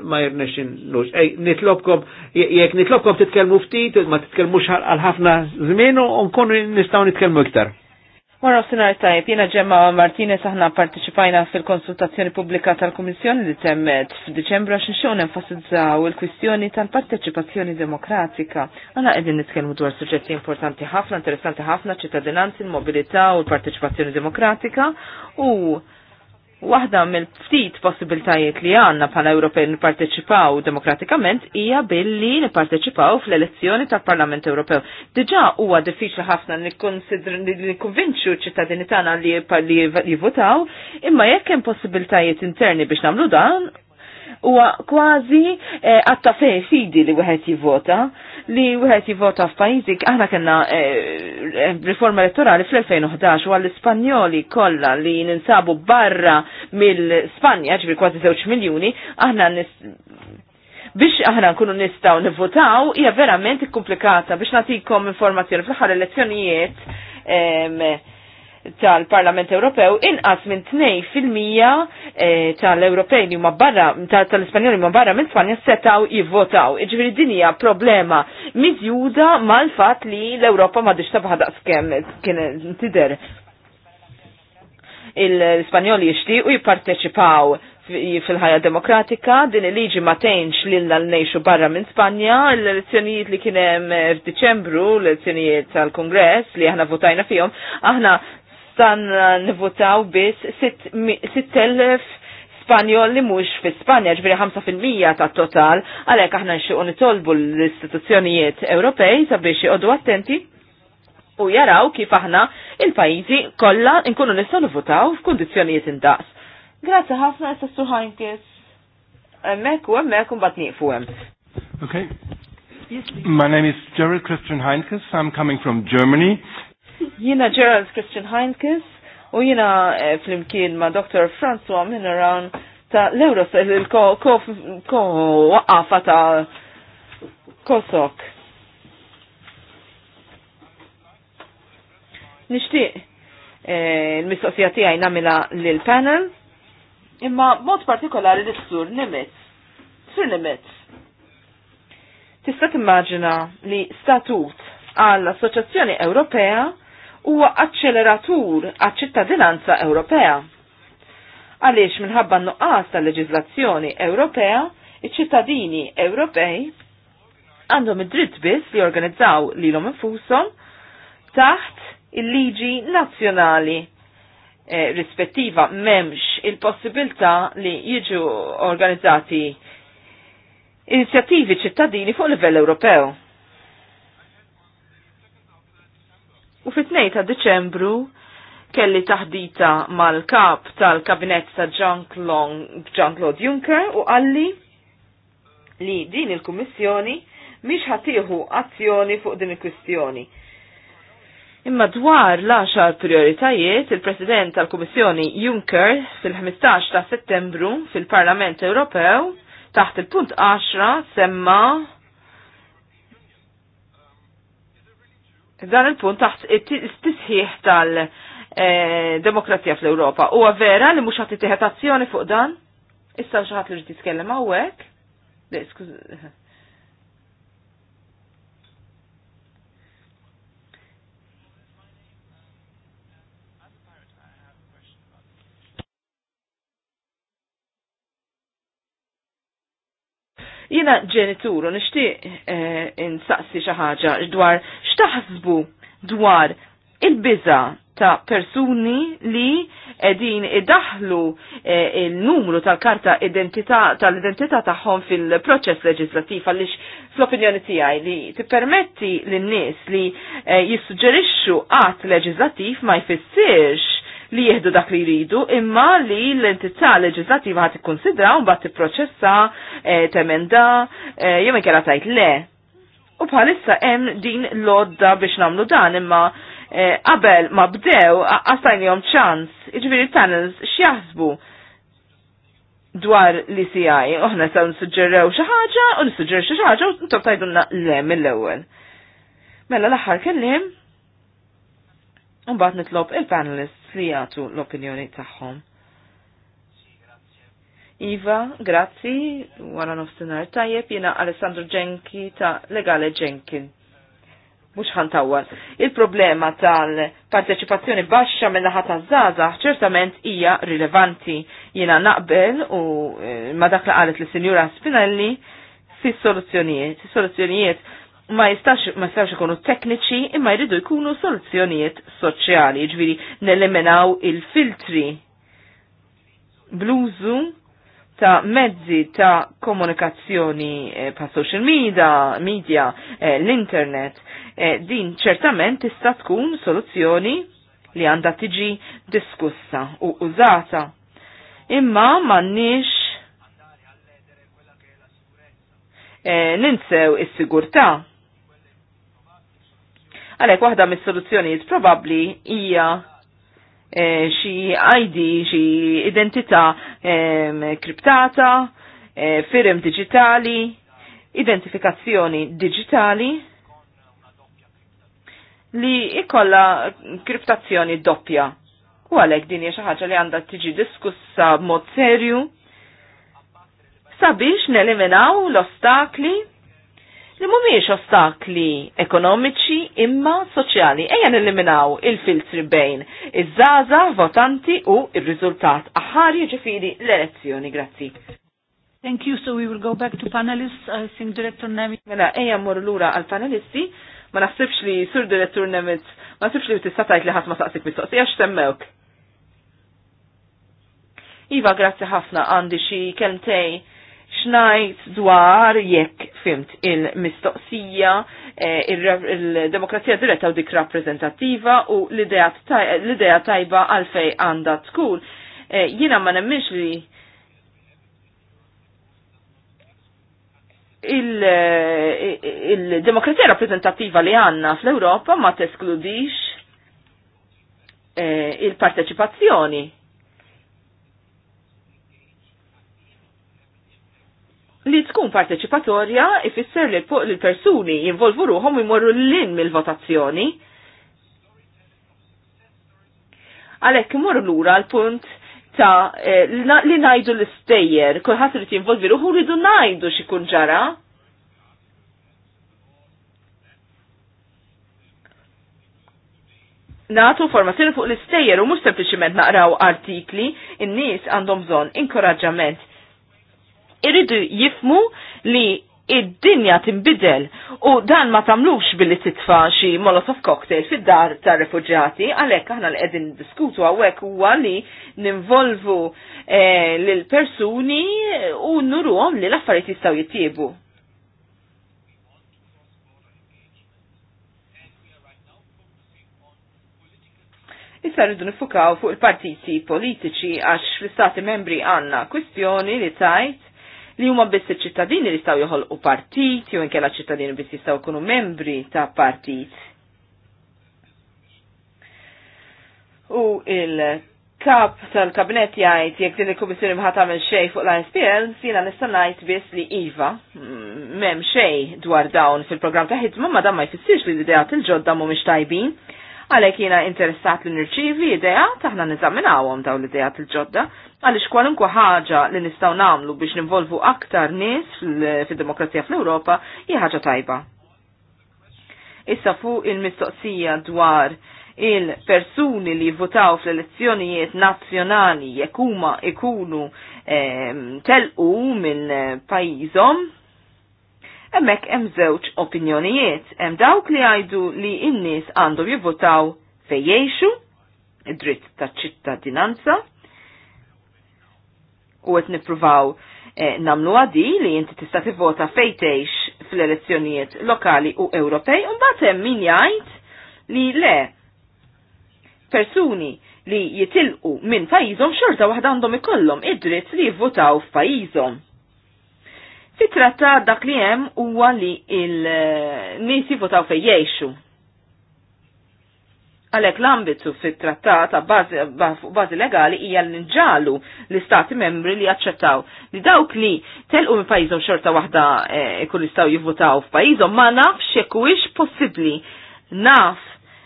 ma jirnex nux. Ej, nitlobkom, jek nitlobkom titkelmu ftit, ma titkelmu għal ħafna zminu, u nkunu nistaw nitkelmu iktar. Mara sinar tajb, jena ġemma Martine aħna partiċipajna fil-konsultazzjoni pubblika tal-Komissjoni li temmet f'Diċembru għax xogħol enfasizzaw il-kwistjoni tal-parteċipazzjoni demokratika. Għana qegħdin nitkellmu dwar suġġetti importanti ħafna, interessanti ħafna, ċittadinanzi, mobilita mobilità u l-parteċipazzjoni demokratika u Waħda mill-ftit possibiltajiet li għanna bħala Ewropej nipparteċipaw demokratikament hija billi nipparteċipaw fl-elezzjoni tal-Parlament Ewropew. Diġà huwa diffiċli ħafna nikkonvinċu ċittadini tagħna li jivvotaw, imma jekk hemm possibiltajiet interni biex nagħmlu dan, huwa kważi eh, għatta fej fidi li wieħed jivvota li wieħed jivvota f'pajjiżi aħna kellna eh, eh, riforma elettorali fl-2011 u għall-Ispanjoli kollha li ninsabu barra mill-Spanja ġifier kważi żewġ miljuni aħna nis biex aħna nkunu nistgħu nivvotaw hija verament ikkumplikata biex natikom informazzjoni fl-aħħar elezzjonijiet tal-Parlament Ewropew inqas minn 2% eh, tal-Ewropej li huma barra tal-Ispanjoli huma barra minn Spanja setgħu jivvotaw. Iġifieri din hija problema miżjuda mal-fatt li l-Ewropa m'għadix tabaħ daqskemm kien tidher. Il-Ispanjoli jixtiequ jipparteċipaw fil-ħajja demokratika, din il-liġi ma tgħinx lilna l-nejxu barra minn Spanja, l-elezzjonijiet li kienem f'Diċembru, l-elezzjonijiet tal-Kongress li aħna votajna fihom, aħna Dan nivutaw bis 6.000 Spanjol li mux fi Spanja, ġbiri 5% ta' total, għalek aħna nxiequ nitolbu l-istituzzjonijiet Ewropej sabiex jqodu attenti u jaraw kif aħna il-pajizi kollha nkunu nistgħu nivutaw f'kundizzjonijiet indaqs. Grazzi ħafna s Sur Heinkes. Hemmhekk u hemmhekk un batni nieqfu hemm. Okay. Yes, My name is Gerald Christian Heinkes. I'm coming from Germany. Jina Gerald Christian Heinkes u jina flimkien ma' Dr. François Mineran ta' l-Euros, il-ko-waqqafa ta' Kosok. Nishtiq il-mistoqsija tiegħi nagħmilha lill-panel. Imma mod partikolari l-sur nimet. Sur nimet. Tista' timmaġina li statut għall assoċjazzjoni Ewropea huwa acceleratur għaċ-ċittadinanza Ewropea. Għaliex minħabba nuqqas tal leġislazzjoni Ewropea, iċ-ċittadini Ewropej għandhom id-dritt biss li organizzaw lilhom infushom taħt il-liġi nazzjonali eh, rispettiva memx il-possibilità li jiġu organizzati inizjattivi ċittadini fuq livell Ewropew. U fit-2 ta' Deċembru kelli taħdita mal-kap tal-kabinet ta' Jean-Claude Juncker u għalli li din il-Kummissjoni miex ħatiħu azzjoni fuq din il-kwistjoni. Imma dwar l-10 prioritajiet, il-President tal-Kummissjoni Juncker fil-15 ta' settembru fil-Parlament Ewropew taħt il-punt 10 semma dan il-punt taħt istisħiħ tal-demokrazija eh, fl-Europa. U vera li mux ħati azzjoni fuq dan? Issa xaħat li ġdi għawek? jina ġenituru nishtiq eh, insaqsi xaħġa dwar xtaħsbu dwar il-biza ta' persuni li edin idaħlu eh, il-numru tal-karta tal-identità tagħhom fil-proċess leġislattiv għaliex fl-opinjoni tiegħi li tippermetti lin-nies li eh, jissuġġerixxu qatt leġislattiv ma jfissirx li jieħdu dak li jridu, imma li l-entità leġislativa ħat ikkonsidra u bat tipproċessa, eh, temenda, eh, jew inkella tajt le. U bħalissa hemm din lodda biex namlu dan imma eh, qabel ma bdew jom ċans, iġviri tunnels xjaħsbu dwar li si għaj uħna sa' nsuġġerrew xaħġa, u nsuġġer xaħġa, u ntob tajdunna le mill-ewel. Mela l-axar kellim, bat nitlob il-panelist li jagħtu l-opinjoni tagħhom. Iva, grazzi, wara nofsinhar tajjeb jiena Alessandro Ġenki ta' Legale Ġenkin. Mhux ħantawwal. Il-problema tal-parteċipazzjoni baxxa mill ħata zaza ċertament hija rilevanti. Jiena naqbel u eh, ma dak li qalet lis-Sinjura Spinelli fis-soluzzjonijiet. Is-soluzzjonijiet ma jistax ma jistax ikunu tekniċi imma jridu jkunu soluzzjonijiet soċjali, ġviri nelemenaw il-filtri bluzu ta' mezzi ta' komunikazzjoni eh, pa' social media, media eh, l-internet, eh, din ċertament tista' tkun soluzzjoni li għandha tiġi diskussa u użata. Imma m'għandniex eh, ninsew is-sigurtà Għalhekk waħda mis-soluzzjonijiet probabbli hija E, xi ID, xi identità e, kriptata, e, eh, firm digitali, identifikazzjoni digitali li ikolla kriptazzjoni doppja. U għalek din hija xi ħaġa li għandha tiġi diskussa b'mod serju sabiex neliminaw l-ostakli li mhumiex ostakli ekonomiċi imma soċjali. Ejja nilliminaw il-filtri bejn iż żaza votanti u il riżultat aħħari jiġifieri l-elezzjoni. Grazzi. Thank you, so we will go back to panelists. I think Director Nemitz. Mela, ejja mmorru lura għal-panelisti. Ma naħsibx li sur Director Nemitz, ma nasibx li tista' istatajt li ħadd ma saqsik mistoqsija x'semmewk. Iva, grazzi ħafna għandi xi kelmtej xnajt dwar jekk fimt il-mistoqsija, eh, il-demokrazija diretta u dik rappresentativa u l-idea tajba għalfej għanda tkun. Eh, jina ma nemmix li il-demokrazija rappresentativa li għanna fl-Europa ma teskludix eh, il-parteċipazzjoni li tkun parteċipatorja ifisser li l-persuni jinvolvu ruħom jmorru l-lin mill-votazzjoni. Għalek imorru l-ura l-punt ta' eh, li najdu l-istejjer, kolħat li jinvolvi ruħu li najdu xikun ġara. Natu formazzjoni fuq l-istejjer u mux sempliciment naqraw artikli, in-nies għandhom bżon inkoraġġament irridu jifmu li id-dinja timbidel u dan ma tamlux billi titfa xi molotov cocktail fid-dar tar refugjati għalhekk aħna li qegħdin diskutu hawnhekk huwa li ninvolvu eh, lil persuni u nuruhom li l-affarijiet jistgħu jittiebu. Issa rridu nifukaw fuq il-partiti politiċi għax fl-istati membri għanna kwistjoni li tajt li huma biss iċ-ċittadini li joħol joħolqu partit jew inkella ċittadini biss jistgħu jkunu membri ta' partit. U il-kap tal-kabinet jgħid jekk din il-kummissjoni ma tagħmel xejn fuq l-ISPL, jiena nista' ngħid biss li iva mm, m'hemm xejn dwar dawn fil-programm ta' ħidma ma dan ma jfissirx li l-idea il ġodda mhumiex tajbin għalhekk jiena interessat li nirċivi idea taħna nizaminawom dawn l ideja t ġodda għaliex kwalunkwe ħaġa li nistgħu nagħmlu biex nivolvu aktar nies fid-demokrazija fl-Ewropa hija ħaġa tajba. Issa fuq il-mistoqsija dwar il-persuni li votaw fl-elezzjonijiet nazzjonali jekk huma ikunu ehm, telqu minn pajjiżhom Emmek hemm żewġ opinjonijiet, hemm dawk li għajdu li n-nies għandhom jivvotaw fejn jgħixu, id-dritt taċ-ċittadinanza, u qed nippruvaw eh, namlu għadi li inti tista' tivvota fejn tgħix fl-elezzjonijiet lokali u Ewropej, u mbagħad hemm min jgħid li le persuni li jitilqu minn pajjiżhom xorta waħda għandhom ikollhom id-dritt li jivvotaw f'pajjiżhom titratta dak li hemm huwa li il-nies jivvotaw fejn jgħixu. Għalhekk l-ambitu fit-trattat ta' bażi legali hija l nġalu l-istati membri li jaċċettaw li dawk li telqu minn pajjiżhom xorta waħda eh, kull jistgħu jivvotaw f'pajjiżhom ma nafx jekk ix possibbli naf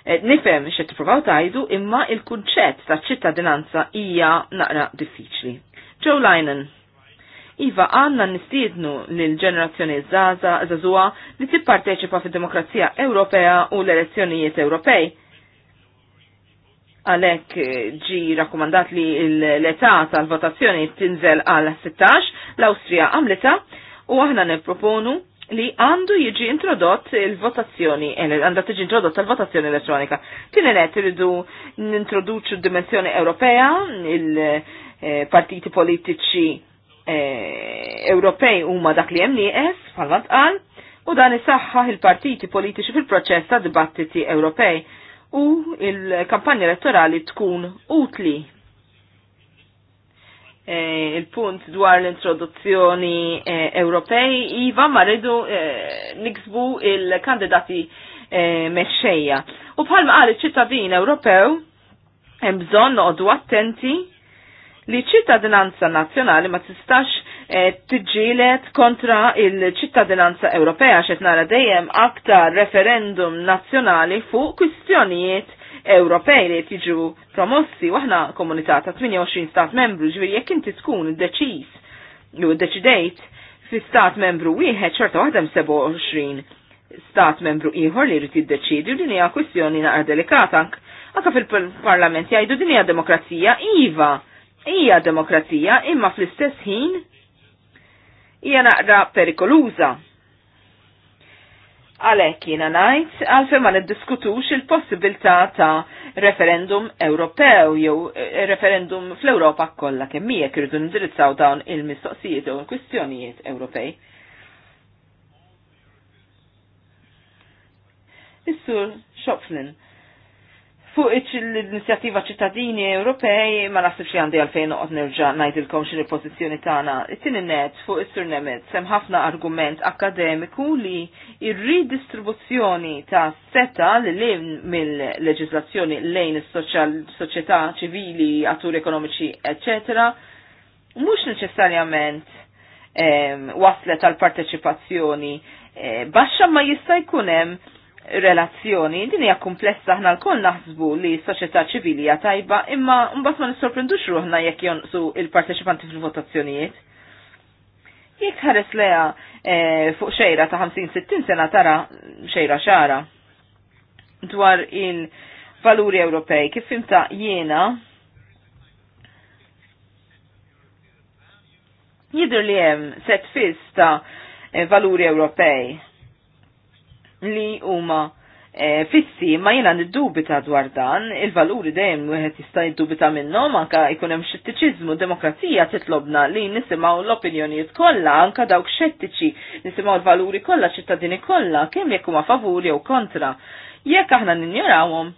eh, nifhem x'qed tippruvaw tgħidu imma il-kunċett ta' ċittadinanza hija naqra diffiċli. Joe Linen. Iva għanna nistiednu l-ġenerazzjoni zaza, zazua li tipparteċipa fi demokrazija Ewropea u l-elezzjonijiet Ewropej. Għalek eh, ġi rakkomandat li l-età tal-votazzjoni tinżel għal 16, l-Austria għamlita, u aħna nipproponu li għandu jiġi introdott il-votazzjoni, għandha tiġi introdott il-votazzjoni elettronika. Tinelet irridu nintroduċu d-dimensjoni Ewropea, il-partiti eh, politiċi E, Ewropej huma dak li hemm nieqes bħalma tqal u dan isaħħaħ il-partiti politiċi fil-proċess ta' dibattiti Ewropej u il-kampanja elettorali tkun utli. E, il-punt dwar l-introduzzjoni e, Ewropej, Iva ma rridu e, niksbu il-kandidati e, mexxejja. U bħalma qal iċ-ċittadin Ewropew hemm bżonn noqogħdu attenti li ċittadinanza nazzjonali ma tistax eh, tiġilet kontra il-ċittadinanza Ewropea xet nara dejjem aktar referendum nazzjonali fuq kwistjonijiet Ewropej li tiġu promossi waħna komunità ta' 28 stat membru ġviri jekk inti tkun deċis u deċidejt fi stat membru wieħed ċerta waħda 27 stat membru ieħor li jrid jiddeċidi u din hija kwistjoni naqra delikata anke fil-parlament jgħidu din hija demokrazija iva hija demokrazija imma fl-istess ħin hija naqra perikoluża. Għalhekk jiena ngħid għalfejn ma niddiskutux il-possibilità ta' referendum Ewropew jew eh, referendum fl-Ewropa kollha kemm hija irridu nindirizzaw dawn il-mistoqsijiet jew il kwistjonijiet Ewropej. Is-sur Schopflin Fuq l-inizjattiva ċittadini Ewropej, ma nasib li għandi għalfejn noqgħod nerġa' ngħidilkom xi pożizzjoni tagħna. It-tieni net fuq is Nemet sem ħafna argument akademiku li il ridistribuzzjoni ta' seta li lejn mill leġizlazzjoni lejn is-soċjetà ċivili, atturi ekonomiċi, etc. mhux neċessarjament ehm, waslet għal parteċipazzjoni. Eh, baxxa ma jista' jkun hemm relazzjoni, din hija komplessa aħna l-koll naħsbu li s-soċjetà ċivili hija tajba, imma mbagħad ma nissorprendux ruħna jekk jonqsu il-parteċipanti fil-votazzjonijiet. Jekk ħares leha eh, fuq xejra ta' 50-60 sena tara xejra xara dwar il-valuri Ewropej, kif fimta jiena jidr li hemm set fis ta' eh, valuri Ewropej li huma e, fissi ma jiena niddubita dwar dan, il-valuri dejjem wieħed jista' jiddubita minnhom anke jkun hemm xettiċiżmu demokrazija titlobna li nisimgħu l-opinjonijiet kollha anke dawk xettiċi, nisimgħu l-valuri kollha ċittadini kollha kemm jekk huma favur jew kontra. Jekk aħna ninjorawhom,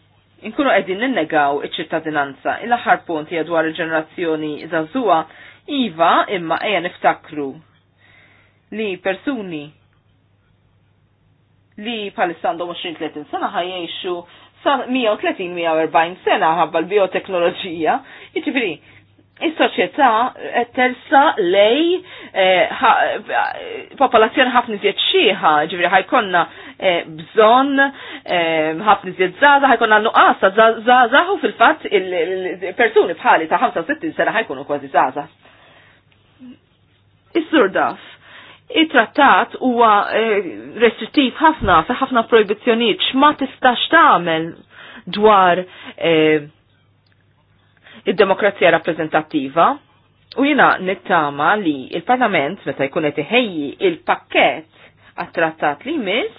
inkunu qegħdin ninnegaw iċ-ċittadinanza. Il-aħħar punt hija dwar il-ġenerazzjoni żagħżuwa iva imma ejja niftakru li persuni li palissandom 20-30 sena ħajjexu sa 130-140 sena ħabba l bioteknologija Jiġifieri, is-soċjetà tersa lej eh, eh, popolazzjoni ħafna ziet xieħa, ġifieri ħajkonna eh, bżonn ħafna ziet zaza, ħajkonna nuqqas ta' u fil-fatt il-persuni bħali ta' 65 sena ħajkunu kważi żgħażagħ. Is-surdaf it-trattat huwa eh, restrittiv ħafna fi ħafna proibizjoniet, x'ma tistax tagħmel dwar eh, id-demokrazija rappreżentattiva. U jina nittama li il-Parlament meta jkun qed iħejji il-pakkett għat-trattat li miss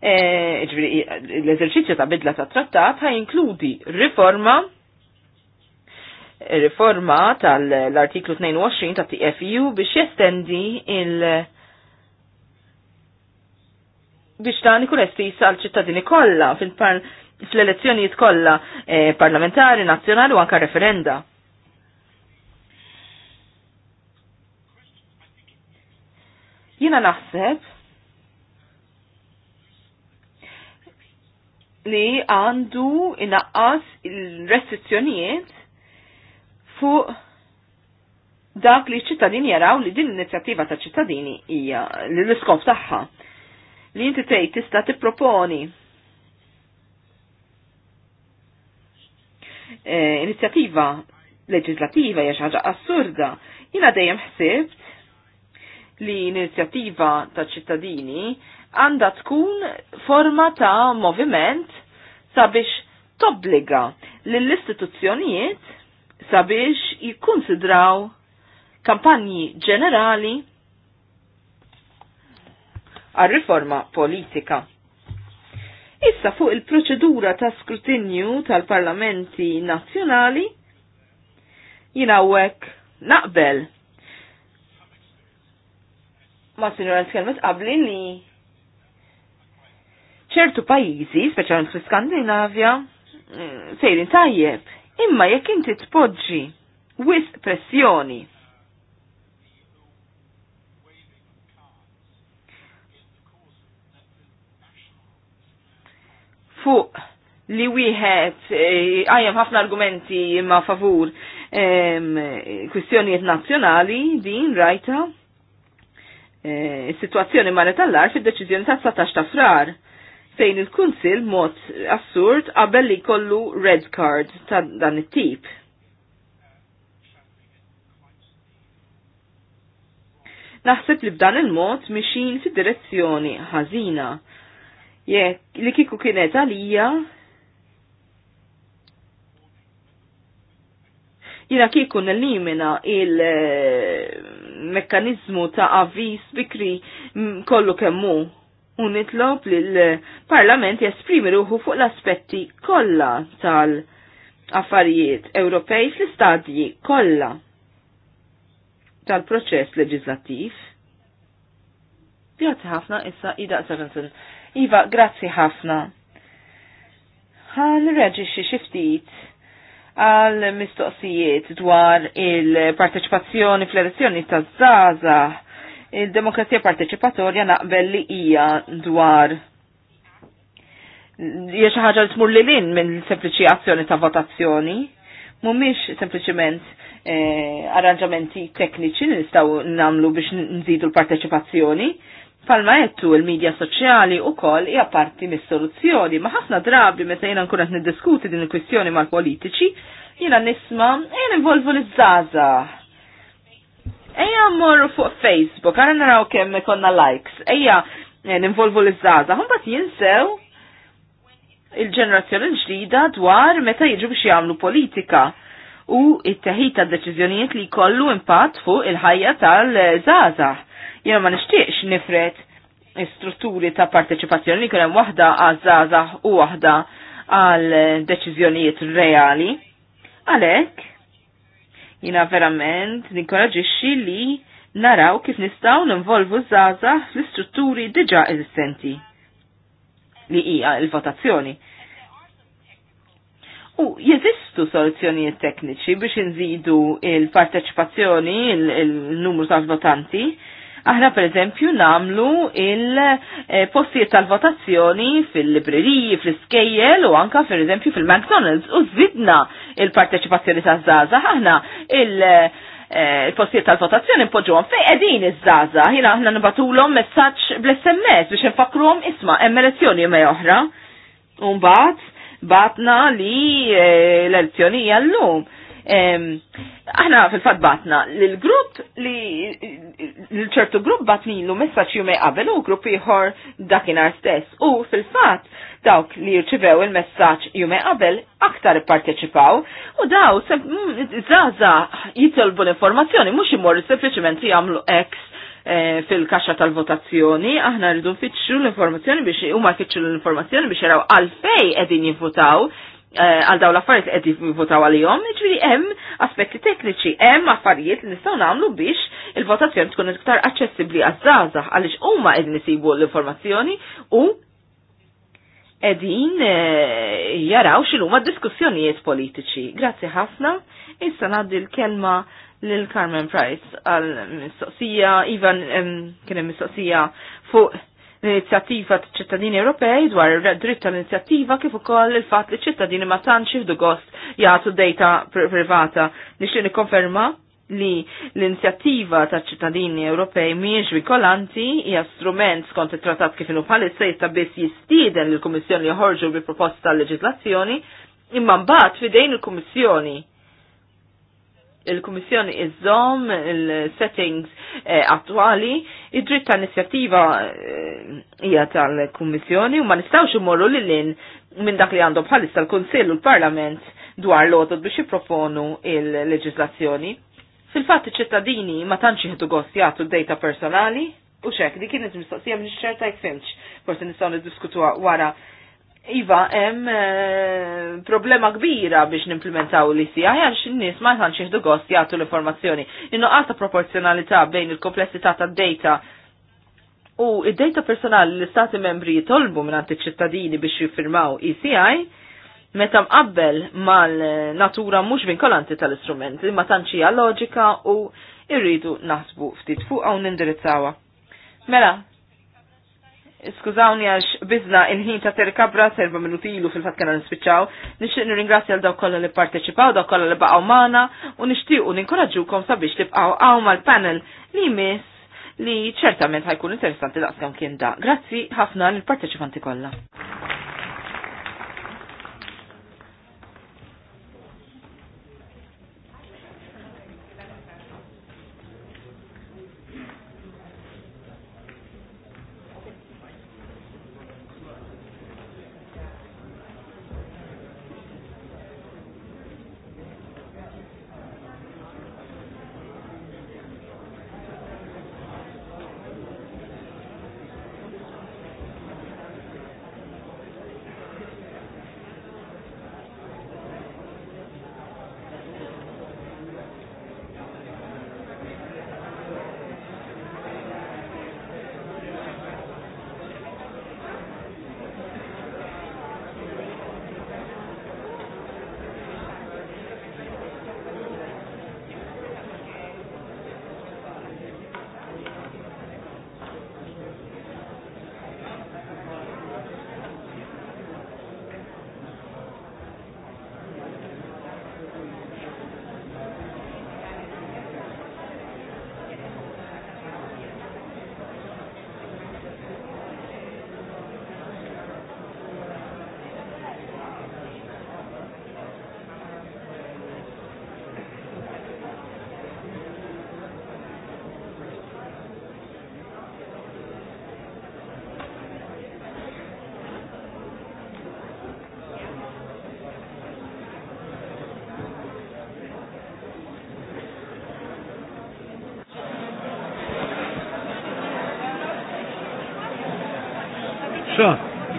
eh, l-eżerċizzju ta' bidla ta' trattat ħaj inkludi riforma riforma tal-artiklu 22 ta' TFU biex jestendi il- biex ta' nikun estis għal ċittadini kollha fil-elezzjonijiet kollha eh, parlamentari, nazzjonali u anka referenda. Jiena naħseb li għandu inaqqas il-restrizzjonijiet fuq dak li ċittadini jaraw li din l-inizjattiva ta' ċittadini hija l-iskop tagħha. Li inti tgħid tista' tipproponi e, inizjattiva leġislativa hija xi ħaġa assurda. Jiena dejjem ħsibt li l-inizjattiva ta' ċittadini għandha tkun forma ta' moviment sabiex tobbliga lill-istituzzjonijiet sabiex jikkonsidraw kampanji ġenerali għal riforma politika. Issa fuq il-proċedura ta' skrutinju tal-parlamenti nazzjonali jinawek naqbel ma' sinjora Skelmet qabli li ċertu pajizi, speċjalment fl-Skandinavja, mm, sejrin tajjeb Imma jekk inti tpoġġi wis pressjoni fuq li wieħed eh, għajem ħafna argumenti ma favur kwistjonijiet nazzjonali din rajta e, eh, situazzjoni marret tal-lar fid-deċiżjoni ta' 19 ta' frar fejn il-Kunsil mod assurd qabel li kollu red card ta' dan it-tip. Naħseb li b'dan il-mod mixin fi direzzjoni ħażina. Jekk li kiku kienet għalija jina kiku nellimina il-mekkanizmu eh, ta' avvis bikri kollu kemmu u nitlob li l-Parlament jesprimi ruħu fuq l-aspetti kollha tal-affarijiet Ewropej fl-istadji kollha tal-proċess leġislattiv. Grazzi ħafna issa Ida Sevenson. Iva, grazzi ħafna. Għan reġiċi xiftit għal mistoqsijiet dwar il-parteċipazzjoni fl-elezzjoni ta' Zaza il-demokrazija parteċipatorja naqbel li hija dwar hija xi ħaġa li tmur lil minn sempliċi azzjoni ta' votazzjoni, mhumiex sempliċiment eh, arranġamenti tekniċi li nistgħu nagħmlu biex nżidu l-parteċipazzjoni. Palma jettu il-medja soċjali u kol hija parti mis-soluzzjoni, ma ħafna drabi meta jiena nkun qed niddiskuti din il-kwistjoni mal-politiċi, jiena nisma' jiena eh, involvu l-żgħażagħ Ejja morru fuq Facebook, għana naraw kemm konna likes, ejja eh, ninvolvu l-izzaza, għan bat jinsew il-ġenerazzjoni ġdida dwar meta jiġu biex jagħmlu politika u it-teħid ta' deċiżjonijiet li jkollu impatt fuq il-ħajja tal-żaza. Jiena ma nixtieqx nifret strutturi ta' parteċipazzjoni li kien hemm waħda għaż-żaza u waħda għal deċiżjonijiet reali. Għalhekk, Jina verament ninkoraġixxi li naraw kif nistaw ninvolvu zaza fl-istrutturi diġa eżistenti li hija il-votazzjoni. U jeżistu soluzzjonijiet tekniċi biex inżidu il-parteċipazzjoni, il-numru tal votanti, Aħna per eżempju namlu il-postijiet tal-votazzjoni fil-libreriji, fil-skejjel u anka per eżempju fil-McDonald's u zidna il-parteċipazzjoni ta' zaza. Aħna eh, il-postijiet tal-votazzjoni npoġu għom fej edin iż-żaza. Jina aħna nibatulom messaċ bl-SMS biex nfakruhom isma' hemm elezzjoni ma oħra. bat, batna li eh, l-elezzjoni jallum. Aħna fil-fat batna l-grupp li l-ċertu grupp l messaċ jume qabel u grupp ieħor dakinar stess. U fil-fat dawk li jirċivew il-messaċ jume qabel aktar parteċipaw u daw mm, zaza jitolbu l-informazzjoni mux imorru sempliciment jgħamlu X eh, fil-kaxxa tal-votazzjoni, aħna rridu fitxu l-informazzjoni biex huma jfittxu l-informazzjoni biex jaraw għalfej qegħdin jivvotaw, Eh, għal daw l-affarijiet li qed jivvotaw għalihom, jiġifieri hemm aspetti tekniċi, hemm affarijiet li nistgħu nagħmlu biex il-votazzjoni tkun iktar aċċessibbli għaż-żgħażagħ għaliex huma qegħdin isibu l-informazzjoni u qegħdin eh, jaraw x'il huma diskussjonijiet politiċi. Grazzi ħafna. Issa ngħaddi l-kelma lil Carmen Price għal mistoqsija, Ivan kien hemm mistoqsija fuq l-inizjattiva ċittadini Ewropej dwar dritt tal-inizjattiva kif ukoll il-fatt li ċittadini ma tantx jieħdu gost jagħtu data privata. Nixtieq nikkonferma li l-inizjattiva ta' ċittadini Ewropej miex vikolanti hija strument skont it-trattat kif inhu bħalissa jista' biss jistieden lill kummissjoni joħorġu bi proposta tal leġiżlazzjoni imma mbagħad fidejn il-Kummissjoni il-Kummissjoni iżżomm il-settings eh, attwali, id-dritt ta' inizjattiva eh, hija tal-Kummissjoni u ma nistgħux imorru lil lin minn dak li għandhom bħalissa l-Kunsill u l-Parlament dwar l-għodod biex jipproponu il-leġislazzjoni. Fil-fatt iċ-ċittadini ma tantx jieħdu gost jagħtu data personali u xek, di kienet mistoqsija minn xerta jek fimx, forse nistgħu diskutu wara Iva, hemm e, problema kbira biex nimplementaw li si għajan n-nis ma jħanx xieħdu gost jgħatu l-informazzjoni. għata proporzjonalità bejn il-komplessità tad data u id-data personali li stati membri jitolbu minn għanti ċittadini biex jiffirmaw ECI meta mqabbel mal-natura mhux kolanti tal-istrument imma tanċija loġika u irridu naħsbu ftit fuq u nindirizzawha. Mela, Skużawni għax bizna il-ħin ta' terkabra serba minuti ilu fil-fat kena nispiċaw. Nixtieq ingrazzja l-daw kolla li parteċipaw, daw kollha li baqgħu magħna u nixtiequ ninkoraġġukom sabiex baqaw hawn mal-panel li mis li ċertament ħajkun interessanti daqs kien da. Grazzi ħafna lill parteċipanti kollha.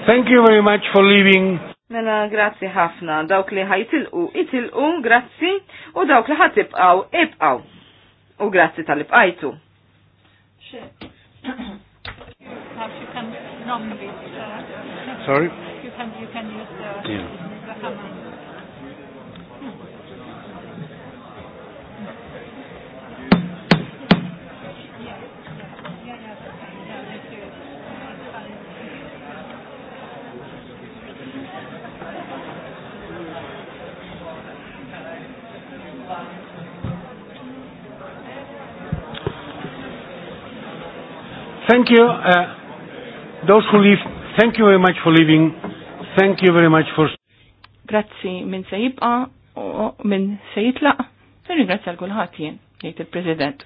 Thank you very much for leaving. Mela, grazzi ħafna. Dawk li ħajtilqu, itilqu, grazzi, u dawk li ħatibqaw, ibqaw. U grazzi tal-ibqajtu. Uh, Sorry? You can, you can use the, uh, yeah. the hammer. Thank you. Uh, those who leave, thank you very much for leaving. Thank you very much for... Grazzi minn se jibqa u minn se jitlaq. Nirringrazzja l-kulħat jien, jgħid il-President.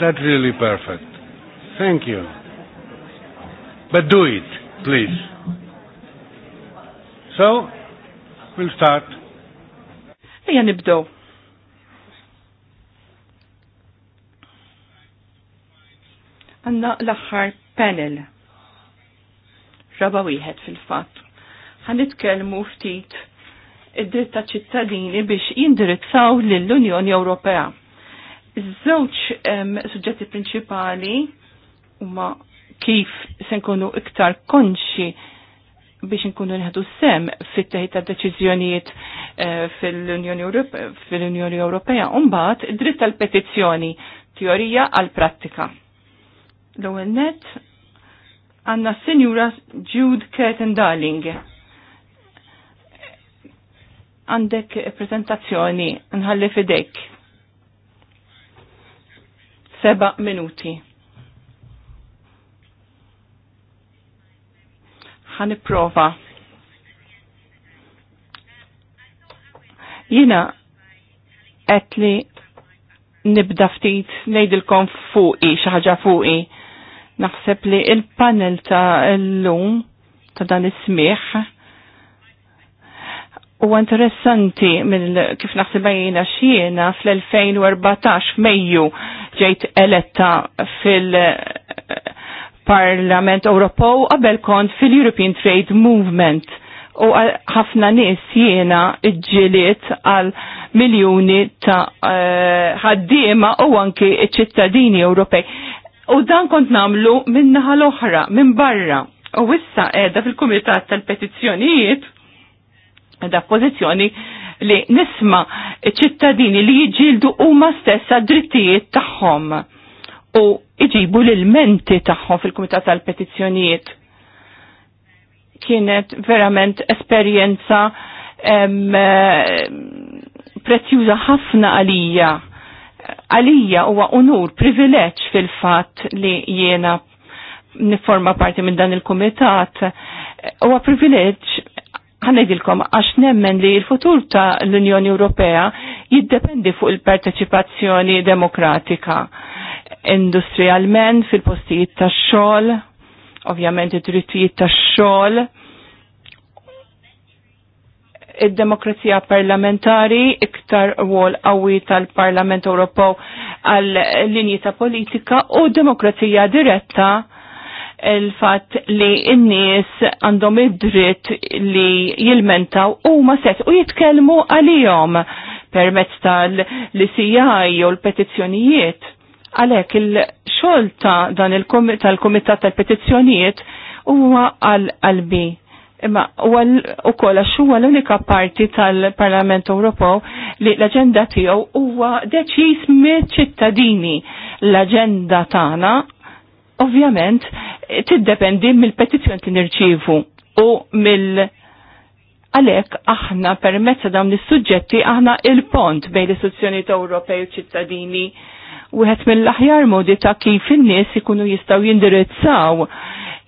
That's really perfect. Thank you. But do it, please. So, we'll start. Ejja nibdow. Għanna l-axħar panel. Raba wieħed fil-fatt. Ħanitkellmu ftit id-dritt ta' ċittadini biex jindirizzaw lill-Unjoni Ewropea. Iż-żewġ suġġetti prinċipali huma kif se nkunu iktar konxi biex nkunu nħadu sem fit teħid ta' deċiżjonijiet eh, fil-Unjoni Ewropea, u mbagħad id dritt tal-petizzjoni, teorija għal prattika. L-ewwel net għandna Sinjura Jude Curtin Darling. Għandek prezentazzjoni nħalli fidejk. Seba' minuti. ħaniprofa. Jina qed li nibda ftit ngħidilkom fuqi xi ħaġa fuqi Naħseb li il-panel ta' l-lum ta' dan is-smieħ u interessanti mill kif naħsibha jiena xiena fl-2014 Mejju ġejt eletta fil- Parlament Ewropew qabel kont fil-European Trade Movement u ħafna nies jiena ġiliet għal miljuni ta' eh, ħaddiema u anki ċittadini Ewropej. U dan kont namlu minn naħa l-oħra, minn barra. U issa edha fil-Kumitat tal-Petizzjonijiet, edha pożizzjoni li nisma ċittadini li jġildu huma stessa drittijiet tagħhom u iġibu l-menti tagħhom fil-Kumitat tal-Petizzjonijiet. Kienet verament esperjenza eh, prezzjuża ħafna għalija għalija huwa unur, privileġġ fil-fatt li jiena niforma parti minn dan il-kumitat huwa privileġġ ħanejdilkom għax nemmen li l-futur ta' l-Unjoni Ewropea jiddependi fuq il-parteċipazzjoni demokratika industrialment fil-postijiet ta' xogħol, ovvjament it drittijiet ta' xogħol, id-demokrazija parlamentari iktar wol qawwi tal-Parlament Ewropew għal linji ta' politika u demokrazija diretta il-fat li n-nies għandhom id-dritt li jilmentaw u ma set u jitkelmu għalihom permezz tal-CI u l-petizzjonijiet. Għalek il-xolta dan il-komitat tal-petizzjonijiet huwa għal-qalbi Imma u kolla għax huwa l-unika parti tal-Parlament Ewropew li l-aġenda tiegħu huwa deċiż mill-ċittadini. L-aġenda tagħna ovvjament tiddependi mill-petizzjoni li nirċivu u mill- għalek aħna permezz dawn is-suġġetti aħna il-pont bejn l-istituzzjonijiet Ewropej u ċittadini wieħed mill-aħjar modi ta' kif in-nies ikunu jistgħu jindirizzaw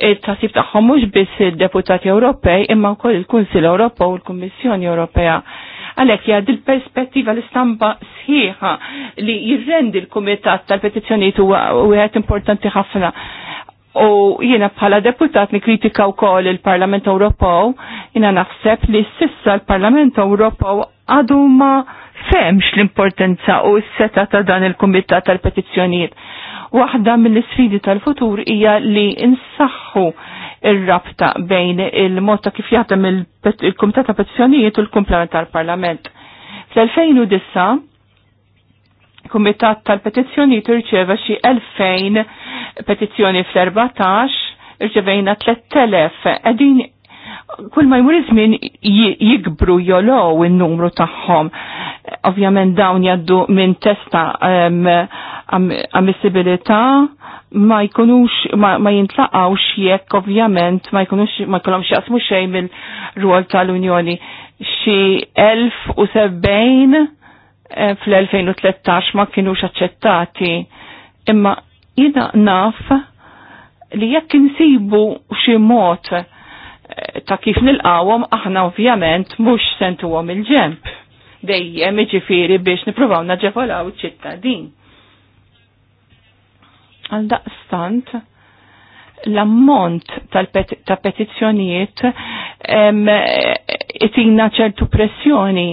il-tasib tagħhom mhux biss id-deputati Ewropej imma wkoll il-Kunsil Ewropa u l-Kummissjoni Ewropea. Għalhekk hija il perspettiva l istamba sħiħa li jirrendi l-Kumitat tal-Petizzjonijiet huwa wieħed importanti ħafna. U jiena bħala deputat u wkoll il-Parlament Ewropew, jiena naħseb li sissa l-Parlament Ewropew għadu ma' femx l-importanza u s-seta ta' dan il-Kumitat tal-Petizzjonijiet. Waħda mill-sfidi tal-futur hija li insaħħu il rabta bejn il-mod ta' kif jaħdem il-Kumitat tal-Petizzjonijiet u l-Kumplament tal-Parlament. Fl-2009 Kumitat tal-Petizzjonijiet irċeva xi 2000 petizzjoni fl-14 irċevejna 3000 qegħdin kull ma jmur iż-żmien jikbru jolgħu n numru tagħhom. Ovvjament dawn jaddu minn testa ammissibilità ma jkunux ma, jintlaqawx jekk ovvjament ma jkunux ma jkollhomx jaqsmu xejn mill-rwol tal-Unjoni. Xi 1070 eh, fl-2013 ma kienux aċċettati. Imma jina naf li jekk insibu xi mod ta' kif nilqawhom aħna ovvjament mhux sentuhom il-ġemp. Dejjem iġifieri biex nippruvaw naġevolaw ċittadin. Għal daqstant l-ammont ta' petizzjonijiet itina ċertu pressjoni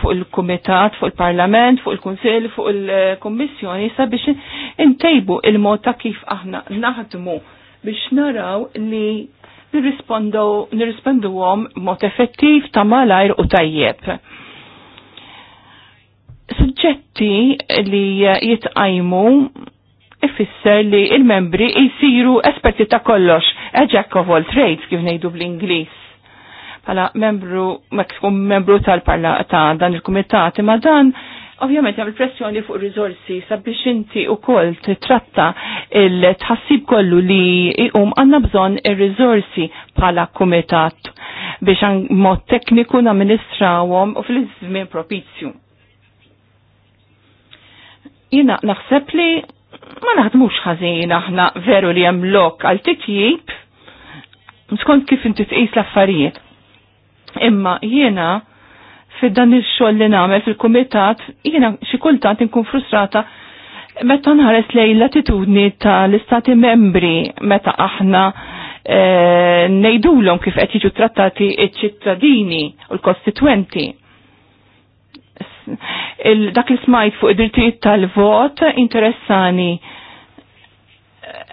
fuq il-Kumitat, fuq il-Parlament, fuq il-Kunsil, fuq il-Kommissjoni sabiex intejbu il-mod ta' kif aħna naħdmu biex naraw li nirrispondu għom mod effettiv ta' malajr u tajjeb. Suġġetti li jitqajmu ifisser li il-membri jisiru esperti ta' kollox, a jack of all trades kif nejdu bl-Inglis pala membru, ma membru tal-parla ta' dan il komitati ma dan Ovvjament jagħmel pressjoni fuq riżorsi sabiex inti wkoll titratta il-tħassib kollu li jqum għandna bżonn ir-riżorsi bħala kumitat biex mod tekniku namministrawhom u fil izmin propizju. Jiena naħseb li ma naħdmux ħażin aħna veru li hemm lok għal titjib skont kif inti tqis l-affarijiet. Imma jiena fid dan ix-xogħol li nagħmel fil-kumitat jiena xi kultant inkun frustrata meta nħares lejn l-attitudni tal-istati membri meta aħna e, ngħidulhom kif qed jiġu trattati ċ-ċittadini u l-kostitwenti. dak il smajt fuq id-drittijiet tal-vot interessani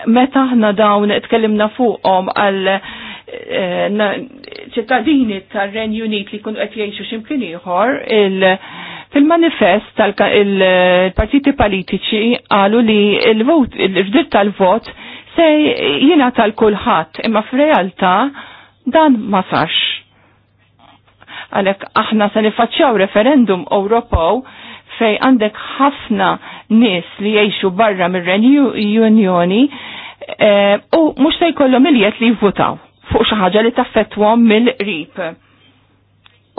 meta aħna dawn itkellimna fuqhom għal ċittadini tal-Renju Unit li kun qed jgħixu x'imkien ieħor fil-manifest tal-partiti politiċi qalu li l-vot il-fdir tal-vot se jiena tal-kulħadd imma f'realtà dan ma sarx. Għalhekk aħna se nifaċċjaw referendum Ewropew fej għandek ħafna nies li jgħixu barra mir-Renju Unjoni eh, u mhux se jkollhom iljet li jvutaw fuq xi ħaġa li taffettwhom mill-qrib.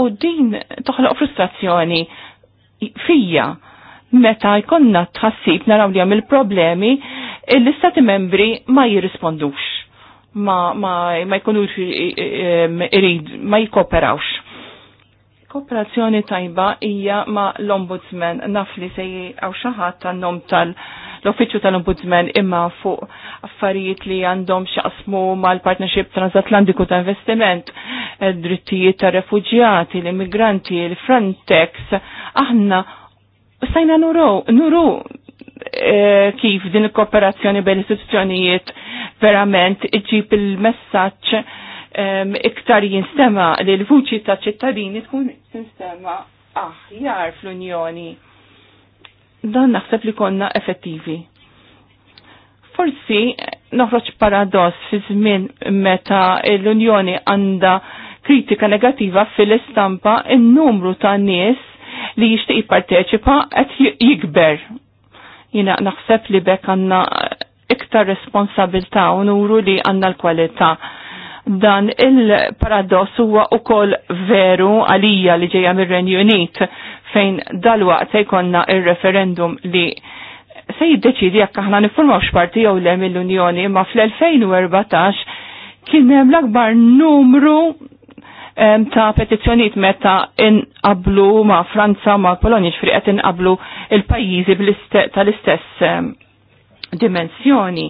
U din toħloq frustrazzjoni fija meta jkollna tħassib naraw li hemm il-problemi l-istati membri ma jirrispondux, ma, ma, ma jkunux eh, eh, eh, irid, ma jikoperawx. Kooperazzjoni tajba hija ma l-ombudsman naf li se għaw xaħat tan-nom tal- l-Uffiċċju tal-Ombudsman imma fuq affarijiet li għandhom xaqsmu mal-Partnership Transatlantiku ta' Investiment, eh, drittijiet ta' refugjati, l-immigranti, l-Frontex, aħna sajna nuru, nuru eh, kif din il-kooperazzjoni bejn istituzzjonijiet verament iġib il-messaġġ ehm, iktar jinstema li l-vuċi ta' ċittadini tkun jinstema aħjar fl-Unjoni dan naħseb li konna effettivi. Forsi noħroġ paradoss fi żmien meta l-Unjoni għandha kritika negativa fil-istampa in-numru ta' nies li jixtieq jipparteċipa qed jikber. Jina naħseb li bekk għandna iktar responsabilta u nuru li għandna l-kwalità. Dan il-paradoss huwa wkoll veru għalija li ġejja mir-Renju Unit fejn dalwa se jkonna il-referendum li se jiddeċidi jekk aħna nifurmaw x'parti jew le mill-Unjoni, imma fl-2014 kien hemm l-akbar numru ta' petizzjoniet meta inqablu ma' Franza ma' Polonja ġifri qed inqablu il-pajjiżi tal-istess dimensjoni.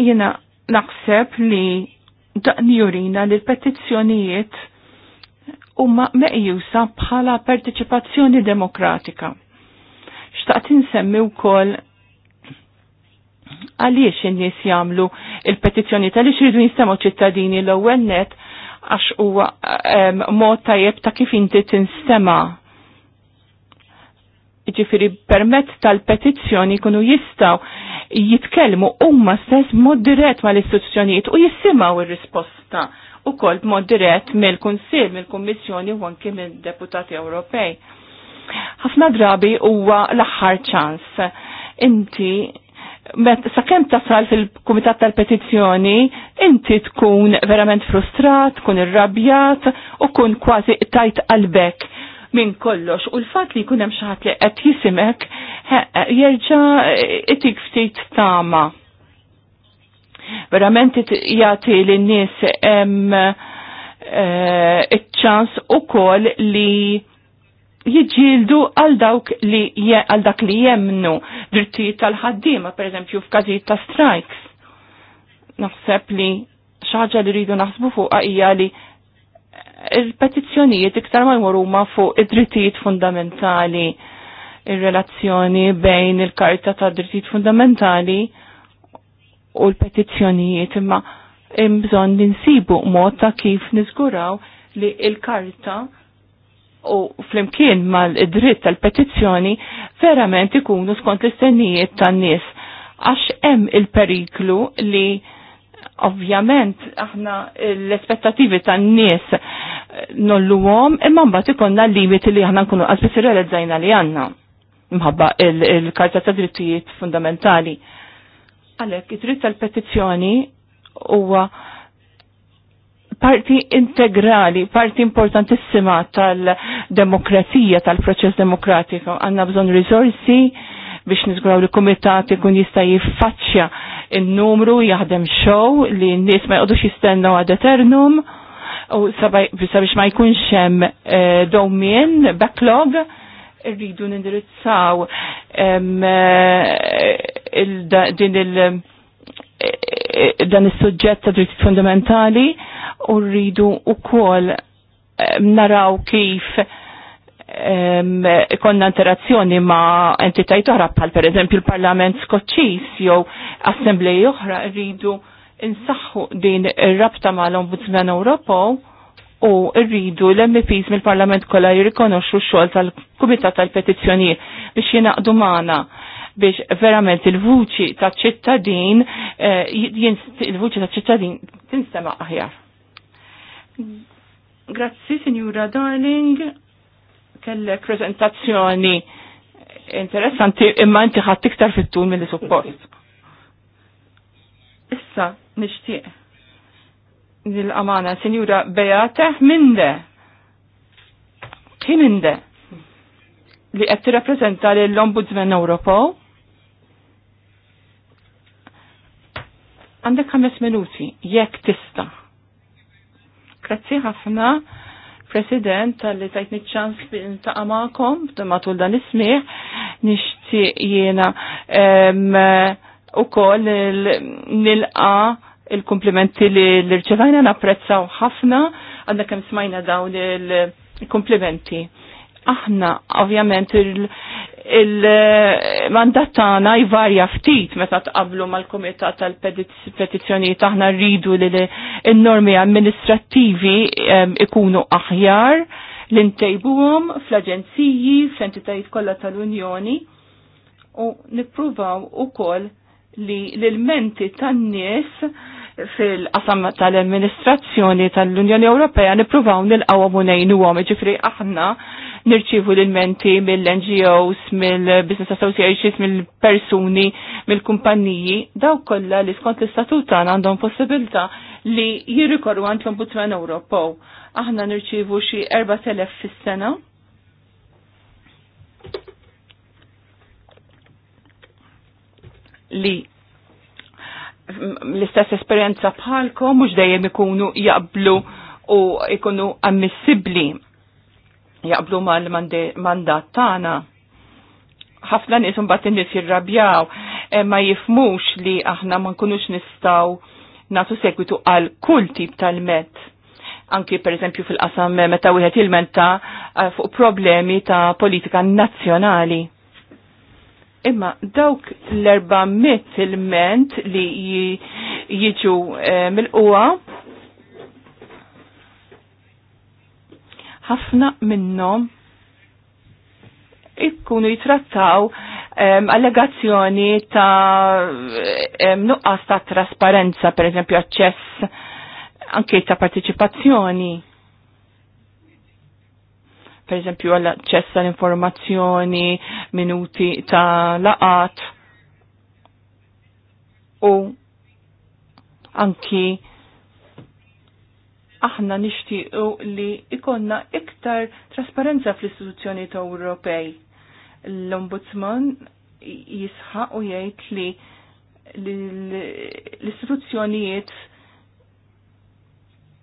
Jiena naħseb li daqni jurina li l-petizzjonijiet huma meqjusa bħala partiċipazzjoni demokratika. Xtaqt insemmi wkoll għaliex in-nies jagħmlu il-petizzjoni għaliex iridu jinsemgħu ċittadini l-ewwel net għax huwa mod tajjeb ta' kif inti tinstema' ġifiri permezz tal-petizzjoni kunu jistaw jitkellmu umma stess mod dirett ma l-istituzzjonijiet u jissimaw ir-risposta u kol b'mod dirett mill-Kunsil, mill-Kummissjoni u anki mill-Deputati Ewropej. Ħafna drabi huwa l-aħħar ċans. Inti Met sakemm tasal fil-Kumitat tal-Petizzjoni, inti tkun verament frustrat, tkun irrabjat u kun kważi tajt qalbek minn kollox. U l-fat li kunem xaħat li qed jisimek jerġa' itik ftit tama verament jagħti n nies eh, iċ-ċans ukoll li jiġġieldu għal dawk li għal dak li jemnu drittijiet tal-ħaddiema, pereżempju f'każijiet ta' strikes. Naħseb li xaġa li rridu naħsbu fuq hija li il-petizzjonijiet iktar ma ma fuq id-drittijiet fundamentali, ir relazzjoni bejn il-karta ta' drittijiet fundamentali u l-petizzjonijiet imma imbżon ninsibu mod ta' kif nizguraw li il-karta u flimkien mal-dritt tal-petizzjoni verament ikunu skont l-istennijiet tan-nies għax hemm il-periklu li ovvjament aħna l-espettativi tan-nies għom imma mbagħad l limiti li aħna nkunu qasbis irrealizzajna li għandna mħabba il-Karta ta' Drittijiet Fundamentali. Għalek, id-dritt tal-petizzjoni huwa parti integrali, parti importantissima tal-demokrazija, tal-proċess demokratiku. Għanna bżon risorsi biex nizgraw li komitat ikun jista' jiffaċċja il-numru jaħdem show li n-nies ma jqogħdux jistennu għad eternum u sabiex ma jkunx hemm eh, domien backlog rridu nindirizzaw eh, din il- eh, dan is-suġġett ta' dritti fundamentali u rridu wkoll naraw kif konna interazzjoni ma' entitajt oħra bħal pereżempju il-Parlament Skoċċiż jew assembleji oħra rridu insaħħu din ir-rabta mal-Ombudsman Ewropew u rridu l-MPs mill-Parlament kollha jirrikonoxxu x-xogħol tal-Kumitat tal-Petizzjonijiet biex jinaqdu magħna biex verament il-vuċi ta' ċittadin eh, il-vuċi ta' ċittadin tinstema' aħjar. Grazzi, Signora Darling, kellek prezentazzjoni interessanti imma inti ħadd iktar fit-tul mill-suppost. Issa, nixtieq dil-amana, Sinjura Beata Minde. Ki Minde? Li qed tirrappreżenta l-Ombudsman Ewropew. Għandek ħames minuti, jekk tista. Grazzi ħafna, President, tal-li tajtni ċans ta' ntaqa' magħkom matul dan ismiħ, nishti jiena u koll nil-a il-komplimenti li l-irċevajna napprezzaw ħafna għanna kem smajna dawn il-komplimenti. Aħna, ovvjament, il-mandat tagħna jvarja ftit meta tqablu mal-Kumitat tal-Petizzjoni taħna rridu li l-normi amministrattivi ikunu aħjar li ntejbuhom fl-aġenziji, fl-entitajiet kollha tal-Unjoni u nippruvaw ukoll li l-menti tan-nies fil-qasam tal-amministrazzjoni tal-Unjoni Ewropea nippruvaw nilqgħu munejn għom, ġifri aħna nirċivu l-menti mill-NGOs, mill-Business Associations, mill-persuni, mill-kumpanniji, daw kollha li skont l-istatutan għandhom possibilità li jirrikorru għandhom l-Ombudsman Ewropew. Aħna nirċivu xi 4000 fis-sena. li l-istess esperjenza bħalkom mhux dejjem ikunu jaqblu u ikunu ammissibbli jaqblu mal-mandat tagħna. Ħafna nies imbagħad nis jirrabjaw e ma jifmux li aħna ma nkunux nistgħu nagħtu segwitu għal kull tip tal-met. Anki per eżempju fil-qasam meta wieħed jilmenta eh, fuq problemi ta' politika nazzjonali Imma dawk l-400 il-ment li jiġu eh, mill-qwa ħafna minnhom ikkunu jitrattaw ehm, allegazzjoni ta' ehm, nuqqas ta' trasparenza, per eżempju, aċċess anke ta' partiċipazzjoni per eżempju għall ċess l-informazzjoni, minuti ta' laqat u anki aħna nixtiequ li ikonna iktar trasparenza fl-istituzzjoni ta' Ewropej. L-Ombudsman jisħaq u jgħid li l-istituzzjonijiet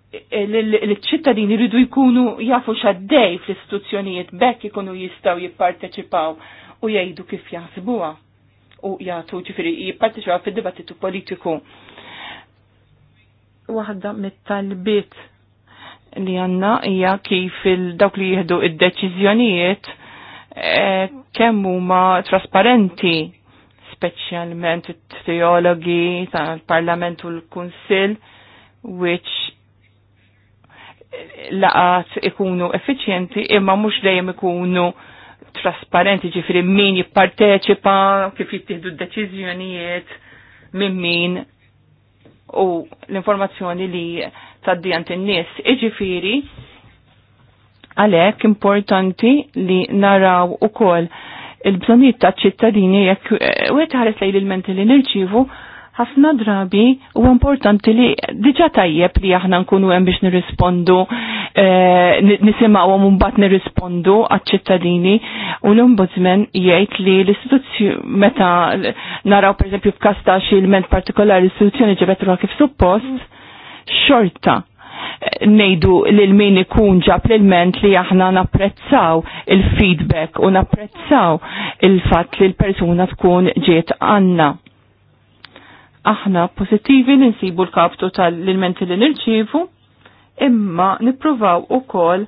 Eh, l-ċittadini rridu jkunu jafu xaddej fl-istituzzjonijiet bekk ikunu jistaw jipparteċipaw u jgħidu kif jaħsibuha u jagħtu ġifiri jipparteċipaw fid-dibattitu politiku. Waħda mit-talbiet li għanna hija kif dawk li jieħdu id-deċiżjonijiet eh, kemm huma trasparenti speċjalment it-teologi tal-Parlament u l-Kunsill which laqat ikunu effiċjenti imma mhux dejjem ikunu trasparenti ġifri min jipparteċipa, kif jittieħdu d-deċiżjonijiet, minn min u l-informazzjoni li taddijant n nies Iġifiri, għalhekk importanti li naraw ukoll il-bżonijiet ta' ċittadini jekk eh, u ħares lejn il-menti li nirċivu ħafna drabi u importanti li diġa tajjeb li aħna nkunu hemm biex nirrispondu eh, nisimgħu mbagħad nirrispondu għaċ-ċittadini u l-ombudsman jgħid li l-istituzzjoni meta naraw pereżempju f'każ ta' xi ilment partikolari l-istituzzjoni ġibet kif suppost xorta eh, nejdu lil min ikun ġab l-ment li aħna napprezzaw il-feedback u napprezzaw il-fat li l-persuna tkun ġiet għanna aħna pozittivi li nsibu l-kaptu tal-ilmenti li nirċivu, imma nipruvaw u kol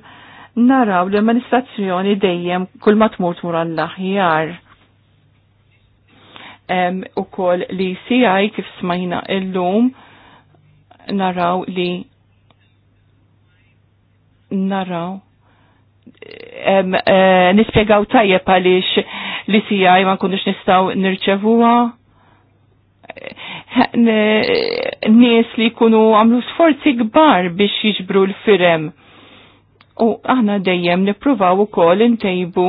naraw l-amministrazzjoni dejjem kull ma tmur tmur għall-aħjar. U kol li CI kif smajna illum naraw li naraw um, e, nispiegaw tajjeb għaliex li CI ma nkunux nistaw nirċevuha nies li jkunu għamlu sforzi kbar biex jiġbru l-firem. U aħna dejjem nippruvaw ukoll intejbu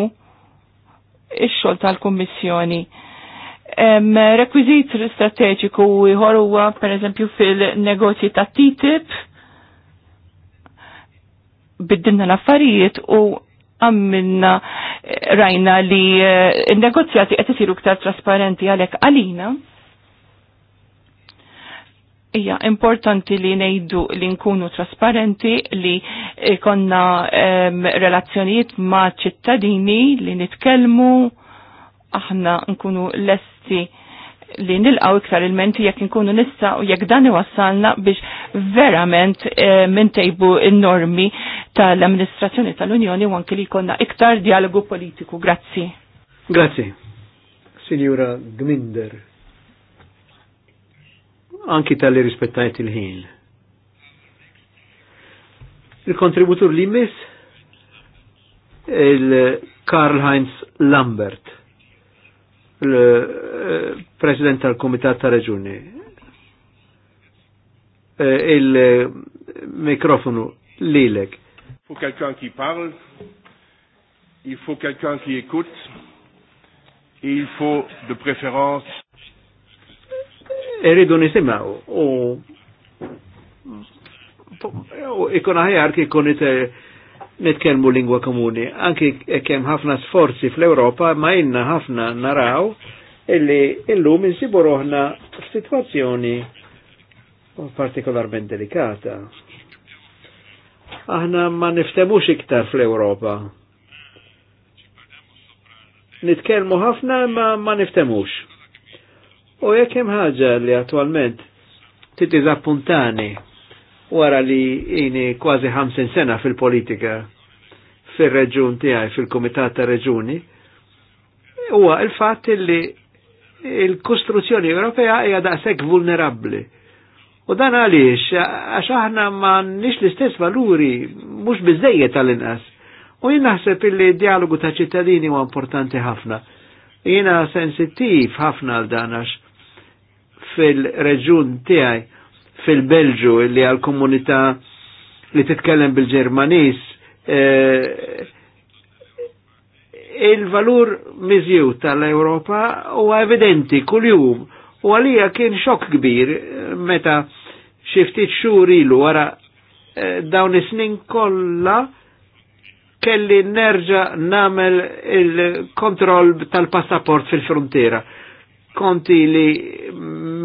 ix-xogħol tal-Kummissjoni. Rekwizit strateġiku ieħor huwa pereżempju fil-negozji ta' TTIP biddinna l-affarijiet u għamminna rajna li n-negozjati eh, qed isiru ktar trasparenti għalhekk għalina Ija, importanti li nejdu li nkunu trasparenti, li konna um, relazzjonijiet ma ċittadini, li nitkelmu, aħna nkunu lesti li nilqaw iktar il-menti jekk nkunu nissa u jekk dan iwassalna biex verament eh, mintejbu il-normi tal-amministrazzjoni tal-Unjoni u anki li konna iktar dialogu politiku. Grazzi. Grazzi. Signora Gminder anki tal-li rispettajt il-ħin. Il-kontributur li mis il-Karl Heinz Lambert, il-President eh, tal-Komitat ta' Reġuni. Eh, Il-mikrofonu eh, lilek. Il faut quelqu'un qui parle, il fu quelqu'un ki ekut, il fu de preferenz irridu nisimaw u ikon aħjar ki kun nitkelmu lingwa komuni. Anki kem ħafna sforzi fl-Europa, ma inna ħafna naraw illi illum insibu roħna f-situazzjoni partikolarment delikata. Aħna ma niftemux iktar fl-Europa. Nitkelmu ħafna ma ma niftemux U jekk hemm ħaġa li attwalment titiżappuntani wara li jini kważi 50 sena fil-politika fil-reġun tiegħi fil-Kumitat ta' Reġuni, huwa il-fatt li il-kostruzzjoni Ewropea hija daqshekk vulnerabbli. U dan għaliex, għax aħna ma nix l-istess valuri, mux bizzejiet tal-inqas. U jien naħseb illi dialogu ta' ċittadini huwa importanti ħafna. Jiena sensittiv ħafna għal dan għax fil-reġun tijaj fil-Belġu li għal komunità li titkellem bil-Ġermanis eh, il-valur miżju tal-Europa huwa evidenti kuljum u għalija kien xok kbir meta xiftit xhur ilu wara eh, dawn is-snin kollha kelli nerġa namel il-kontroll tal-passaport fil-frontiera konti li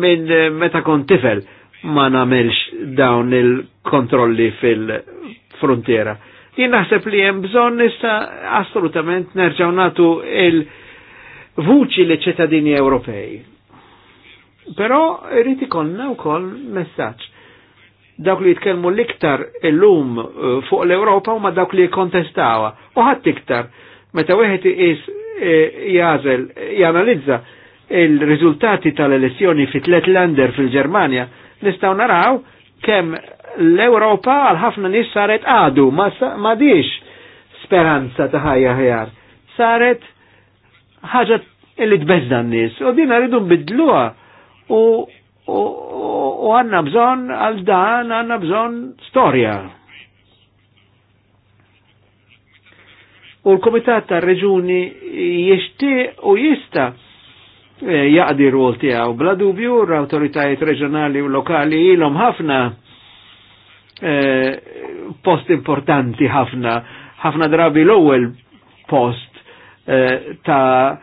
minn meta kont tifel ma namelx dawn il-kontrolli fil-frontiera. Jien naħseb li hemm bżonn issa assolutament nerġgħu nagħtu il-vuċi li ċittadini Ewropej. Però irid ikollna wkoll messaġġ dawk li jitkellmu l-iktar illum eh, fuq l-Ewropa huma dawk li jikkontestawa. U ħadd iktar, meta wieħed is eh, jażel, janalizza il-riżultati tal-elezzjoni fit lander fil-Germania nistaw naraw kemm l-Europa għal ħafna nies saret għadu, ma, ma speranza ta' ħajja ħjar. Saret ħaġa illi tbezza n-nies. U din rridu nbidluha u u għanna bżon għal dan għanna bżon storja. U l-Komitat tar reġuni jishti u jista' E, jaqdi rol tiegħu. Bla dubju l-awtoritajiet reġjonali u lokali ilhom ħafna e, post importanti ħafna, ħafna drabi l-ewwel post e, ta'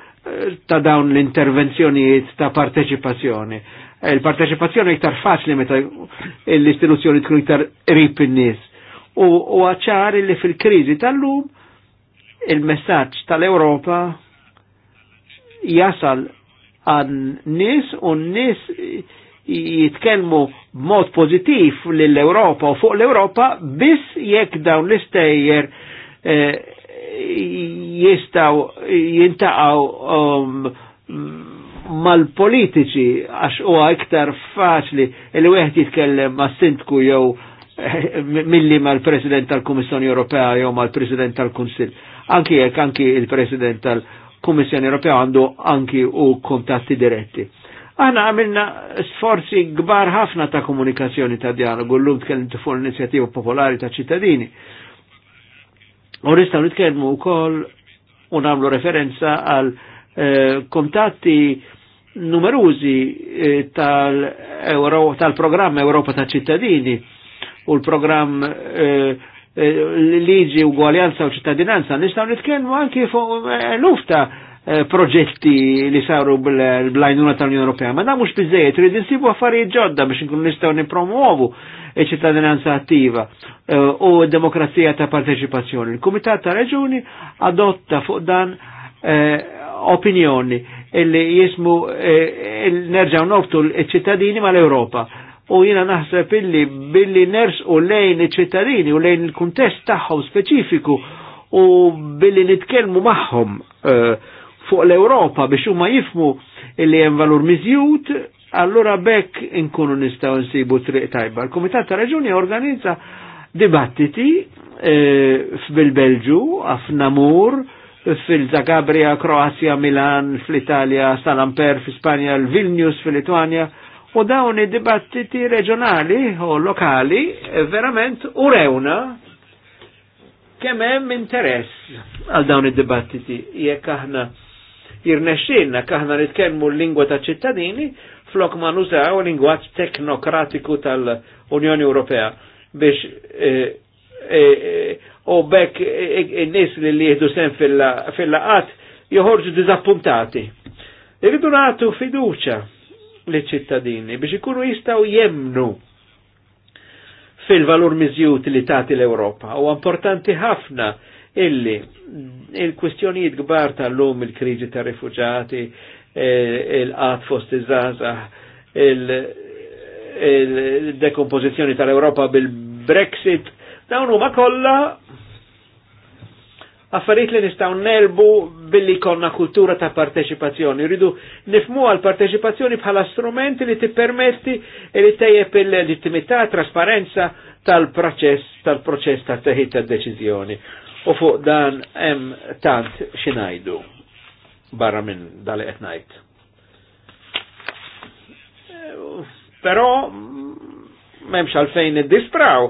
ta' dawn l-intervenzjonijiet ta' parteċipazzjoni. Il-parteċipazzjoni iktar faċli meta l-istituzzjoni tkun iktar rip in-nies. U għacċar li fil-kriżi tal-lum il-messaġġ tal-Ewropa jasal għan nis u nis jitkelmu mod pozitiv l-Europa u fuq l-Europa biss jekk dawn l-istejjer eh, jistaw jintaqaw um, mal-politiċi għax huwa iktar faċli li wieħed jitkellem ma' sindku jew eh, milli mal-President tal-Kummissjoni Ewropea jew mal-President tal-Kunsill. Anki jekk anki il-President tal-Kunsill Kummissjoni Ewropea għandu anki u kontatti diretti. Għana għamilna sforzi gbar ħafna ta' komunikazzjoni ta' dialogu, l-lum t fuq l-inizjattiva popolari ta' ċittadini. U nistaw nitkellmu wkoll u n'amlu referenza għal eh, kontatti numerużi eh, tal-programm tal Europa ta' ċittadini u l-programm eh, Eh, liġi ugwaljanza u ċittadinanza, nistaw nitkellmu anki fuq eluf eh, ta' eh, proġetti li saru bl-għajnuna tal-Unjoni Ewropea. Ma da mux bizzejiet, rrid nsibu affarijiet ġodda biex nkun nistaw nipromuovu ċittadinanza attiva u demokrazija ta' parteċipazzjoni. Il-Kumitat ta' Reġuni adotta fuq dan opinjoni illi jismu nerġaw noftu l-ċittadini mal-Europa u jina naħseb illi billi ners u lejn iċ-ċittadini u lejn il-kuntest tagħhom speċifiku u billi nitkellmu magħhom eh, fuq l-Ewropa biex huma jifmu illi hemm valur miżjud, allura bekk inkunu nistgħu nsibu triq tajba. Il-Kumitat ta' Raġuni organizza dibattiti eh, fil-Belġu, f'Namur, fil-Zagabria, Kroazja, Milan, fl-Italja, Salamper, fl-Spanja, l-Vilnius, fil-Litwanja, fil lituania fil U dawn id-dibattiti reġjonali u lokali eh, verament urewna kemm hemm interess għal dawn id-dibattiti jekk aħna jirnexxinna kaħna nitkellmu l-lingwa ta' ċittadini flok ma nużaw lingwaġġ teknokratiku tal-Unjoni Ewropea biex eh, eh, u bekk in-nies li li jieħdu sen fil-laqat joħorġu diżappuntati. Irridu nagħtu fiduċa li ċittadini biex ikunu jistaw jemnu fil-valur miżjut li tati l europa U importanti ħafna illi il-kwistjonijiet gbar tal-lum il-kriġi ta' rifugġati, eh, il-qat fost iż-żaza, il-dekompożizzjoni tal europa bil-Brexit, dawn huma kollha affarijiet li nistgħu nelbu billi konna kultura ta' parteċipazzjoni. Rridu nifmu għal parteċipazzjoni bħala strumenti li tippermetti li tejjeb il-legittimità, trasparenza tal-proċess tal-proċess ta' teħid ta' deċiżjoni. U fuq dan hemm tant xinajdu barra minn dali qed ngħid. Però memx għalfejn id-dispraw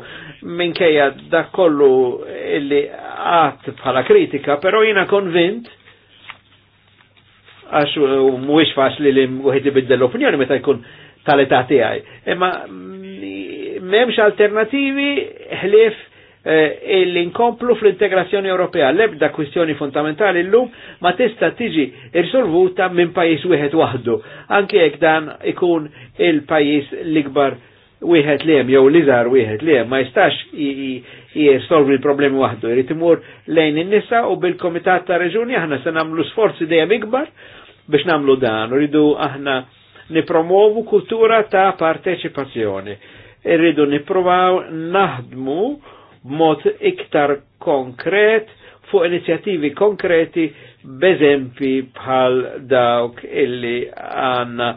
minkejja da kollu illi għat bħala kritika, pero jina konvint għax uh, mwix faċli li mwħed ibiddel l-opinjoni meta jkun tal-età tiegħi. Imma mm, m'hemmx alternativi ħlief eh, illi nkomplu fl-integrazzjoni Ewropea. L-ebda kwistjoni fundamentali llum ma tista' tiġi irsolvuta minn pajjiż wieħed waħdu, anke jekk dan ikun il-pajjiż l-ikbar wieħed li hemm jew liżar wieħed li hemm ma jistax jisolvi l-problemi waħdu, Irid imur lejn in-nisa u bil-Komitat ta' Reġuni aħna se nagħmlu sforzi dejjem ikbar biex nagħmlu dan, Uridu aħna nipromovu kultura ta' parteċipazzjoni. Irridu nipprovaw naħdmu b'mod iktar konkret fuq inizjattivi konkreti b'eżempi bħal dawk illi għanna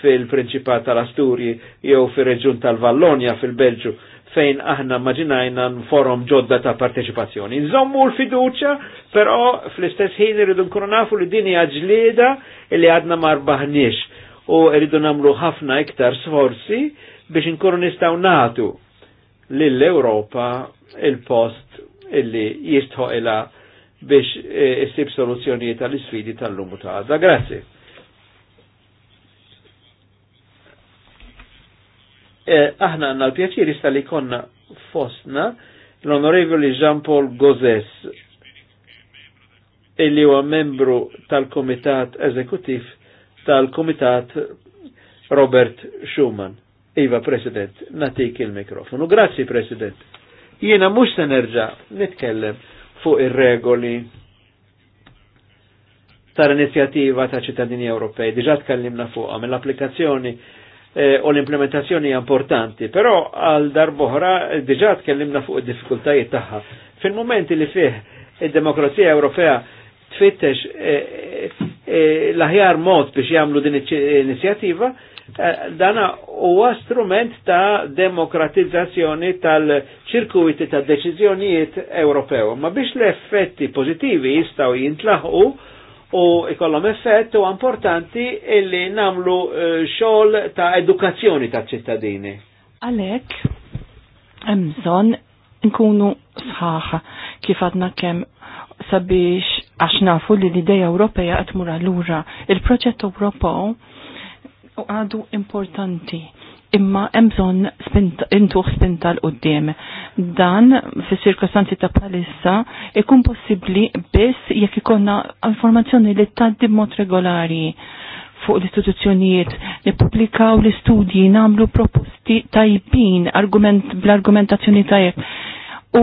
fil-Prinċipat tal-Asturji jew fil-Reġjun tal-Vallonja fil-Belġu fejn aħna maġinajna forum ġodda ta' parteċipazzjoni. Nżommu l-fiduċa, però fl-istess ħin irridu nkunu nafu li dini ġlieda li għadna marbaħniex u irridu namlu ħafna iktar sforzi biex nkunu nistaw natu lill-Europa il-post illi jistħoqila biex eh, issib soluzzjonijiet tal-isfidi tal-lumu ta' għadda. Grazie. Eh, aħna għanna l-pjaċiri li konna fosna l-onorevoli Jean-Paul Gozes, illi huwa membru tal-Komitat Eżekutiv tal-Komitat Robert Schumann. Iva, President, natik il-mikrofonu. Grazzi, President. Jiena mux se nerġa' nitkellem fuq ir-regoli tal inizjativa ta' ċittadini Ewropej. Diġa tkellimna fuqha mill-applikazzjoni Eh, u l-implementazzjoni importanti, però għal darboħra diġa tkellimna fuq id-diffikultajiet tagħha. Fil-momenti li fih id-demokrazija Ewropea tfittex eh, eh, l-aħjar mod biex jagħmlu din inizjattiva, dana huwa strument ta' demokratizzazzjoni tal-ċirkuiti ta' deċiżjonijiet Ewropew. Ma biex l-effetti pożittivi jistgħu jintlaħqu u ikollhom effett u importanti illi namlu eh, xogħol ta' edukazzjoni ta' ċittadini. Għalhekk hemm nkunu sħaħ kif għadna kemm sabiex għax nafu li l-ideja Ewropeja qed mura lura. Il-proġett Ewropew għadu importanti imma hemm bżonn intuħ spinta l qoddim Dan fis sirkostanzi ta' palissa ikun possibbli biss jekk ikonna informazzjoni li tgħaddi b'mod regolari fuq l-istituzzjonijiet li publikaw l-istudji namlu proposti tajbin argument bl-argumentazzjoni tajb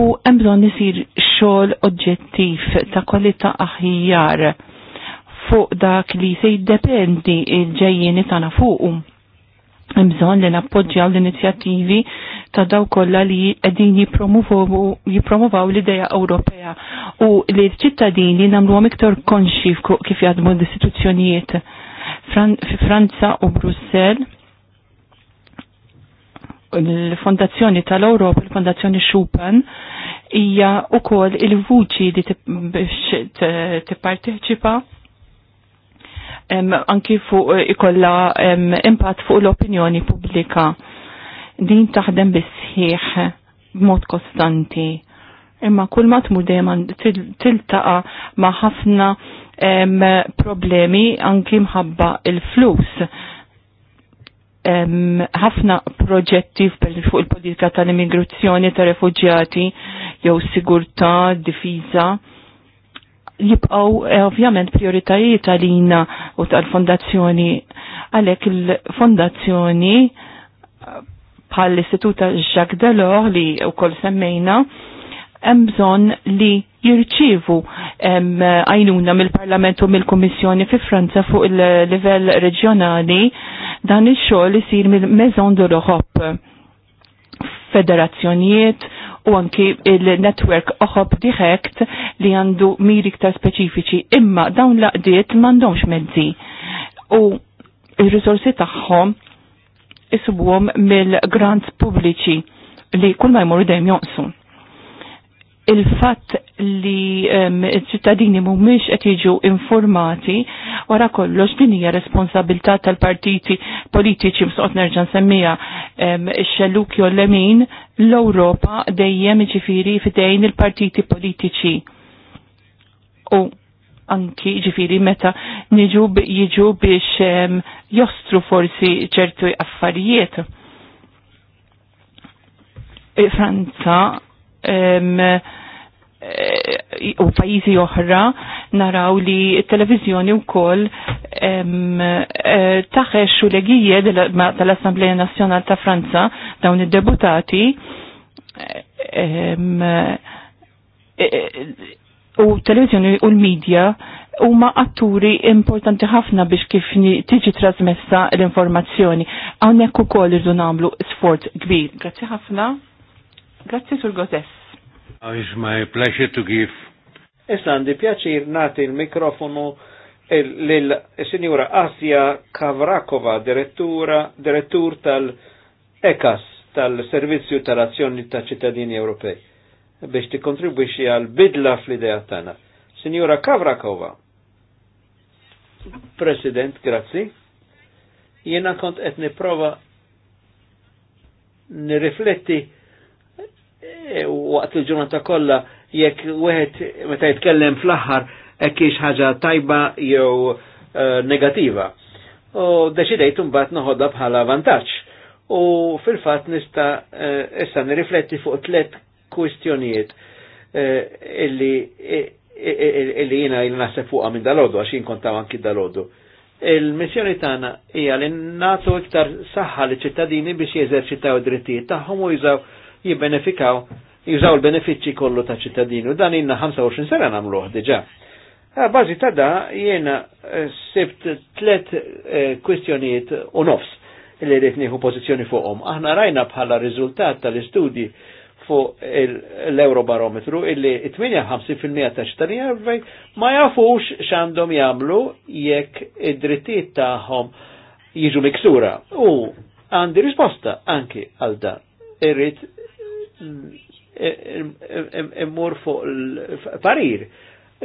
u hemm bżonn isir xogħol oġġettiv ta' kwalità aħjar fuq dak li se jiddependi il-ġejjieni tagħna fuqhom Imżon li nappoġġjaw l-inizjattivi ta' daw kollha li qegħdin jipromovaw l-idea Ewropea u li l-ċittadini nagħmluhom iktar konxi kif jaħdmu l-istituzzjonijiet fi Franza u Brussell l-Fondazzjoni tal-Ewropa, l-Fondazzjoni Schupan, hija ukoll il-vuċi li tipparteċipa anki fuq eh, ikolla impatt fuq l-opinjoni pubblika. Din taħdem bisħiħ b'mod kostanti. Imma kull mat tmur dejjem tiltaqa ma' ħafna problemi anki mħabba il-flus ħafna proġetti fuq il-politika tal-immigrazzjoni, tal-refugjati, jew sigurtà, difiża jibqaw eh, ovvjament prioritajiet għalina u tal-fondazzjoni għalek il-fondazzjoni bħal istituta Jacques Delors li u kol semmejna bżon li jirċivu għajnuna mill-Parlamentu mill komissjoni fi Franza fuq il-livell regjonali dan il-xogħol isir mill-Maison de l'Europe federazzjonijiet, u anki il-network oħob direkt li għandu miri ktar speċifiċi imma dawn laqdiet mandomx mezzi u il-risorsi tagħhom isubwom mill-grants pubbliċi li kull ma jmur dejjem jonqsu il-fatt li ċittadini mhumiex qed jiġu informati wara kollox din hija responsabilità tal-partiti politiċi msoqt nerġa' nsemmija x-xelluk lemin l-Ewropa dejjem ġifiri fidejn il-partiti politiċi. U anki ġifiri meta niġu jiġu biex jostru forsi ċertu affarijiet. E, Franza Eh, u pajizi oħra naraw li televizjoni eh, u koll taħeċ u legije tal-Assembleja Nazjonal ta' Franza dawn id-deputati eh, u televizjoni u l-medja huma atturi importanti ħafna biex kif tiġi trasmessa l-informazzjoni. Hawnhekk ukoll irdu nagħmlu sfort kbir. Grazzi ħafna. Grazie Sur Gozess. It's my pleasure to give. Issa għandi pjaċir nati il-mikrofonu l-Signora Asja Kavrakova, direttura, direttur tal-EKAS, tal-Servizzju tal-Azzjoni ta' ċittadini Ewropej, biex ti kontribwixi għal-bidla fl-idea tana. Signora Kavrakova. President, grazzi. Jena kont etni prova nirifletti rifletti Eh, waqt il-ġurnata kollha jekk wieħed meta jitkellem fl-aħħar hekk hiex ħaġa tajba jew eh, negativa. U deċidejt imbagħad noħodha bħala vantaġġ. U fil-fatt nista' eh, issa nirrifletti fuq tliet kwistjonijiet illi jiena jina naħseb fuqha minn dalodu għax jinkontaw anki dalodu. Il-missjoni tagħna hija li nagħtu iktar saħħa li ċittadini biex jeżerċitaw id-drittijiet tagħhom u jużaw jibbenefikaw, jużaw l-benefiċċji kollu ta' ċittadinu. Dan inna 25 sena namluħ diġa. Bazi ta' da jena eh, sibt tlet eh, kwistjonijiet u nofs li rrit nieħu pożizzjoni fuqhom. Aħna rajna bħala riżultat tal-istudji fuq l-Eurobarometru illi 58% ta' ċittadini ma jafux x'għandhom jagħmlu jekk id-drittijiet tagħhom jiġu miksura. U għandi risposta anki għal dan. Irrid immur fuq il-parir.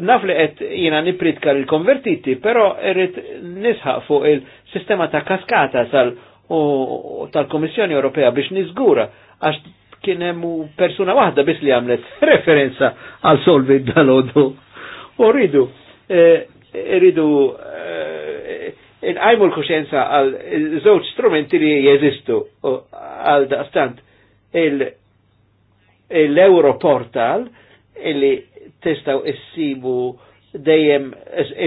Naf li qed jina nipritka l-konvertiti, però irrid nisħaq fuq il-sistema ta' kaskata tal-Komissjoni Ewropea biex niżgura għax kien hemm persuna waħda biss li għamlet referenza għal solvi dal-odu. U rridu, e, rridu e, inqajmu l-kuxenza għal żewġ strumenti li jeżistu għal daqstant il- l-Europortal illi testaw issibu dejjem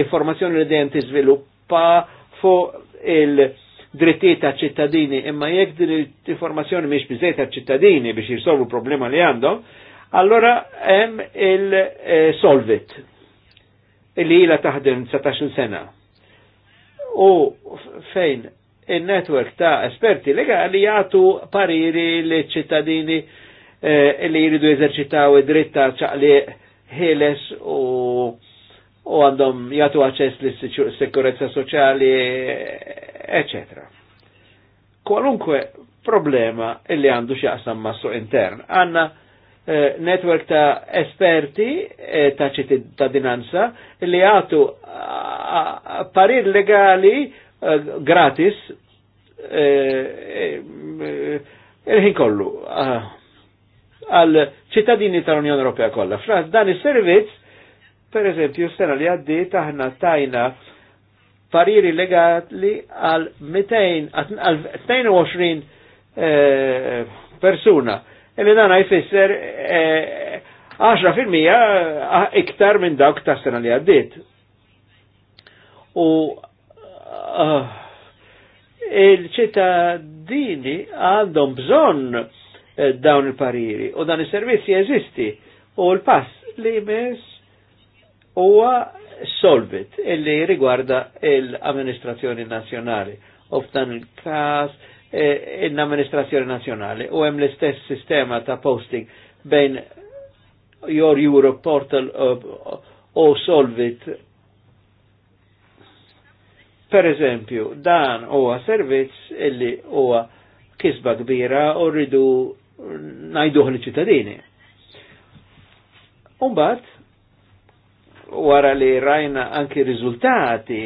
informazzjoni li dejjem tiżviluppa fuq il-drittijiet ta' ċittadini, imma jekk din l-informazzjoni mhix biżej ta' ċittadini biex l problema li għandhom, allora hemm il-Solvit illi ila taħdem 17 sena. U fejn in network ta' esperti legali jagħtu pariri li ċittadini Eh, li jridu eżerċitaw id-dritta ċaqli ħeles u u għandhom jgħatu għacess li sikurezza soċjali, etc. Kwalunkwe problema illi għandu xaqsam ma' intern. Għanna eh, network ta' esperti eh, ta' dinanza li għatu parir legali eh, gratis eh, eh, il-ħin kollu. Ah għal ċittadini tal-Unjoni Ewropea kollha. Fra dan is-servizz, per eżempju, sena li għaddiet aħna tajna pariri legali għal 22 eh, persuna. Illi e dan jfisser eh, 10% ah, iktar minn dawk ta' sena li għaddiet. U ah, il-ċittadini għandhom bżonn Eh, dawn il-pariri. U dan il-servizzi jeżisti u l-pass li mis huwa solvit illi rigwarda l-amministrazzjoni il nazjonali. U f'dan il-kas eh, l-amministrazzjoni nazjonali u hemm l-istess sistema ta' posting bejn Your Europe Portal u eh, Solvit. Per eżempju, dan huwa servizz illi huwa kisba kbira u rridu najduħ li ċittadini. Umbat, wara li rajna anki rizultati,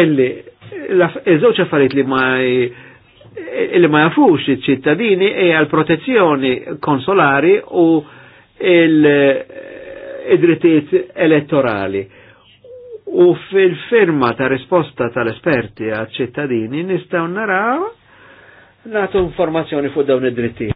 illi il żewġ affarijiet li ma illi ma jafux il ċittadini e għal protezzjoni konsolari u il-drittijiet elettorali. U fil-firma ta' risposta tal-esperti għal ċittadini nistaw naraw natu informazzjoni fuq dawn id-dritti.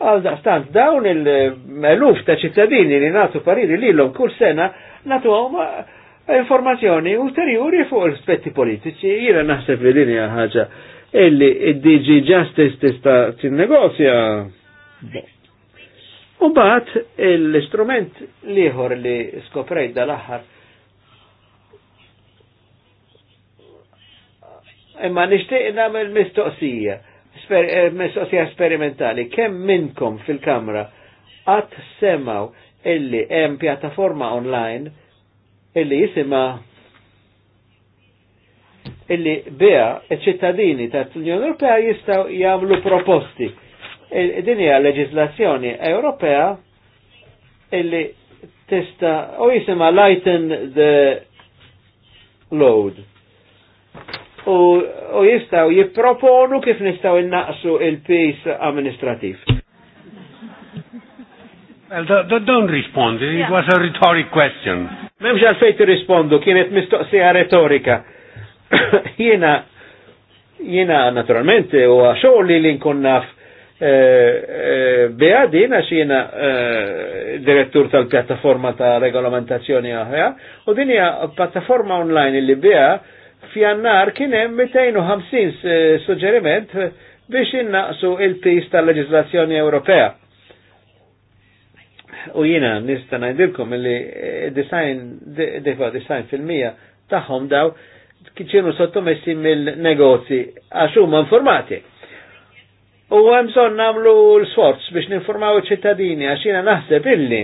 Għal daqstant dawn il-meluf ta' ċittadini li natu pariri li l-om kull sena natu għom eh, informazzjoni ulteriori fuq l-spetti politiċi. Jira naħseb li linja ħaġa illi id-DG Justice tista' tinnegozja. negozja U bat l-istrument liħor li skoprejt dal-axar imma nishtiq namel mistoqsija, eh, mistoqsija sperimentali, kemm minnkom fil-kamra għat semaw illi hemm pjattaforma online illi jisima illi beha ċittadini tal-Unjoni Ewropea jistgħu jagħmlu proposti din hija Ewropea illi tista u jisima lighten the load. U, u jistaw jiproponu kif nistaw innaqsu il-pis amministrativ. Well, don't, don't respond. It yeah. was a rhetoric question. Memx għalfej rispondu, kienet mistoqsija retorika. jiena, jiena naturalmente, u għaxol li l-inkun naf Bija din għax direttur tal-pjattaforma ta' regolamentazzjoni oħra, u din hija pjattaforma online li bija fjannar kien hemm 250 eh, suġġeriment biex innaqsu il-pis tal-leġislazzjoni Ewropea. U jiena nista' najdilkom li eh, design defa design fil-mija tagħhom daw kienu sottomessi mill-negozji għax huma informati U għem bżonn nagħmlu l-sforz biex ninformaw ċittadini għax jina naħseb illi.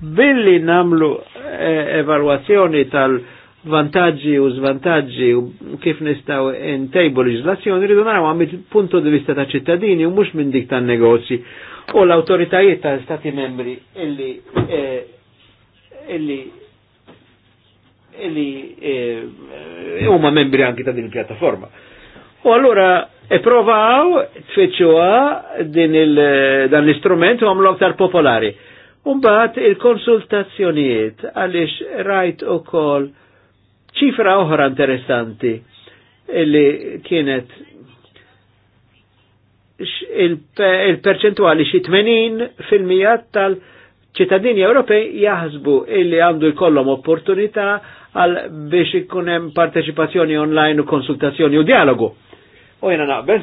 Billi namlu eh, evalwazzjoni tal-vantaġġi u zvantaġġi u kif nistgħu ntejbu leġislazzjoni rridu naraw mill punto di vista ta' ċittadini u mhux minn dik tan-negozji u l-awtoritajiet tal-Stati membri illi eh, illi illi eh, huma membri anki ta' din il-pjattaforma U allura Iprovaw e tfittxuha din il, dan l-istrument u għamlu aktar popolari. Umbat il-konsultazzjonijiet għaliex rajt u kol ċifra oħra interessanti illi kienet il-perċentuali xi 80% tal-ċittadini Ewropej jaħsbu illi għandu jkollhom opportunità għal biex ikun hemm partecipazzjoni online u konsultazzjoni u dialogu U jena naqbel.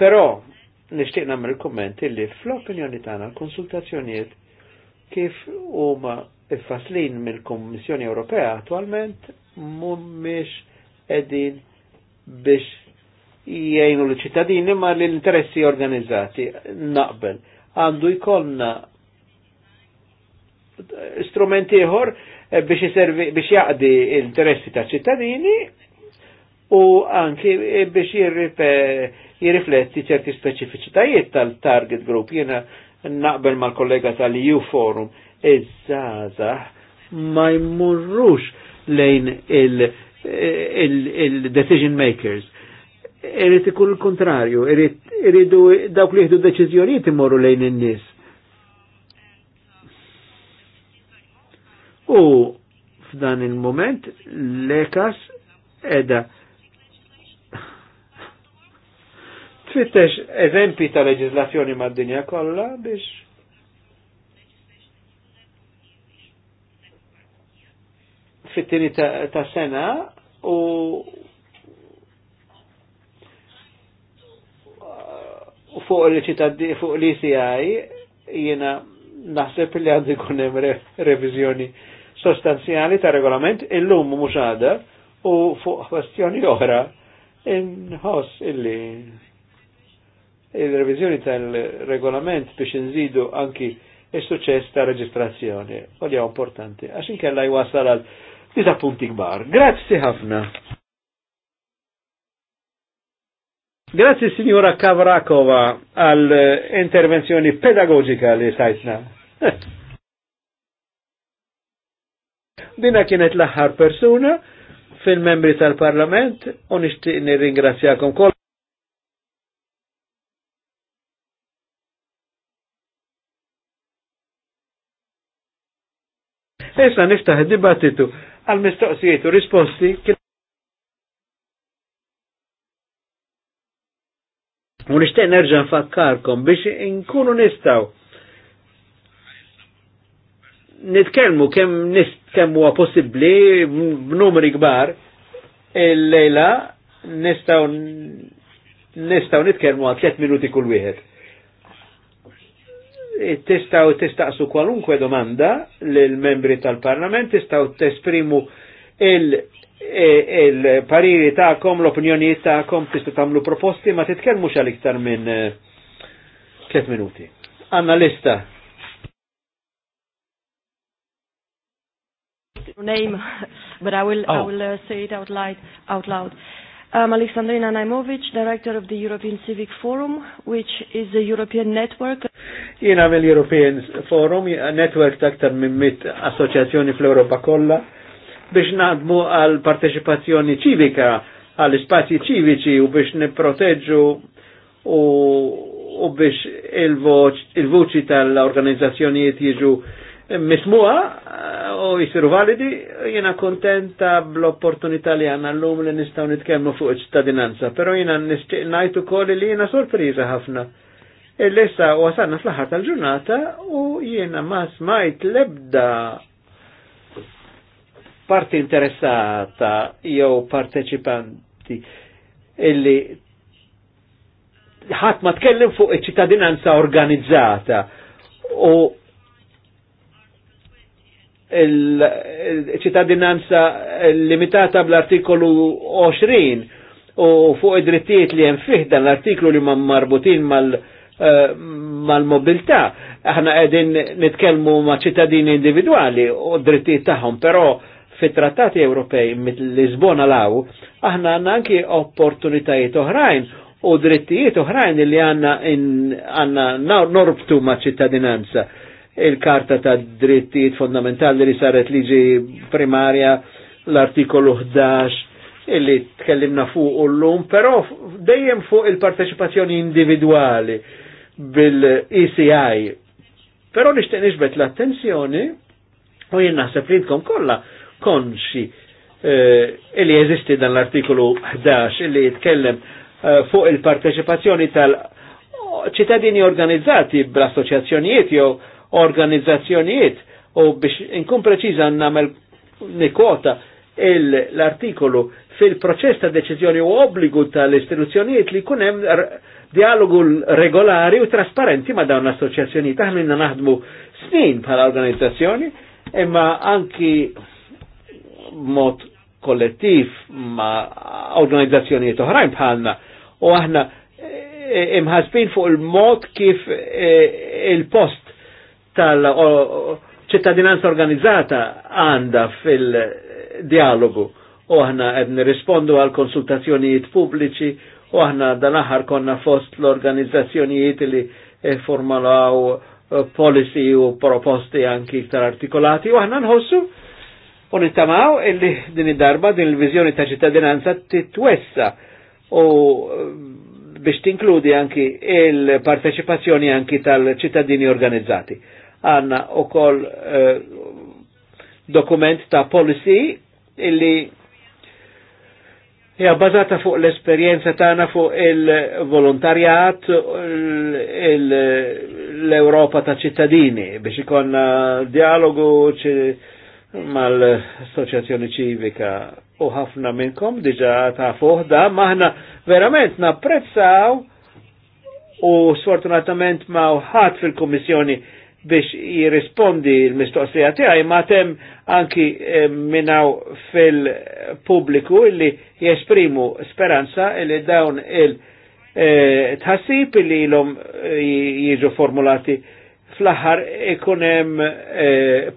Pero, nishtiq namr il-komment illi fl-opinjoni tagħna l-konsultazzjonijiet kif huma il-faslin mill-Kommissjoni Ewropea attualment mhumiex qegħdin biex jgħinu l-ċittadini ma l-interessi organizzati naqbel. Għandu jkollna strumenti ieħor eh, biex, biex jaqdi l-interessi ta' ċittadini u anki e, biex jirrifletti ċerti speċifiċitajiet tal-target group. Jena naqbel mal-kollega tal-EU Forum, iż-żaza ma jmurrux lejn il-decision makers. Irrit ikun il-kontrarju, irridu dawk li jihdu deċizjoniet imorru lejn in-nies. U f'dan il-moment l-ekas edha Fittex eżempi ta' leġislazzjoni mad-dinja kollha biex fit-tini ta', sena u u fuq il-ċittadini fuq l-ICI jena naħseb li għandi kunem hemm sostanzjali ta' regolament illum mhux għada u fuq kwestjoni oħra inħoss illi il-revizjoni tal-regolament biex nżidu anki il-suċess ta' reġistrazzjoni. Għodja importanti, Għaxin kella jwasal għal punti gbar. Grazzi ħafna. Grazzi signora Kavrakova għal intervenzjoni pedagogika li sajtna. Dina kienet l-aħħar persuna fil-membri tal-Parlament u nixtieq nirringrazzjakom kol. Issa niftaħ dibattitu għal mistoqsijiet u risposti U nishtiq nerġa' nfakkarkom biex inkunu nistaw nitkellmu kemm kemm huwa possibbli b'numri kbar il-lejla nistgħu nistgħu nitkellmu għal tliet minuti kull wieħed tistaw tistaqsu kwalunkwe domanda l-membri tal-parlament, tistaw tesprimu il-pariri il e, ta'kom, l-opinjoni ta'kom, tistaw tamlu proposti, ma titkelmu xal iktar minn 3 e, minuti. Għanna lista. Name, but I will, oh. I will uh, say it out loud. Out loud. I'm Aleksandrina Naimovic, Director of the European Civic Forum, which is a European network. Jina mill european Forum, a network taktar minn mit assoċjazzjoni fl-Europa kollha biex nadmu għal partecipazzjoni ċivika għal spazji ċiviċi u biex niproteġġu u, u biex il-voċi il tal-organizzazzjonijiet jiġu mismuha u eh, jisiru validi, jena kontenta bl-opportunità li għanna l-lum li nistaw nitkellmu fuq ċittadinanza, pero jena nishtiq najtu koll li jena sorpriza ħafna. Il-lissa għasanna fl-ħar tal-ġurnata u jena ma smajt lebda parti interessata jew parteċipanti illi ħadd ma tkellem fuq iċ-ċittadinanza organizzata u il-ċittadinanza limitata bl-artikolu 20 u fuq id-drittijiet li hemm fih dan l-artiklu li ma marbutin mal- eh, mal-mobilità. Aħna qegħdin nitkellmu ma' ċittadini individwali u drittijiet tagħhom, però fit-trattati Ewropej mit-Lisbona law aħna għandna anki opportunitajiet oħrajn u drittijiet oħrajn li għanna għanna norbtu ma' ċittadinanza il-Karta ta' Drittijiet Fondamentali li saret liġi primarja l-artikolu 11 illi tkellimna fuq l-lum, però dejjem fuq il-parteċipazzjoni individuali bil-ECI. Però nishtiq nixbet l-attenzjoni u jien naħseb li jitkom kollha konxi eh, illi jeżisti dan l-artikolu 11 illi jitkellem eh, fuq il-parteċipazzjoni tal- ċittadini organizzati bl-assoċjazzjonijiet jew organizzazzjonijiet u biex inkun preċiża nagħmel nikota l-artikolu fil-proċess ta' deċiżjoni u obbligu tal-istituzzjonijiet li jkun hemm dialogu regolari u trasparenti ma' dawn l-assoċjazzjoni. Taħminna naħdmu snin bħala organizzazzjoni, imma anki mod kollettiv ma' organizzazzjonijiet oħrajn bħalna u aħna e, e, imħasbin fuq il-mod kif e, il-post tal-ċittadinanza organizzata għanda fil-dialogu u aħna qed nirrispondu għal konsultazzjonijiet pubbliċi u aħna dan aħar konna fost l-organizzazzjonijiet li formalaw eh, policy u proposti anki iktar artikolati u aħna nħossu u nittamaw illi din id-darba din il-vizjoni ta' ċittadinanza titwessa u eh, biex tinkludi anki il-parteċipazzjoni anki tal-ċittadini organizzati għanna u koll eh, dokument ta' policy illi hija bazata fuq l-esperjenza tagħna fuq il-volontarjat l-Ewropa il ta' ċittadini biex ikonna dialogu mal-assoċjazzjoni ċivika u ħafna minnkom diġa ta' fuq da maħna verament napprezzaw u sfortunatament ma' ħadd fil-Kummissjoni biex jirrispondi l-mistoqsija tiegħi ma tem anki eh, minnaw fil-pubbliku illi jesprimu speranza illi dawn il-tħassib eh, illi l-om eh, jiġu formulati fl-aħħar ikun hemm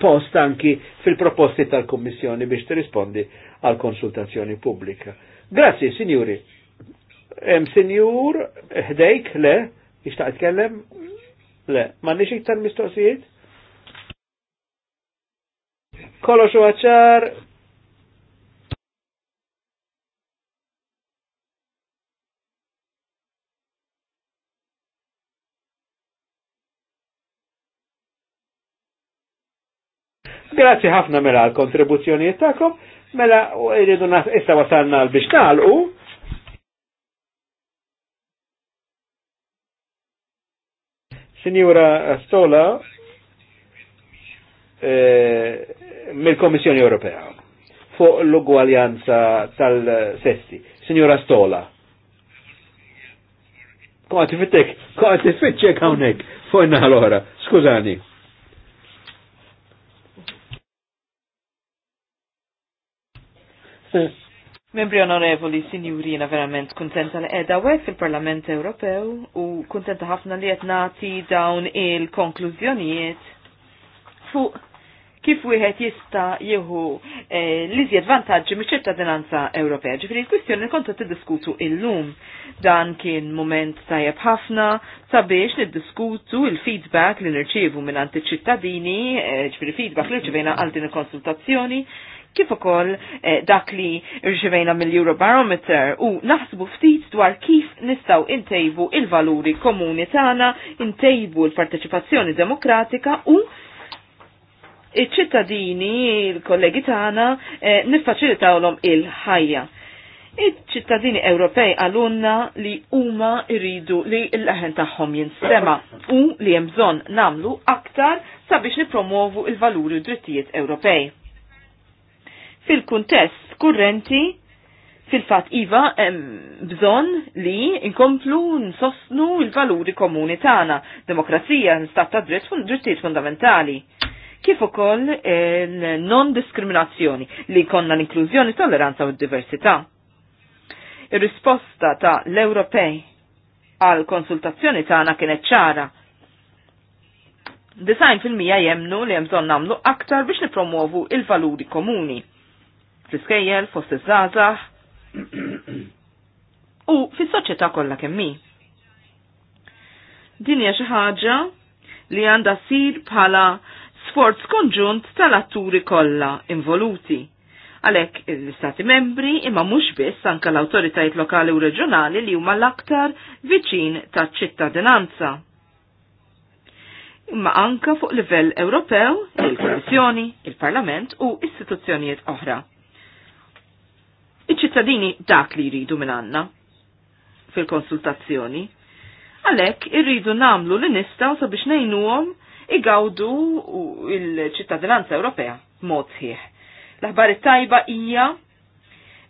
post anki fil-proposti tal-Kummissjoni biex tirrispondi għal konsultazzjoni pubblika. Grazzi, signori. Em sinjur, ħdejk, le, jishtaq tkellem, Le, m'għandniex iktar mistoqsijiet? Kollox huwa ċar, Grazzi ħafna mela għal kontribuzzjonijiet tagħkom, mela irridu issa wasalna l biex u Sinjura Stola eh, mill-Komissjoni Ewropea fuq l ugualjanza tal-sessi. Sinjura Stola. Kwa tifittek, kwa tifittek għawnek, fuq naħal skużani. Yeah. Membri onorevoli, Sinjurina verament kontenta li edha għek fil-Parlament Ewropew u kontenta ħafna li nagħti dawn il-konklużjonijiet fuq kif wieħed jista jieħu eh, li zjed vantaġġi miċ ċittadinanza Ewropea. Ġifieri l-kwistjoni konta tiddiskutu illum. Dan kien moment tajjeb ħafna sabiex niddiskutu il-feedback li nirċievu minn anti ċittadini, eh, ġifieri feedback li rċivejna għal din il-konsultazzjoni kif ukoll eh, dak li rġivejna mill-Eurobarometer u naħsbu ftit dwar kif nistaw intejbu il-valuri komuni tagħna, intejbu l-parteċipazzjoni demokratika u iċ-ċittadini, il-kollegi tagħna, eh, niffaċilitawlhom il-ħajja. Iċ-ċittadini Ewropej għalunna li huma iridu li l-leħen tagħhom jinsema u li hemm bżonn nagħmlu aktar sabiex nipromovu il-valuri u drittijiet Ewropej fil-kuntest kurrenti fil-fat iva bżon li inkomplu nsostnu il-valuri komuni tagħna, demokrazija, stat ta' dritt, drittijiet fundamentali. Kif ukoll eh, non-diskriminazzjoni li konna l-inklużjoni, tolleranza u d-diversità. Ir-risposta ta' l-Ewropej għal konsultazzjoni tagħna kienet ċara. Design fil-mija jemnu li jemżon namlu aktar biex nipromovu il-valuri komuni fl-iskejjel, fost iż-żgħażagħ u fis-soċjetà kollha kemm hi. Din hija xi ħaġa li għandha ssir bħala sforz konġunt tal-atturi kollha involuti. Għalek l-Istati membri imma mhux biss anke l-awtoritajiet lokali u reġjonali li huma l-aktar viċin taċ-ċittadinanza. Imma anka fuq livell Ewropew, il-Kummissjoni, il-Parlament u istituzzjonijiet oħra ċittadini dak li jridu minn għandna fil-konsultazzjoni. Għalhekk irridu namlu li nistgħu sabiex ngħinuhom igawdu il-ċittadinanza Ewropea mod sħiħ. L-aħbar it-tajba hija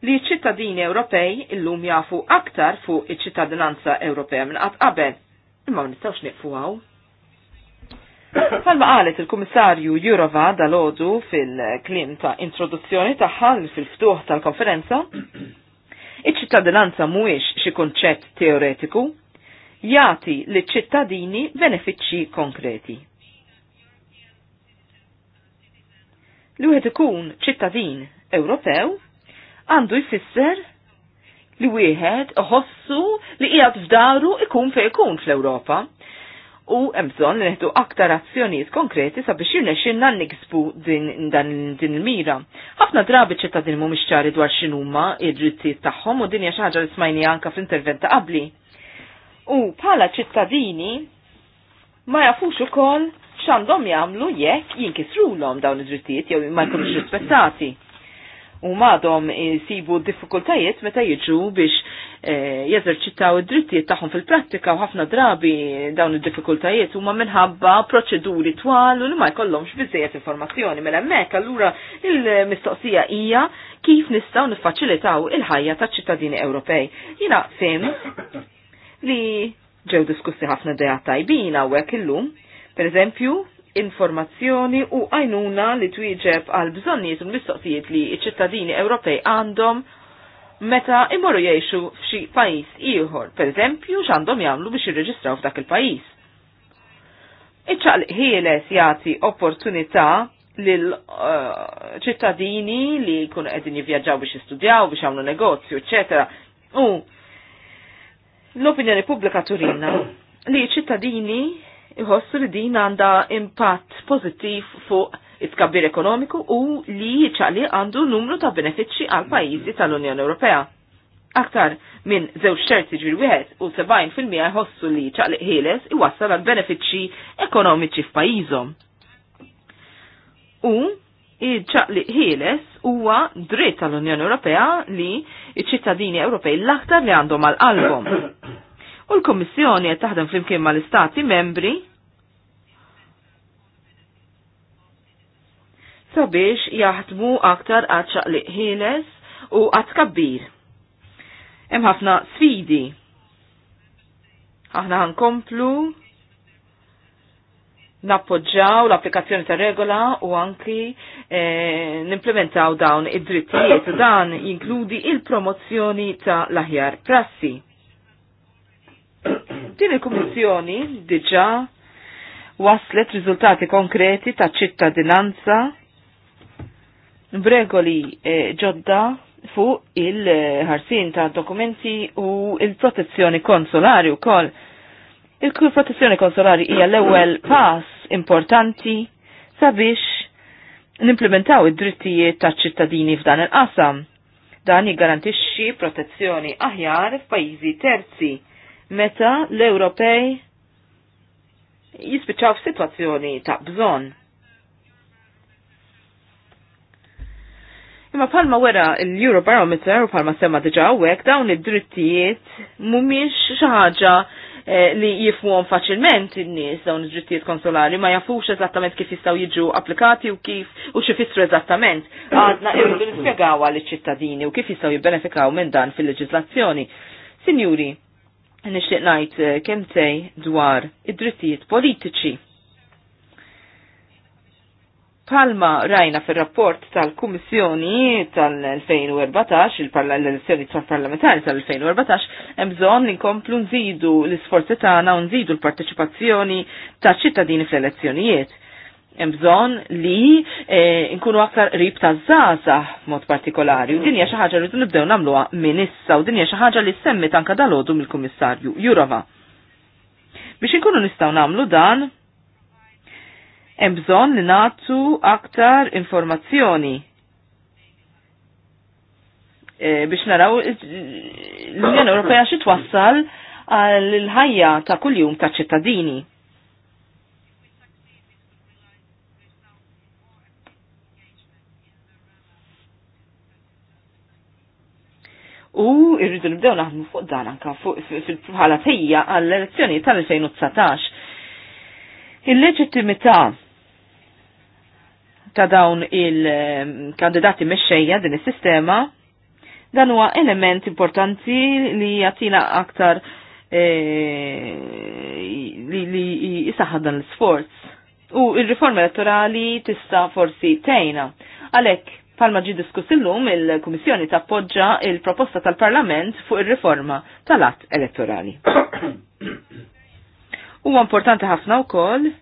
li ċittadini Ewropej illum jafu aktar fuq iċ-ċittadinanza Ewropea minn qatt qabel. Imma ma nistgħux niqfu hawn. Palma qalet il-Kummissarju Jurova dal-ħodu fil-klim ta' introduzzjoni taħħal fil-ftuħ tal-konferenza, iċ-ċittadinanza mhuwiex xi kunċett teoretiku, jati li ċittadini benefiċċji konkreti. Li wieħed ikun ċittadin Ewropew għandu jfisser li wieħed ħossu li qiegħed f'daru ikun fejn ikun fl-Ewropa u bżonn li neħdu aktar azzjonijiet konkreti sabiex jirnexxinna niksbu din, din il-mira. Ħafna drabi ċittadin mhumiex ċari dwar x'inhuma id-drittijiet tagħhom u din hija xi ħaġa li smajni anke fl-intervent ta' qabli. U bħala ċittadini ma jafux ukoll x'għandhom jagħmlu jekk jinkisrulhom dawn id-drittijiet jew ma jkunux rispettati u madhom d diffikultajiet meta jiġu biex E, jeżerċitaw id-drittijiet tagħhom fil-prattika u ħafna drabi dawn id-diffikultajiet huma minħabba proċeduri twal u li ma jkollhomx biżejjed informazzjoni mela hemmhekk allura il-mistoqsija hija kif nistgħu niffaċilitaw il-ħajja taċ-ċittadini Ewropej. Jiena fim li ġew diskussi ħafna dejat tajbin hawnhekk illum, pereżempju, informazzjoni u għajnuna li twieġeb għal bżonnijiet u mistoqsijiet li ċ-ċittadini Ewropej għandhom meta imorru jgħixu f'xi pajjiż ieħor, pereżempju x'għandhom jagħmlu biex jirreġistraw f'dak il-pajjiż. Iċċaqliq ħieles jagħti opportunità lil eh, ċittadini li jkunu qegħdin jivvjaġġaw biex jistudjaw, biex jagħmlu negozju, eċetera. U l-opinjoni pubblika turina li ċittadini iħossu li din għandha impatt pożittiv fuq it-kabbir ekonomiku u li jiċali għandu numru ta' benefiċċji għal pajjiżi tal-Unjoni Ewropea. Aktar minn żewġ xerti ġir wieħed u 70% jħossu li ċaqliq ħieles iwassal għal benefiċċji ekonomiċi f'pajjiżhom. U l-ċaqliq ħieles huwa dritt tal-Unjoni Ewropea li iċ-ċittadini Ewropej l-aktar li għandhom għal qalbhom. U l-Kommissjoni qed taħdem flimkien mal-Istati membri sabiex jaħdmu aktar għadċaq li ħieles u għad Hemm ħafna sfidi. Aħna ħankomplu nappoġġaw l-applikazzjoni ta' regola u anki eh, nimplementaw dawn id-drittijiet u dan jinkludi il-promozzjoni ta' l-aħjar prassi. Din il-Kummissjoni diġa waslet riżultati konkreti ta' ċittadinanza bregoli eh, ġodda fuq il-ħarsin ta' dokumenti u il-protezzjoni konsolari u kol. Il-protezzjoni konsolari hija l-ewwel pass importanti sabiex nimplementaw id-drittijiet ta' ċittadini f'dan il-qasam. Dan jiggarantixxi protezzjoni aħjar f'pajjiżi terzi meta l-Ewropej jispiċċaw f'sitwazzjoni ta' bżonn Imma palma wera l-Eurobarometer u palma semma diġa għawek dawn id-drittijiet mumiex xaħġa eh, li jifmuhom faċilment in-nies dawn id-drittijiet konsolari ma jafux eżattament kif jistgħu jiġu applikati u kif u xifistru eżattament. Għadna irridu nispjegaw għal ċittadini u kif jistgħu jibbenefikaw minn dan fil-leġiżlazzjoni. Sinjuri, nixtieq ngħid eh, kemm dwar id-drittijiet politiċi. Palma rajna fil-rapport tal-Kummissjoni tal-2014, il-elezzjoni tal-parlamentari tal-2014, hemm bżonn nkomplu nżidu l-isforzi tagħna u nżidu l-parteċipazzjoni ta' ċittadini fl-elezzjonijiet. Hemm bżonn li eh, nkunu aktar rib ta' żgħażagħ mod partikolari u dinja xi ħaġa rridu nibdew nagħmluha minn issa u dinja xi ħaġa li semmet anke dalodu mill-Kummissarju Jurova. Biex inkunu nistgħu nagħmlu dan, hemm bżonn li nagħtu aktar informazzjoni e, biex naraw e, l-Unjoni Ewropea xi twassal għal ħajja ta' kuljum ta' ċittadini. U irridu nibdew naħdmu fuq dan anka fil ħalatija għall-elezzjoni tal-2019. Il-leġittimità ta' dawn il-kandidati ehm, mexxejja din is-sistema dan huwa element importanti li jagħtina aktar eh, li, li jisaħħad dan l-sforz. U il-riforma elettorali tista' forsi tejna. Għalhekk Palma ġi diskuss illum il-Kummissjoni tappoġġa il-proposta tal-Parlament fuq ir-riforma tal-att elettorali. Huwa importanti ħafna wkoll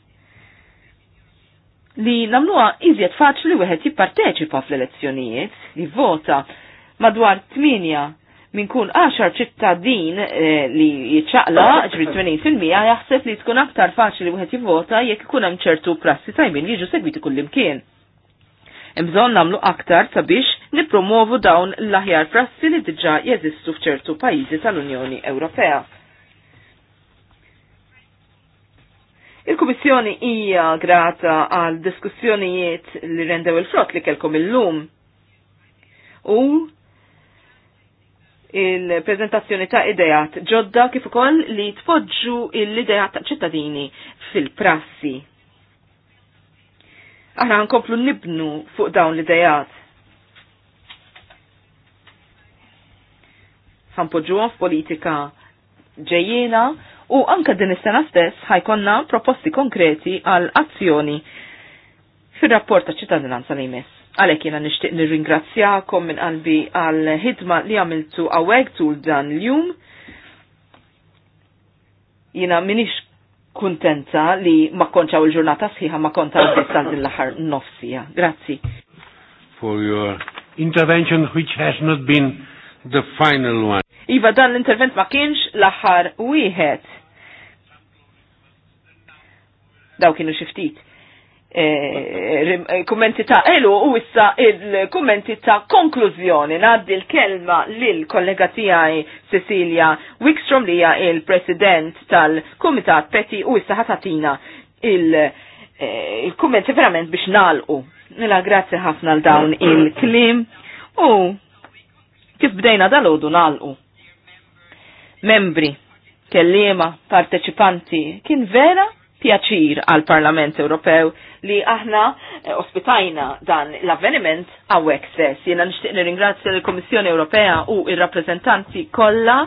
li namluha iżjed faċli wieħed jipparteċipa fl-elezzjonijiet, li vota madwar 8 minn kun 10 ċittadin eh, li jiċċaqla, ġri 80% jaħseb li tkun aktar faċli wieħed jivvota jekk ikun hemm ċertu prassi tajbin li jiġu segwiti kullimkien. Imżon namlu aktar sabiex nipromovu dawn l-aħjar prassi li diġa jeżistu f'ċertu pajjiżi tal-Unjoni Ewropea Il-Kummissjoni hija grata għal diskussjonijiet li rendew il-frott li kelkom illum. U il-prezentazzjoni ta' idejat ġodda kif ukoll li tpoġġu l-idejat ta' ċittadini fil-prassi. Aħna nkomplu nibnu fuq dawn l-idejat. ħanpoġġuhom f'politika ġejjina u anka din is-sena stess ħajkonna proposti konkreti għal azzjoni fir-rapport ta' ċittadinanza li jmiss. Għalek jena nishtiq nirringrazzjakom minn qalbi għal ħidma li għamiltu għawek tul dan l-jum. Jena minix kuntenta li ma konċaw il-ġurnata sħiħa ma konta din l-laħar nofsija. Grazzi. For your intervention which has not been the final one. Iva dan l-intervent ma kienx l-aħħar wieħed daw kienu xiftit. E, e ta' elu u issa il-kummenti ta' konklużjoni naddi l-kelma lil kollega tijaj Cecilia Wikstrom li hija il-president tal-Kumitat Peti u issa ħatatina e, il-kummenti verament biex nalqu. Nila grazzi ħafna l-dawn il-klim u kif bdejna dal-ħodu nalqu. Membri, kellima, parteċipanti, kien vera pjaċir għal Parlament Ewropew li aħna eh, ospitajna dan l-avveniment għawek stess. Jena nishtiqni nirringrazzja l-Komissjoni Ewropea u il-rappresentanti kollha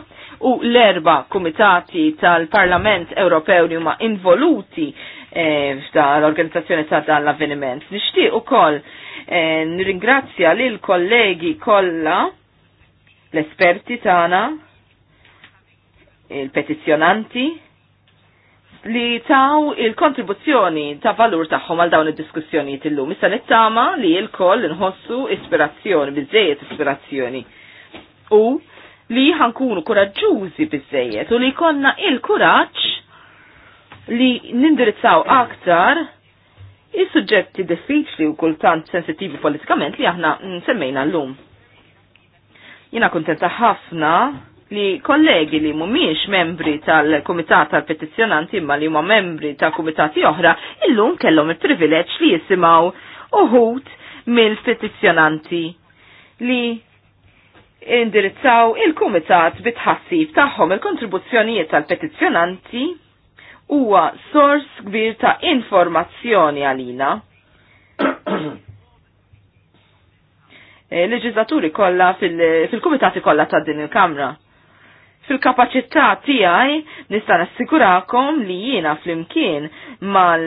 u l-erba komitati tal-Parlament Ewropew li huma involuti e, l-organizzazzjoni ta' dan l-avveniment. Nishtiq ukoll e, nirringrazzja l kollegi kollha l-esperti tagħna il-petizjonanti li taw il-kontribuzzjoni ta' valur tagħhom għal dawn id-diskussjonijiet illum. Issa nittama li il koll nħossu ispirazzjoni, biżejjed ispirazzjoni. U li ħankunu koraġġużi biżejjed u li konna il-kuraġġ li nindirizzaw aktar is-suġġetti diffiċli u kultant sensittivi politikament li aħna semmejna l-lum. Jina kontenta ħafna li kollegi li mumiex membri tal-Kumitat tal-Petizjonanti imma li huma membri tal kumitati oħra illum kellhom il-privileġġ li jisimaw uħud mill-petizzjonanti li indirizzaw il-Kumitat bitħassib tagħhom il-kontribuzzjonijiet tal-petizzjonanti huwa sors kbir ta' informazzjoni għalina. Eh, leġislaturi kollha fil-Kumitati kollha ta' din il-Kamra Fil-kapacità tiegħi nista' nassigurakom li jiena flimkien mal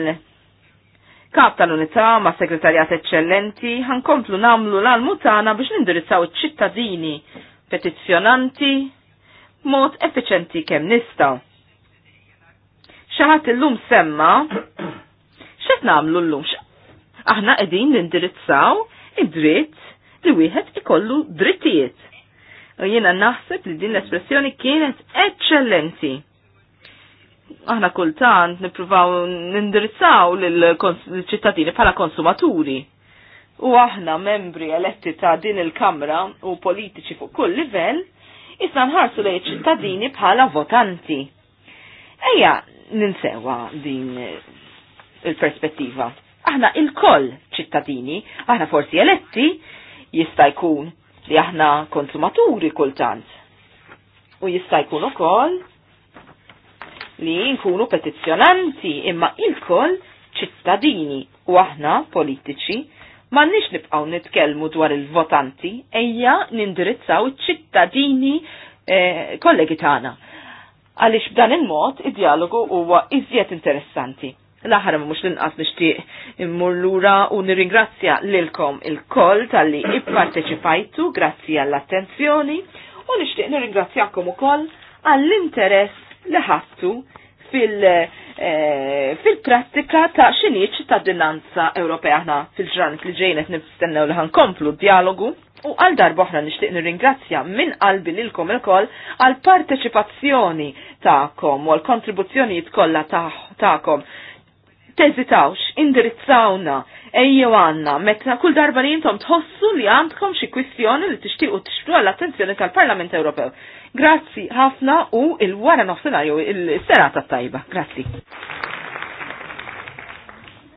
Kap tal-unità ma' segretarjat eccellenti ħankomplu namlu l mutana biex nindirizzaw ċittadini petizzjonanti mod effiċenti kemm nista. Xaħat illum semma x'qed namlu l-lum? aħna qegħdin nindirizzaw id-dritt li wieħed ikollu drittijiet. U jiena naħseb li din l-espressjoni kienet eccellenti. Aħna kultant nippruvaw nindirizzaw lill-ċittadini bħala konsumaturi. U aħna membri eletti ta' din il-Kamra u politiċi fuq kull livell, issa nħarsu lejn ċittadini bħala votanti. Ejja, ninsewa din il-perspettiva. Aħna il-koll ċittadini, aħna forsi eletti, jista' jkun li aħna konsumaturi kultant. U jista' jkun ukoll li nkunu petizzjonanti imma il kol ċittadini u aħna politiċi ma nix nibqaw nitkelmu dwar il-votanti ejja nindirizzaw ċittadini eh, kollegi tagħna. Għaliex b'dan il-mod id-dialogu huwa iżjed interessanti. L-aħħar ma mhux l-inqas nixtieq immur lura u nirringrazzja lilkom il-koll tal-li i-parteċipajtu grazzi għall-attenzjoni u nixtieq nirringrazzjakom ukoll għall-interess li ħattu eh, fil-prattika ta' ta' dinanza Ewropea ħna fil-ġran fil-ġejnet nistennew li ħankomplu dialogu U għal darba oħra nixtieq nirringrazzja minn qalbi lilkom il-koll għall parteċipazzjoni tagħkom u għall-kontribuzzjoni kontribuzzjonijiet kollha tagħkom teżitawx, indirizzawna, ejjew għanna, meta kull darba li jintom tħossu li għandkom xi kwistjoni li tixtiequ tixtru għall-attenzjoni tal-Parlament Ewropew. Grazzi ħafna u il-wara nofsinarju il-serata tajba. Grazzi.